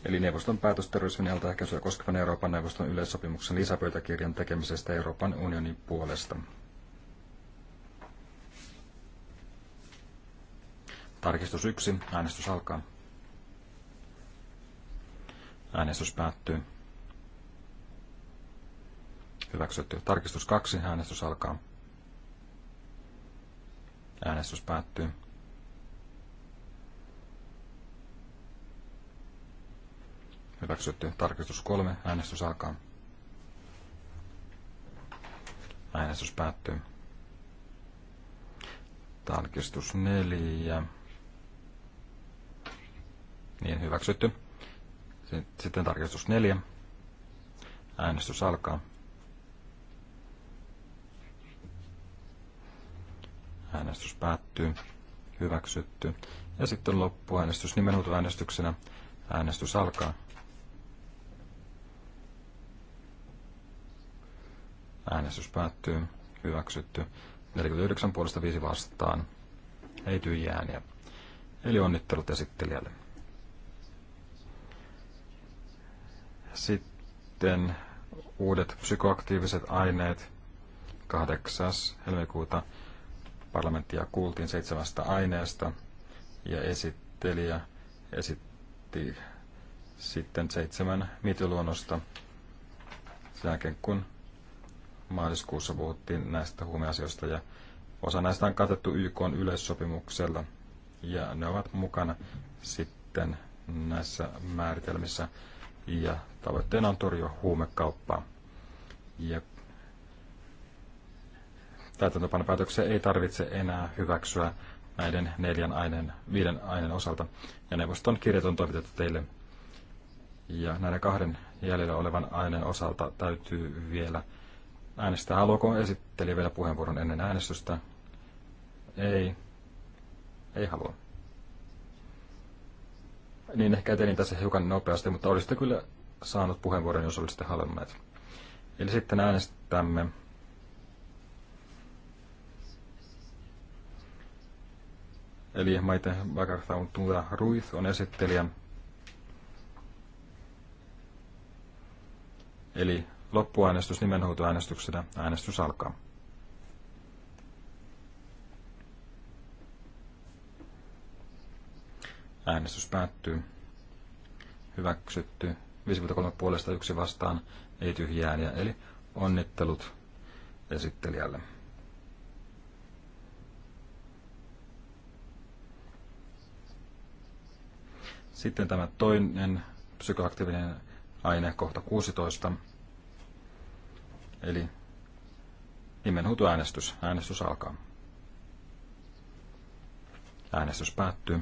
Eli neuvoston päätös terrorismin ennaltaehkäisyä koskevan Euroopan neuvoston yleissopimuksen lisäpöytäkirjan tekemisestä Euroopan unionin puolesta. Tarkistus 1. Äänestys alkaa. Äänestys päättyy. Hyväksytty. Tarkistus 2. Äänestys alkaa. Äänestys päättyy. Hyväksytty. Tarkistus 3. Äänestys alkaa. Äänestys päättyy. Tarkistus 4. Niin, hyväksytty. Sitten tarkistus neljä. Äänestys alkaa. Äänestys päättyy. Hyväksytty. Ja sitten loppuäänestys äänestyksenä. Äänestys alkaa. Äänestys päättyy. Hyväksytty. 49 puolesta 5 vastaan. Ei tyhjääniä. Eli onnittelut esittelijälle. Sitten uudet psykoaktiiviset aineet 8. helmikuuta parlamenttia kuultiin seitsemästä aineesta ja esittelijä esitti sitten seitsemän mietiluonnosta sen jälkeen, kun maaliskuussa puhuttiin näistä huumeasioista ja osa näistä on katettu YK yleissopimuksella ja ne ovat mukana sitten näissä määritelmissä ja Tavoitteena on torjua huumekauppaa. Ja täytäntöpanopäätöksiä ei tarvitse enää hyväksyä näiden neljän aineen, viiden aineen osalta. Ja neuvoston kirjat on toimitettu teille. Ja näiden kahden jäljellä olevan aineen osalta täytyy vielä äänestää. Haluaako esitteli vielä puheenvuoron ennen äänestystä? Ei. Ei halua. Niin ehkä etelin tässä hiukan nopeasti, mutta olisitte kyllä saanut puheenvuoron, jos olisitte halunneet. Eli sitten äänestämme Eli Maite Bakarthaun Tula Ruiz on esittelijä. Eli loppuäänestys nimenhuutoäänestyksenä. Äänestys alkaa. Äänestys päättyy. Hyväksytty 53 puolesta yksi vastaan, ei tyhjään, ja Eli onnittelut esittelijälle. Sitten tämä toinen psykoaktiivinen aine, kohta 16. Eli nimenhuutoäänestys. Äänestys alkaa. Äänestys päättyy.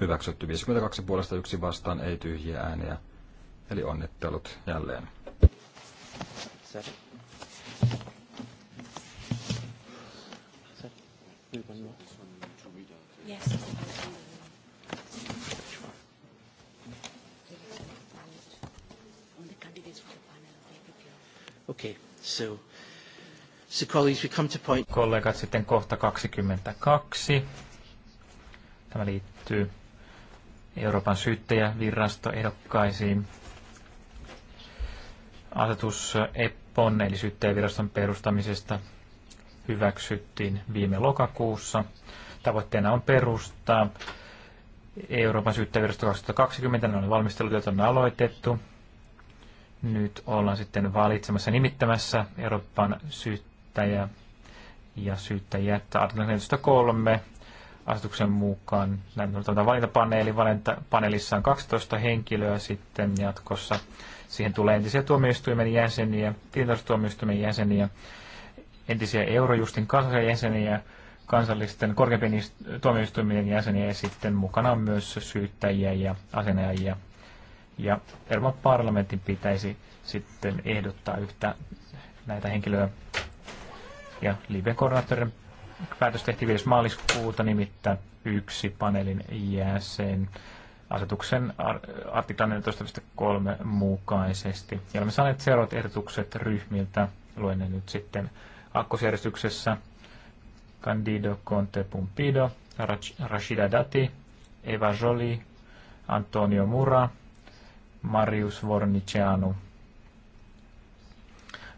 hyväksytty 52 puolesta yksi vastaan, ei tyhjiä ääniä. Eli onnittelut jälleen. Okay, so, so colleagues, we come to point... Kollegat, sitten kohta 22. Tämä liittyy Euroopan syyttäjävirasto ehdokkaisiin. Asetus EPPON eli syyttäjäviraston perustamisesta hyväksyttiin viime lokakuussa. Tavoitteena on perustaa Euroopan syyttäjävirasto 2020. Ne on valmistelutyöt on aloitettu. Nyt ollaan sitten valitsemassa nimittämässä Euroopan syyttäjä ja syyttäjiä, että artikla asetuksen mukaan valintapaneeli. Valintapaneelissa on 12 henkilöä sitten jatkossa. Siihen tulee entisiä tuomioistuimen jäseniä, tilintarkastustuomioistuimen jäseniä, entisiä Eurojustin kansallisia jäseniä, kansallisten korkeimpien tuomioistuimien jäseniä ja sitten mukana on myös syyttäjiä ja asenajia. Ja Euroopan parlamentin pitäisi sitten ehdottaa yhtä näitä henkilöä ja live-koordinaattorin Päätös tehtiin 5. maaliskuuta, nimittäin yksi paneelin jäsen asetuksen artiklan 14.3 mukaisesti. Ja olemme saaneet seuraavat ehdotukset ryhmiltä. Luen ne nyt sitten akkosjärjestyksessä. Candido Conte Pumpido, Rashida Dati, Eva Joli, Antonio Mura, Marius Vorniceanu.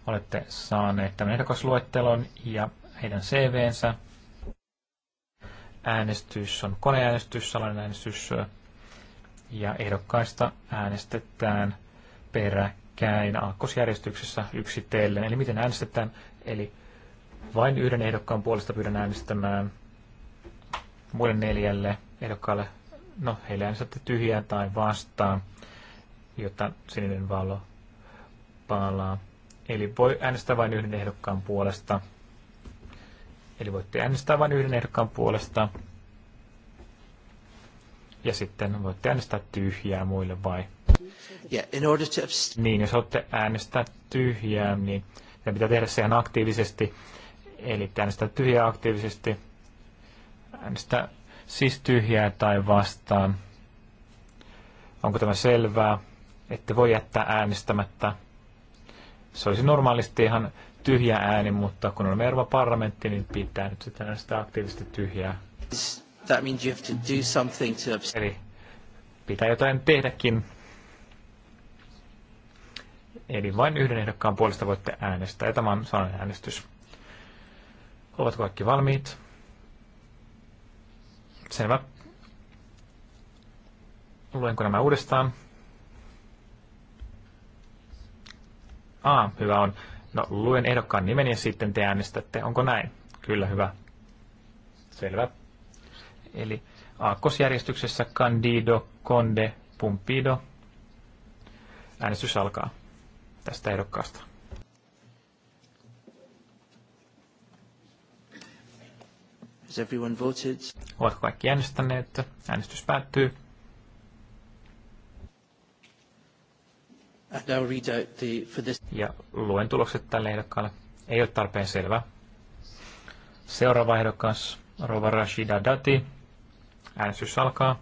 Olette saaneet tämän ehdokasluettelon ja heidän CVnsä. Äänestys on koneäänestys, salainen äänestys ja ehdokkaista äänestetään peräkkäin aakkosjärjestyksessä yksitellen. Eli miten äänestetään? Eli vain yhden ehdokkaan puolesta pyydän äänestämään muille neljälle ehdokkaalle, no heille äänestätte tyhjää tai vastaan, jotta sininen valo palaa. Eli voi äänestää vain yhden ehdokkaan puolesta. Eli voitte äänestää vain yhden ehdokkaan puolesta. Ja sitten voitte äänestää tyhjää muille vai? Yeah, in order to niin, jos olette äänestää tyhjää, niin ja pitää tehdä se ihan aktiivisesti. Eli äänestää tyhjää aktiivisesti. Äänestää siis tyhjää tai vastaan. Onko tämä selvää? Ette voi jättää äänestämättä. Se olisi normaalisti ihan tyhjä ääni, mutta kun on merva parlamentti, niin pitää nyt sitten äänestää aktiivisesti tyhjää. That means you have to do something to... Eli pitää jotain tehdäkin. Eli vain yhden ehdokkaan puolesta voitte äänestää. Ja tämä on sanan äänestys. Ovatko kaikki valmiit? Selvä. Luenko nämä uudestaan? Aa, hyvä on. No, luen ehdokkaan nimen ja sitten te äänestätte. Onko näin? Kyllä, hyvä. Selvä. Eli aakkosjärjestyksessä Candido, Conde, Pumpido. Äänestys alkaa tästä ehdokkaasta. Has everyone voted? Ovatko kaikki äänestäneet? Äänestys päättyy. And I'll read out the, for this. Ja luen tulokset tälle ehdokkaalle. Ei ole tarpeen selvä. Seuraava ehdokas, Rova Rashida Dati. Äänestys alkaa.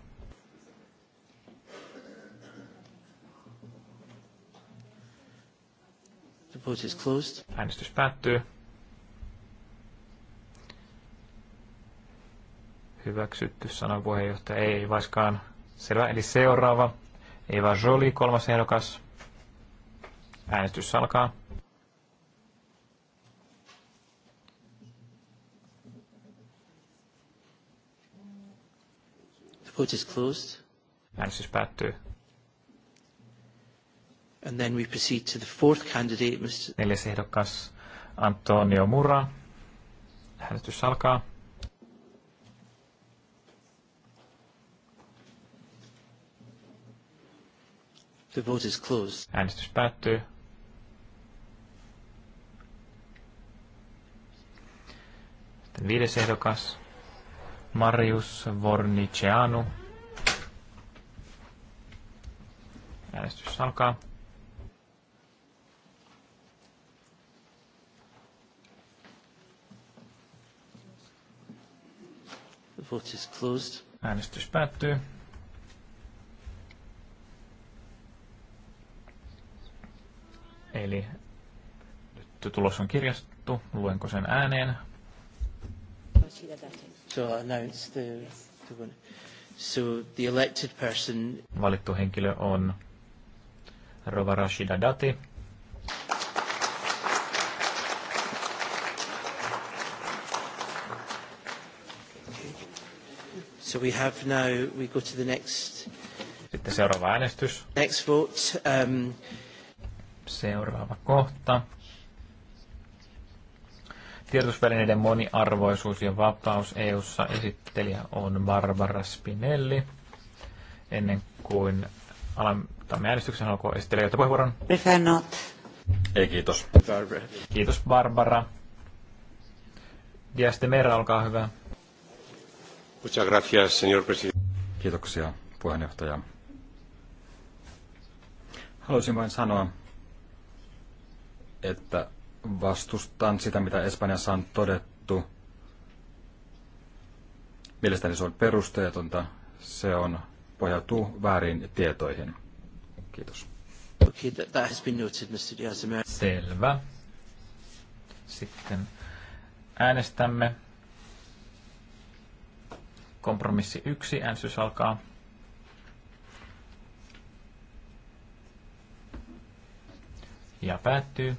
The vote is closed. Äänestys päättyy. Hyväksytty, sanoi puheenjohtaja. Ei, ei vaiskaan. Selvä, eli seuraava. Eva Jolie, kolmas ehdokas. Äänestys alkaa. The vote is closed. Äänestys päättyy. And then we proceed to the fourth candidate, Mr. Neljäs ehdokas Antonio Murra. Äänestys alkaa. The vote is closed. Äänestys päättyy. Sitten viides ehdokas, Marius Vorniceanu. Äänestys alkaa. The vote is closed. Äänestys päättyy. Eli nyt tulos on kirjastettu. Luenko sen ääneen? Valittu henkilö on Rova Rashida Dati. So we have now, we go to the next. Sitten seuraava äänestys. Next vote. Um, Seuraava kohta. Tiedotusvälineiden moniarvoisuus ja vapaus EU:ssa esittelijä on Barbara Spinelli. Ennen kuin alamme äänestyksen, haluatko esitellä jotain puheenvuoron? Ei, kiitos. Kiitos Barbara. Diaste Merra, olkaa hyvä. Muchas gracias, señor presidente. Kiitoksia, puheenjohtaja. Haluaisin vain sanoa, että vastustan sitä, mitä Espanjassa on todettu. Mielestäni se on perusteetonta. Se on pohjautuu väärin tietoihin. Kiitos. Okay, that, that has been noted, Mr. diaz Selvä. Sitten äänestämme. Kompromissi yksi, äänestys alkaa. Ja päättyy.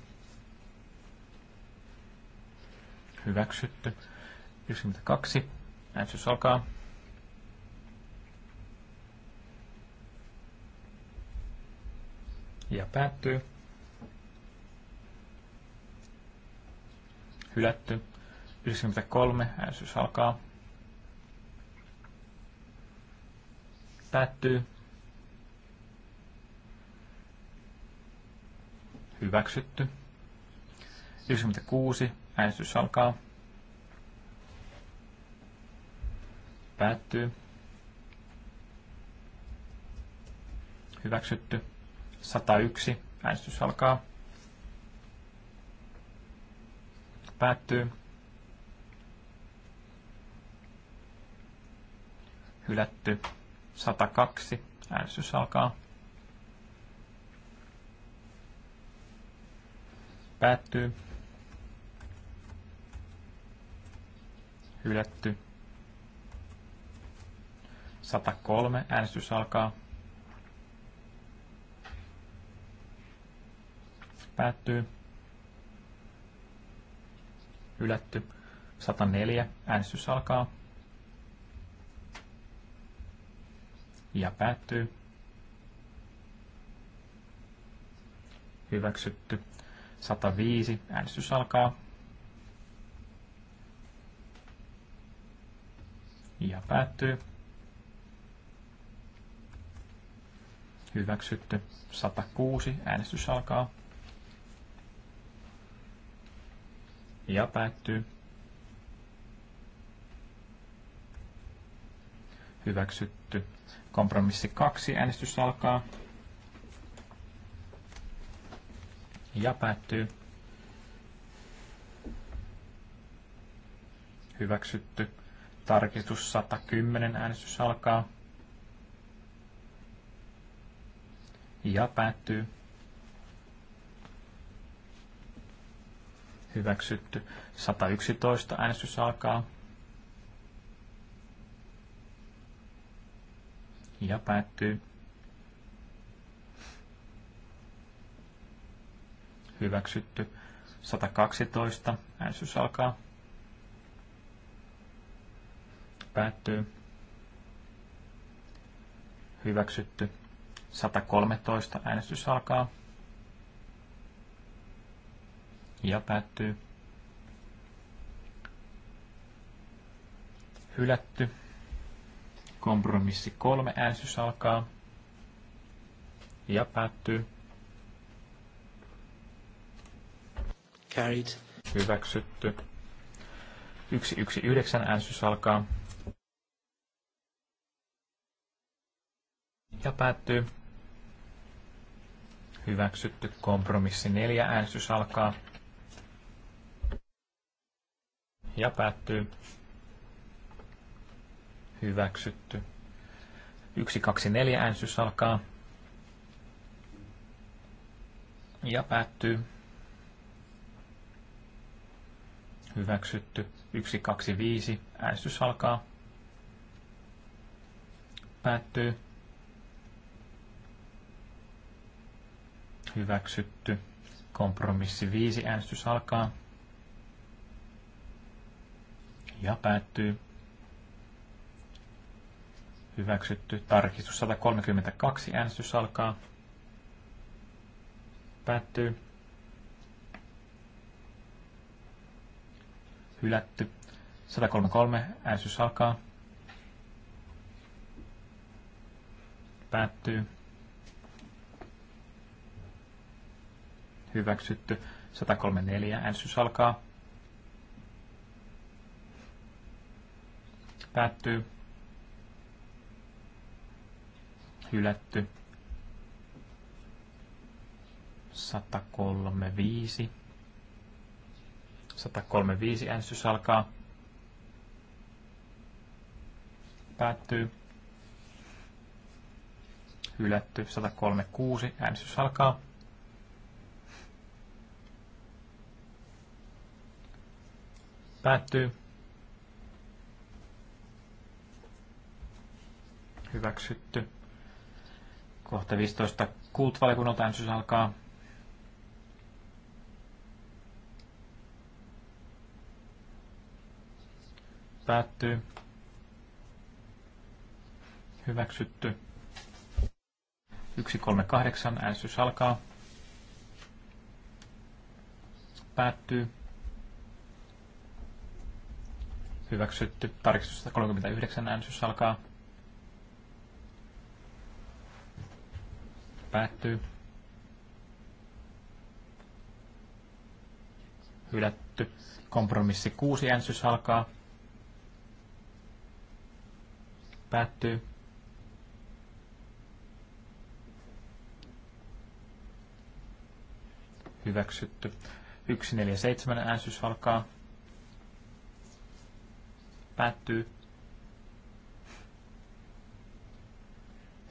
hyväksytty. 92. Äänestys alkaa. Ja päättyy. Hylätty. 93. Äänestys alkaa. Päättyy. Hyväksytty. 96. Äänestys alkaa. Päättyy. Hyväksytty. 101. Äänestys alkaa. Päättyy. Hylätty. 102. Äänestys alkaa. Päättyy. Hylätty. 103. Äänestys alkaa. Päättyy. Hylätty. 104. Äänestys alkaa. Ja päättyy. Hyväksytty. 105. Äänestys alkaa. Ja päättyy. Hyväksytty. 106. Äänestys alkaa. Ja päättyy. Hyväksytty. Kompromissi 2. Äänestys alkaa. Ja päättyy. Hyväksytty. Tarkistus 110, äänestys alkaa. Ja päättyy. Hyväksytty. 111, äänestys alkaa. Ja päättyy. Hyväksytty. 112, äänestys alkaa. Päättyy. Hyväksytty. 113. Äänestys alkaa. Ja päättyy. Hylätty. Kompromissi 3. Äänestys alkaa. Ja päättyy. Carried. Hyväksytty. 119 äänestys alkaa. Ja päättyy. Hyväksytty kompromissi neljä äänestys alkaa. Ja päättyy. Hyväksytty. 124 äänestys alkaa. Ja päättyy. Hyväksytty. 125 äänestys alkaa. Päättyy hyväksytty. Kompromissi 5 äänestys alkaa ja päättyy. Hyväksytty. Tarkistus 132 äänestys alkaa. Päättyy. Hylätty. 133 äänestys alkaa. Päättyy. hyväksytty. 134 äänestys alkaa. Päättyy. Hylätty. 135. 135 äänestys alkaa. Päättyy. Hylätty. 136 äänestys alkaa. Päättyy. Hyväksytty. Kohta 15. Kult-valikunnalta äänestys alkaa. Päättyy. Hyväksytty. 138 äänestys alkaa. Päättyy. hyväksytty. Tarkistus 139 äänestys alkaa. Päättyy. Hylätty. Kompromissi 6 äänestys alkaa. Päättyy. Hyväksytty. 147 äänestys alkaa. Päättyy.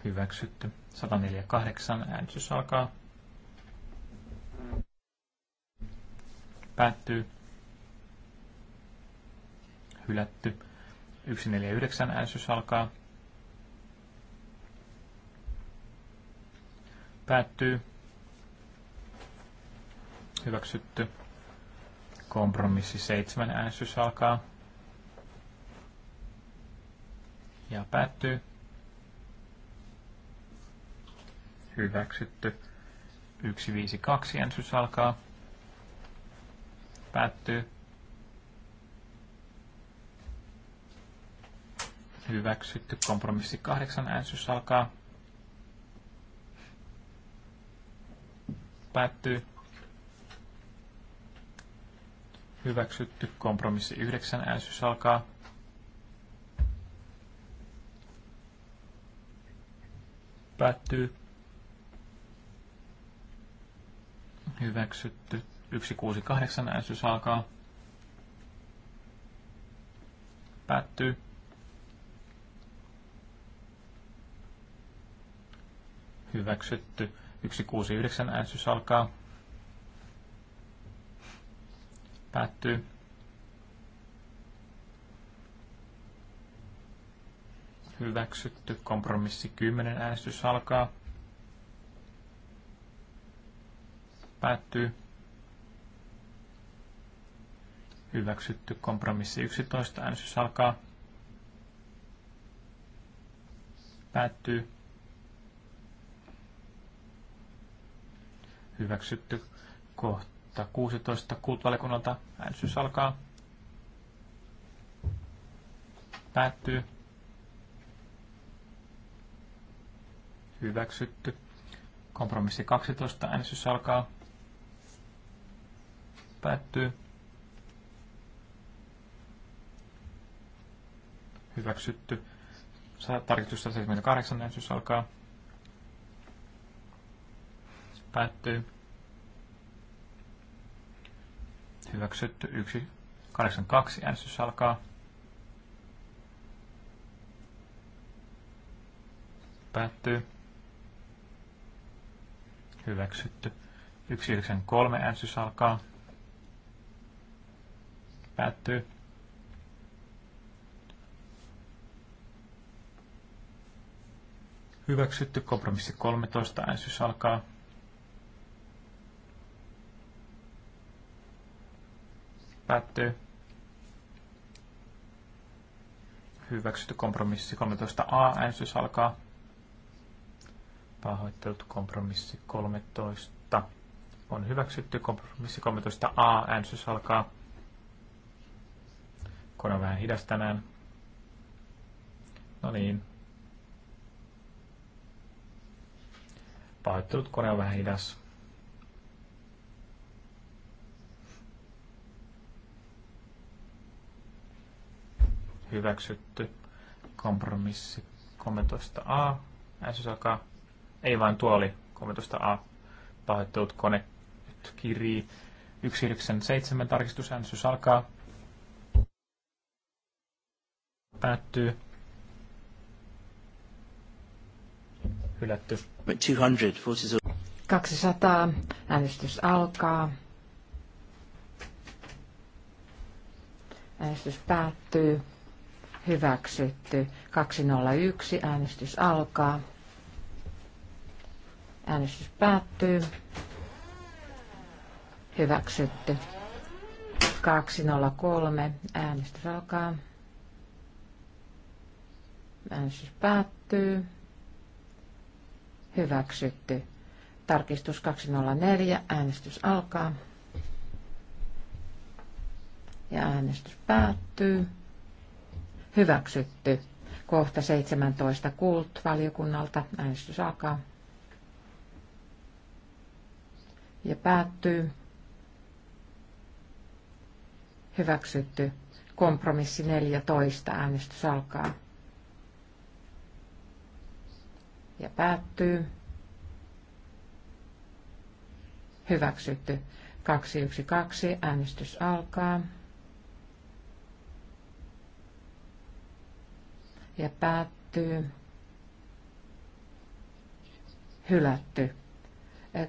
Hyväksytty. 148. Äänestys alkaa. Päättyy. Hylätty. 149. Äänestys alkaa. Päättyy. Hyväksytty. Kompromissi 7. Äänestys alkaa. ja päättyy. Hyväksytty. 152 ensys alkaa. Päättyy. Hyväksytty. Kompromissi 8 ensys alkaa. Päättyy. Hyväksytty. Kompromissi 9 ensys alkaa. Päättyy. Hyväksytty. 168 äänestys alkaa. Päättyy. Hyväksytty. 169 äänestys alkaa. Päättyy. hyväksytty. Kompromissi 10 äänestys alkaa. Päättyy. Hyväksytty. Kompromissi 11 äänestys alkaa. Päättyy. Hyväksytty. Kohta 16 kulttuurikunnalta äänestys alkaa. Päättyy. Hyväksytty. Kompromissi 12. Äänestys alkaa. Päättyy. Hyväksytty. Tarkistus 178. Äänestys alkaa. Päättyy. Hyväksytty. 1. 82. Äänestys alkaa. Päättyy hyväksytty. 193 äänestys alkaa. Päättyy. Hyväksytty. Kompromissi 13 äänestys alkaa. Päättyy. Hyväksytty kompromissi 13a äänestys alkaa. Pahoittelut kompromissi 13 on hyväksytty. Kompromissi 13a äänsys alkaa. Kone on vähän hidas tänään. No niin. Pahoittelut, kone on vähän hidas. Hyväksytty. Kompromissi 13a. Äänsys alkaa. Ei vaan tuoli, 13 A. Pahoittelut kone nyt kiri 197 tarkistusäänestys alkaa. Päättyy. Hylätty. 200. Äänestys alkaa. Äänestys päättyy. Hyväksytty. 201. Äänestys alkaa. Äänestys päättyy. Hyväksytty. 203. Äänestys alkaa. Äänestys päättyy. Hyväksytty. Tarkistus 204. Äänestys alkaa. Ja äänestys päättyy. Hyväksytty. Kohta 17. Kult valiokunnalta. Äänestys alkaa. ja päättyy. Hyväksytty. Kompromissi 14. Äänestys alkaa. Ja päättyy. Hyväksytty. 212. Äänestys alkaa. Ja päättyy. Hylätty.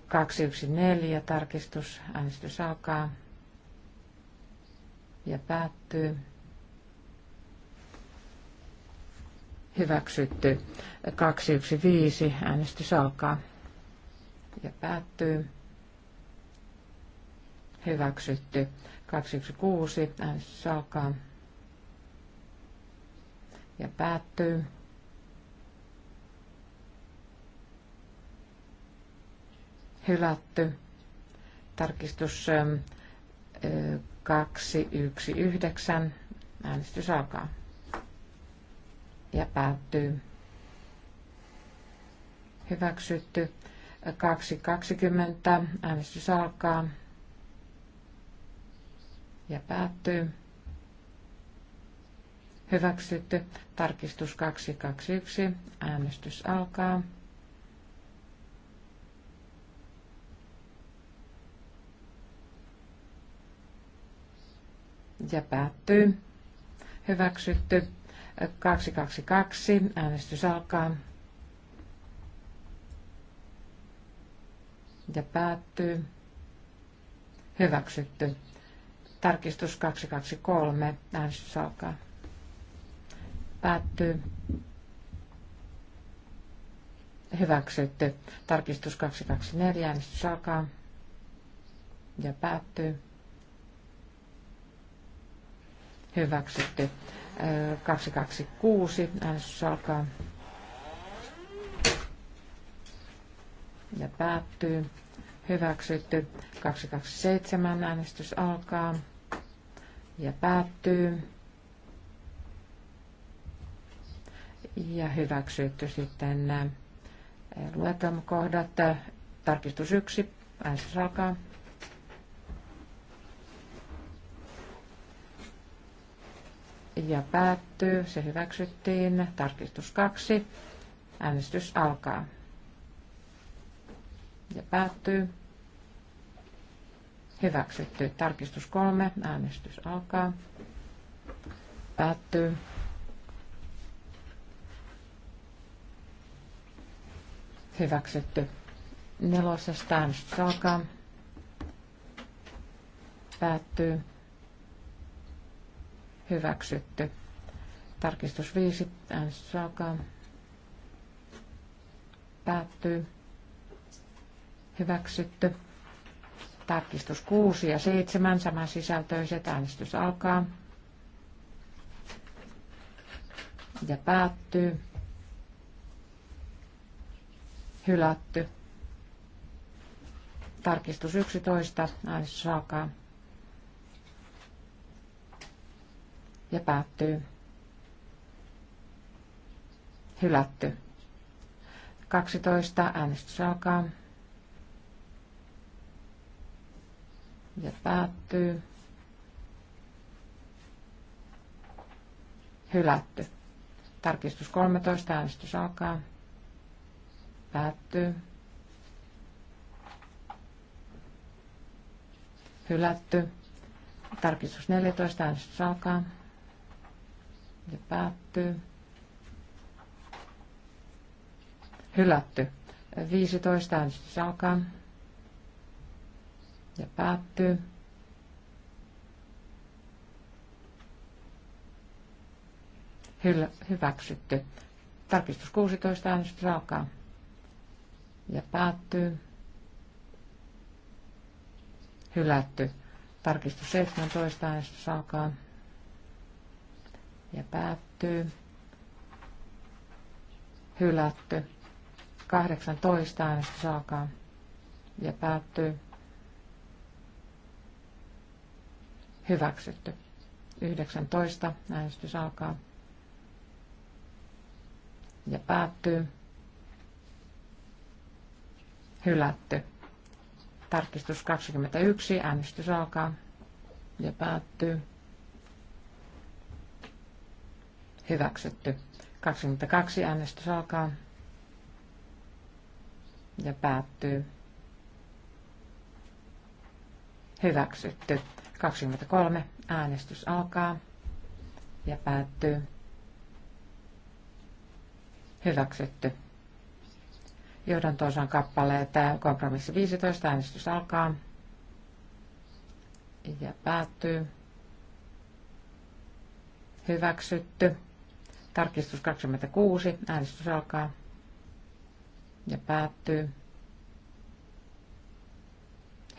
214 tarkistus, äänestys alkaa ja päättyy. Hyväksytty. 215 äänestys alkaa ja päättyy. Hyväksytty. 216 äänestys alkaa ja päättyy. hylätty. Tarkistus 219. Ähm, äh, Äänestys alkaa ja päättyy. Hyväksytty. 220. Äänestys alkaa ja päättyy. Hyväksytty. Tarkistus 221. Äänestys alkaa. ja päättyy. Hyväksytty. 222. Äänestys alkaa. Ja päättyy. Hyväksytty. Tarkistus 223. Äänestys alkaa. Päättyy. Hyväksytty. Tarkistus 224. Äänestys alkaa. Ja päättyy. hyväksytty. 226, äänestys alkaa. Ja päättyy. Hyväksytty. 227, äänestys alkaa. Ja päättyy. Ja hyväksytty sitten luetelmakohdat. Tarkistus 1, äänestys alkaa. ja päättyy. Se hyväksyttiin. Tarkistus 2. Äänestys alkaa. Ja päättyy. Hyväksytty. Tarkistus 3. Äänestys alkaa. Päättyy. Hyväksytty. Nelosesta äänestys alkaa. Päättyy hyväksytty. Tarkistus 5, äänestys Päättyy. Hyväksytty. Tarkistus 6 ja 7, saman sisältöiset, äänestys alkaa. Ja päättyy. Hylätty. Tarkistus 11, äänestys alkaa. ja päättyy. Hylätty. 12. Äänestys alkaa. Ja päättyy. Hylätty. Tarkistus 13. Äänestys alkaa. Päättyy. Hylätty. Tarkistus 14. Äänestys alkaa. Ja päättyy. Hylätty. 15 äänestys alkaa. Ja päättyy. Hyl- hyväksytty. Tarkistus 16 äänestys alkaa. Ja päättyy. Hylätty. Tarkistus 17 äänestys alkaa ja päättyy. Hylätty. 18 äänestys alkaa ja päättyy. Hyväksytty. 19 äänestys alkaa ja päättyy. Hylätty. Tarkistus 21. Äänestys alkaa ja päättyy. hyväksytty. 22 äänestys alkaa ja päättyy. Hyväksytty. 23 äänestys alkaa ja päättyy. Hyväksytty. Johdanto-osan kappaleet. Kompromissi 15. Äänestys alkaa ja päättyy. Hyväksytty. Tarkistus 26. Äänestys alkaa ja päättyy.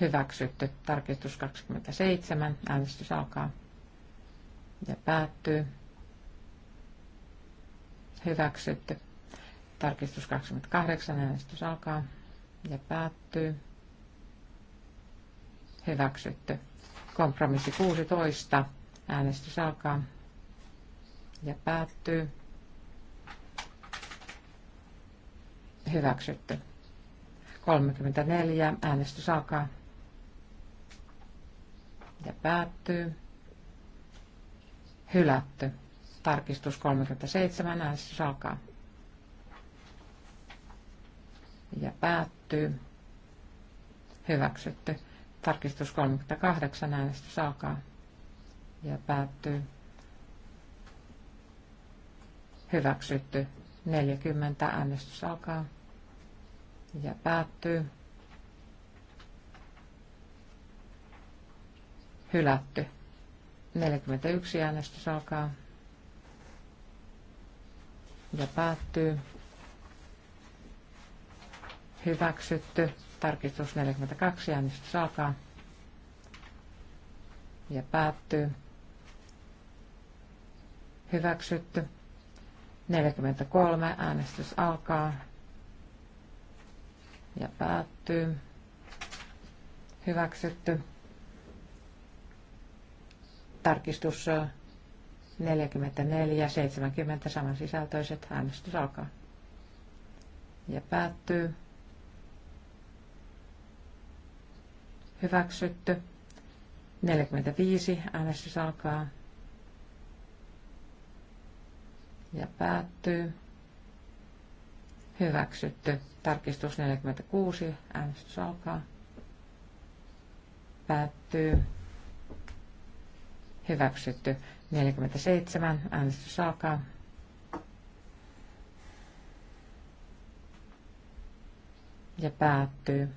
Hyväksytty. Tarkistus 27. Äänestys alkaa ja päättyy. Hyväksytty. Tarkistus 28. Äänestys alkaa ja päättyy. Hyväksytty. Kompromissi 16. Äänestys alkaa ja päättyy. Hyväksytty. 34. Äänestys alkaa. Ja päättyy. Hylätty. Tarkistus 37. Äänestys alkaa. Ja päättyy. Hyväksytty. Tarkistus 38. Äänestys alkaa. Ja päättyy. Hyväksytty. 40 äänestys alkaa ja päättyy. Hylätty. 41 äänestys alkaa ja päättyy. Hyväksytty. Tarkistus 42 äänestys alkaa ja päättyy. Hyväksytty. 43. Äänestys alkaa ja päättyy. Hyväksytty. Tarkistus 44 70 samansisältöiset. Äänestys alkaa ja päättyy. Hyväksytty. 45. Äänestys alkaa ja päättyy. Hyväksytty. Tarkistus 46. Äänestys alkaa. Päättyy. Hyväksytty. 47. Äänestys alkaa. Ja päättyy.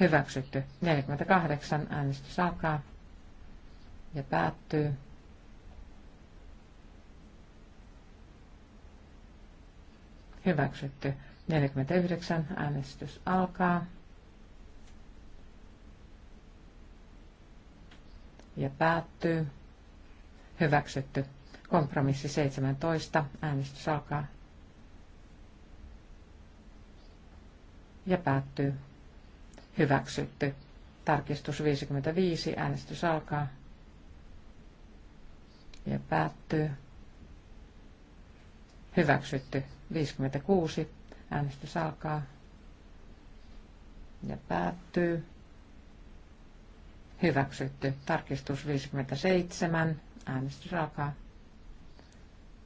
Hyväksytty. 48. Äänestys alkaa. Ja päättyy. Hyväksytty. 49. Äänestys alkaa. Ja päättyy. Hyväksytty. Kompromissi 17. Äänestys alkaa. Ja päättyy. Hyväksytty. Tarkistus 55. Äänestys alkaa. Ja päättyy. Hyväksytty. 56. Äänestys alkaa ja päättyy. Hyväksytty. Tarkistus 57. Äänestys alkaa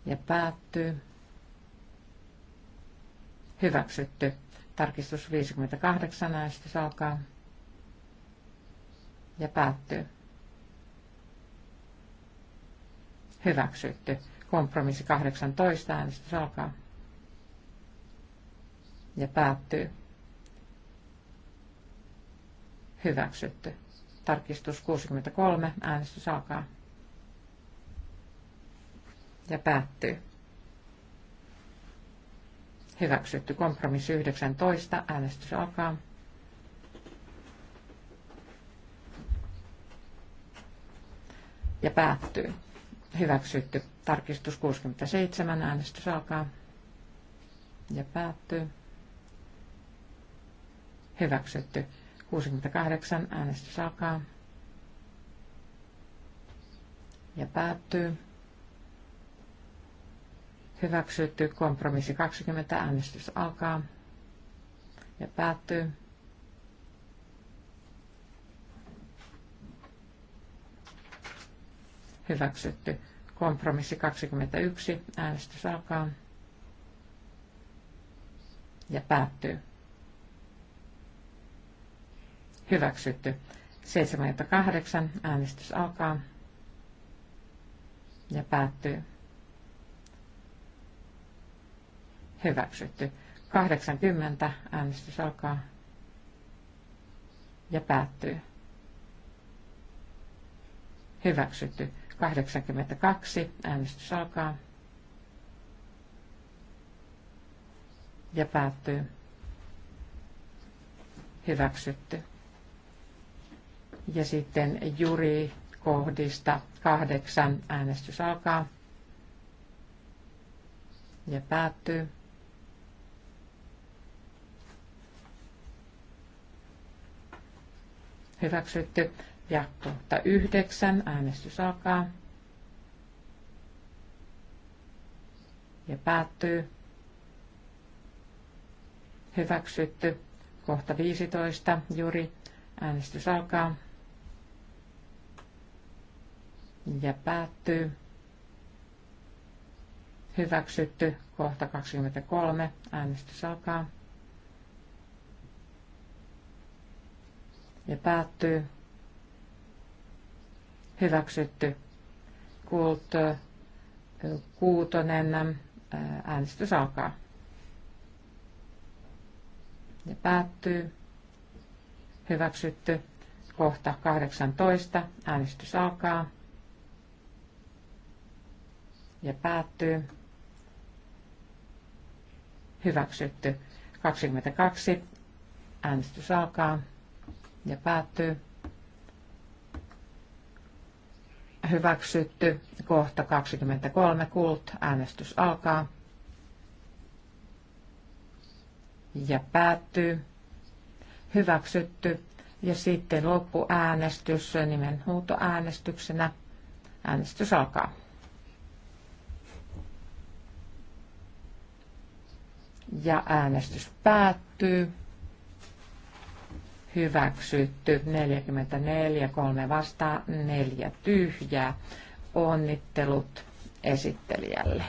ja päättyy. Hyväksytty. Tarkistus 58. Äänestys alkaa ja päättyy. Hyväksytty. Kompromissi 18. Äänestys alkaa ja päättyy. Hyväksytty. Tarkistus 63. Äänestys alkaa. Ja päättyy. Hyväksytty. Kompromissi 19. Äänestys alkaa. Ja päättyy. Hyväksytty. Tarkistus 67. Äänestys alkaa. Ja päättyy. Hyväksytty. 68. Äänestys alkaa. Ja päättyy. Hyväksytty. Kompromissi 20. Äänestys alkaa. Ja päättyy. Hyväksytty. Kompromissi 21. Äänestys alkaa. Ja päättyy. Hyväksytty. 78. Äänestys alkaa ja päättyy. Hyväksytty. 80. Äänestys alkaa ja päättyy. Hyväksytty. 82. Äänestys alkaa ja päättyy. Hyväksytty. Ja sitten juri kohdista kahdeksan äänestys alkaa ja päättyy. Hyväksytty. Ja kohta yhdeksän äänestys alkaa. Ja päättyy. Hyväksytty. Kohta 15. Juri. Äänestys alkaa ja päättyy. Hyväksytty. Kohta 23. Äänestys alkaa. Ja päättyy. Hyväksytty. Kult kuutonen. Äänestys alkaa. Ja päättyy. Hyväksytty. Kohta 18. Äänestys alkaa ja päättyy. Hyväksytty. 22. Äänestys alkaa ja päättyy. Hyväksytty. Kohta 23. Kult. Äänestys alkaa. Ja päättyy. Hyväksytty. Ja sitten loppuäänestys nimen huutoäänestyksenä. Äänestys alkaa. Ja äänestys päättyy. Hyväksytty 44, 3 vastaan, 4 tyhjää. Onnittelut esittelijälle.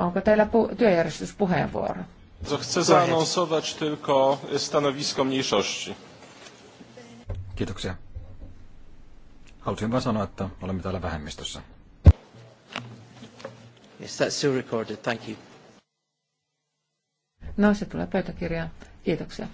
Onko teillä pu- työjärjestyspuheenvuoro? Chcę zaanonsować tylko stanowisko mniejszości. Kiitoksia. Haluaisin vain sanoa, että olemme täällä vähemmistössä. Yes, that's still recorded. Thank you. No, se tulee pöytäkirjaan. Kiitoksia.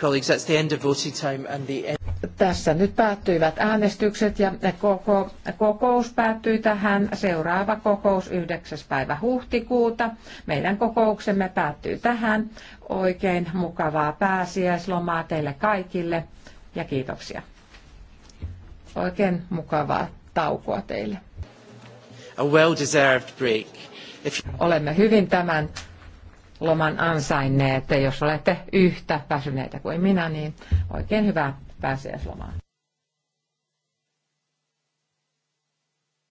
Colleagues, that's the end of voting time and the end... Tässä nyt päättyivät äänestykset ja koko, kokous päättyi tähän. Seuraava kokous 9. päivä huhtikuuta. Meidän kokouksemme päättyy tähän. Oikein mukavaa pääsiäislomaa teille kaikille ja kiitoksia. Oikein mukavaa taukoa teille. A well-deserved break. Olemme hyvin tämän loman ansainneet. Jos olette yhtä väsyneitä kuin minä, niin oikein hyvää pääsiäislomaa.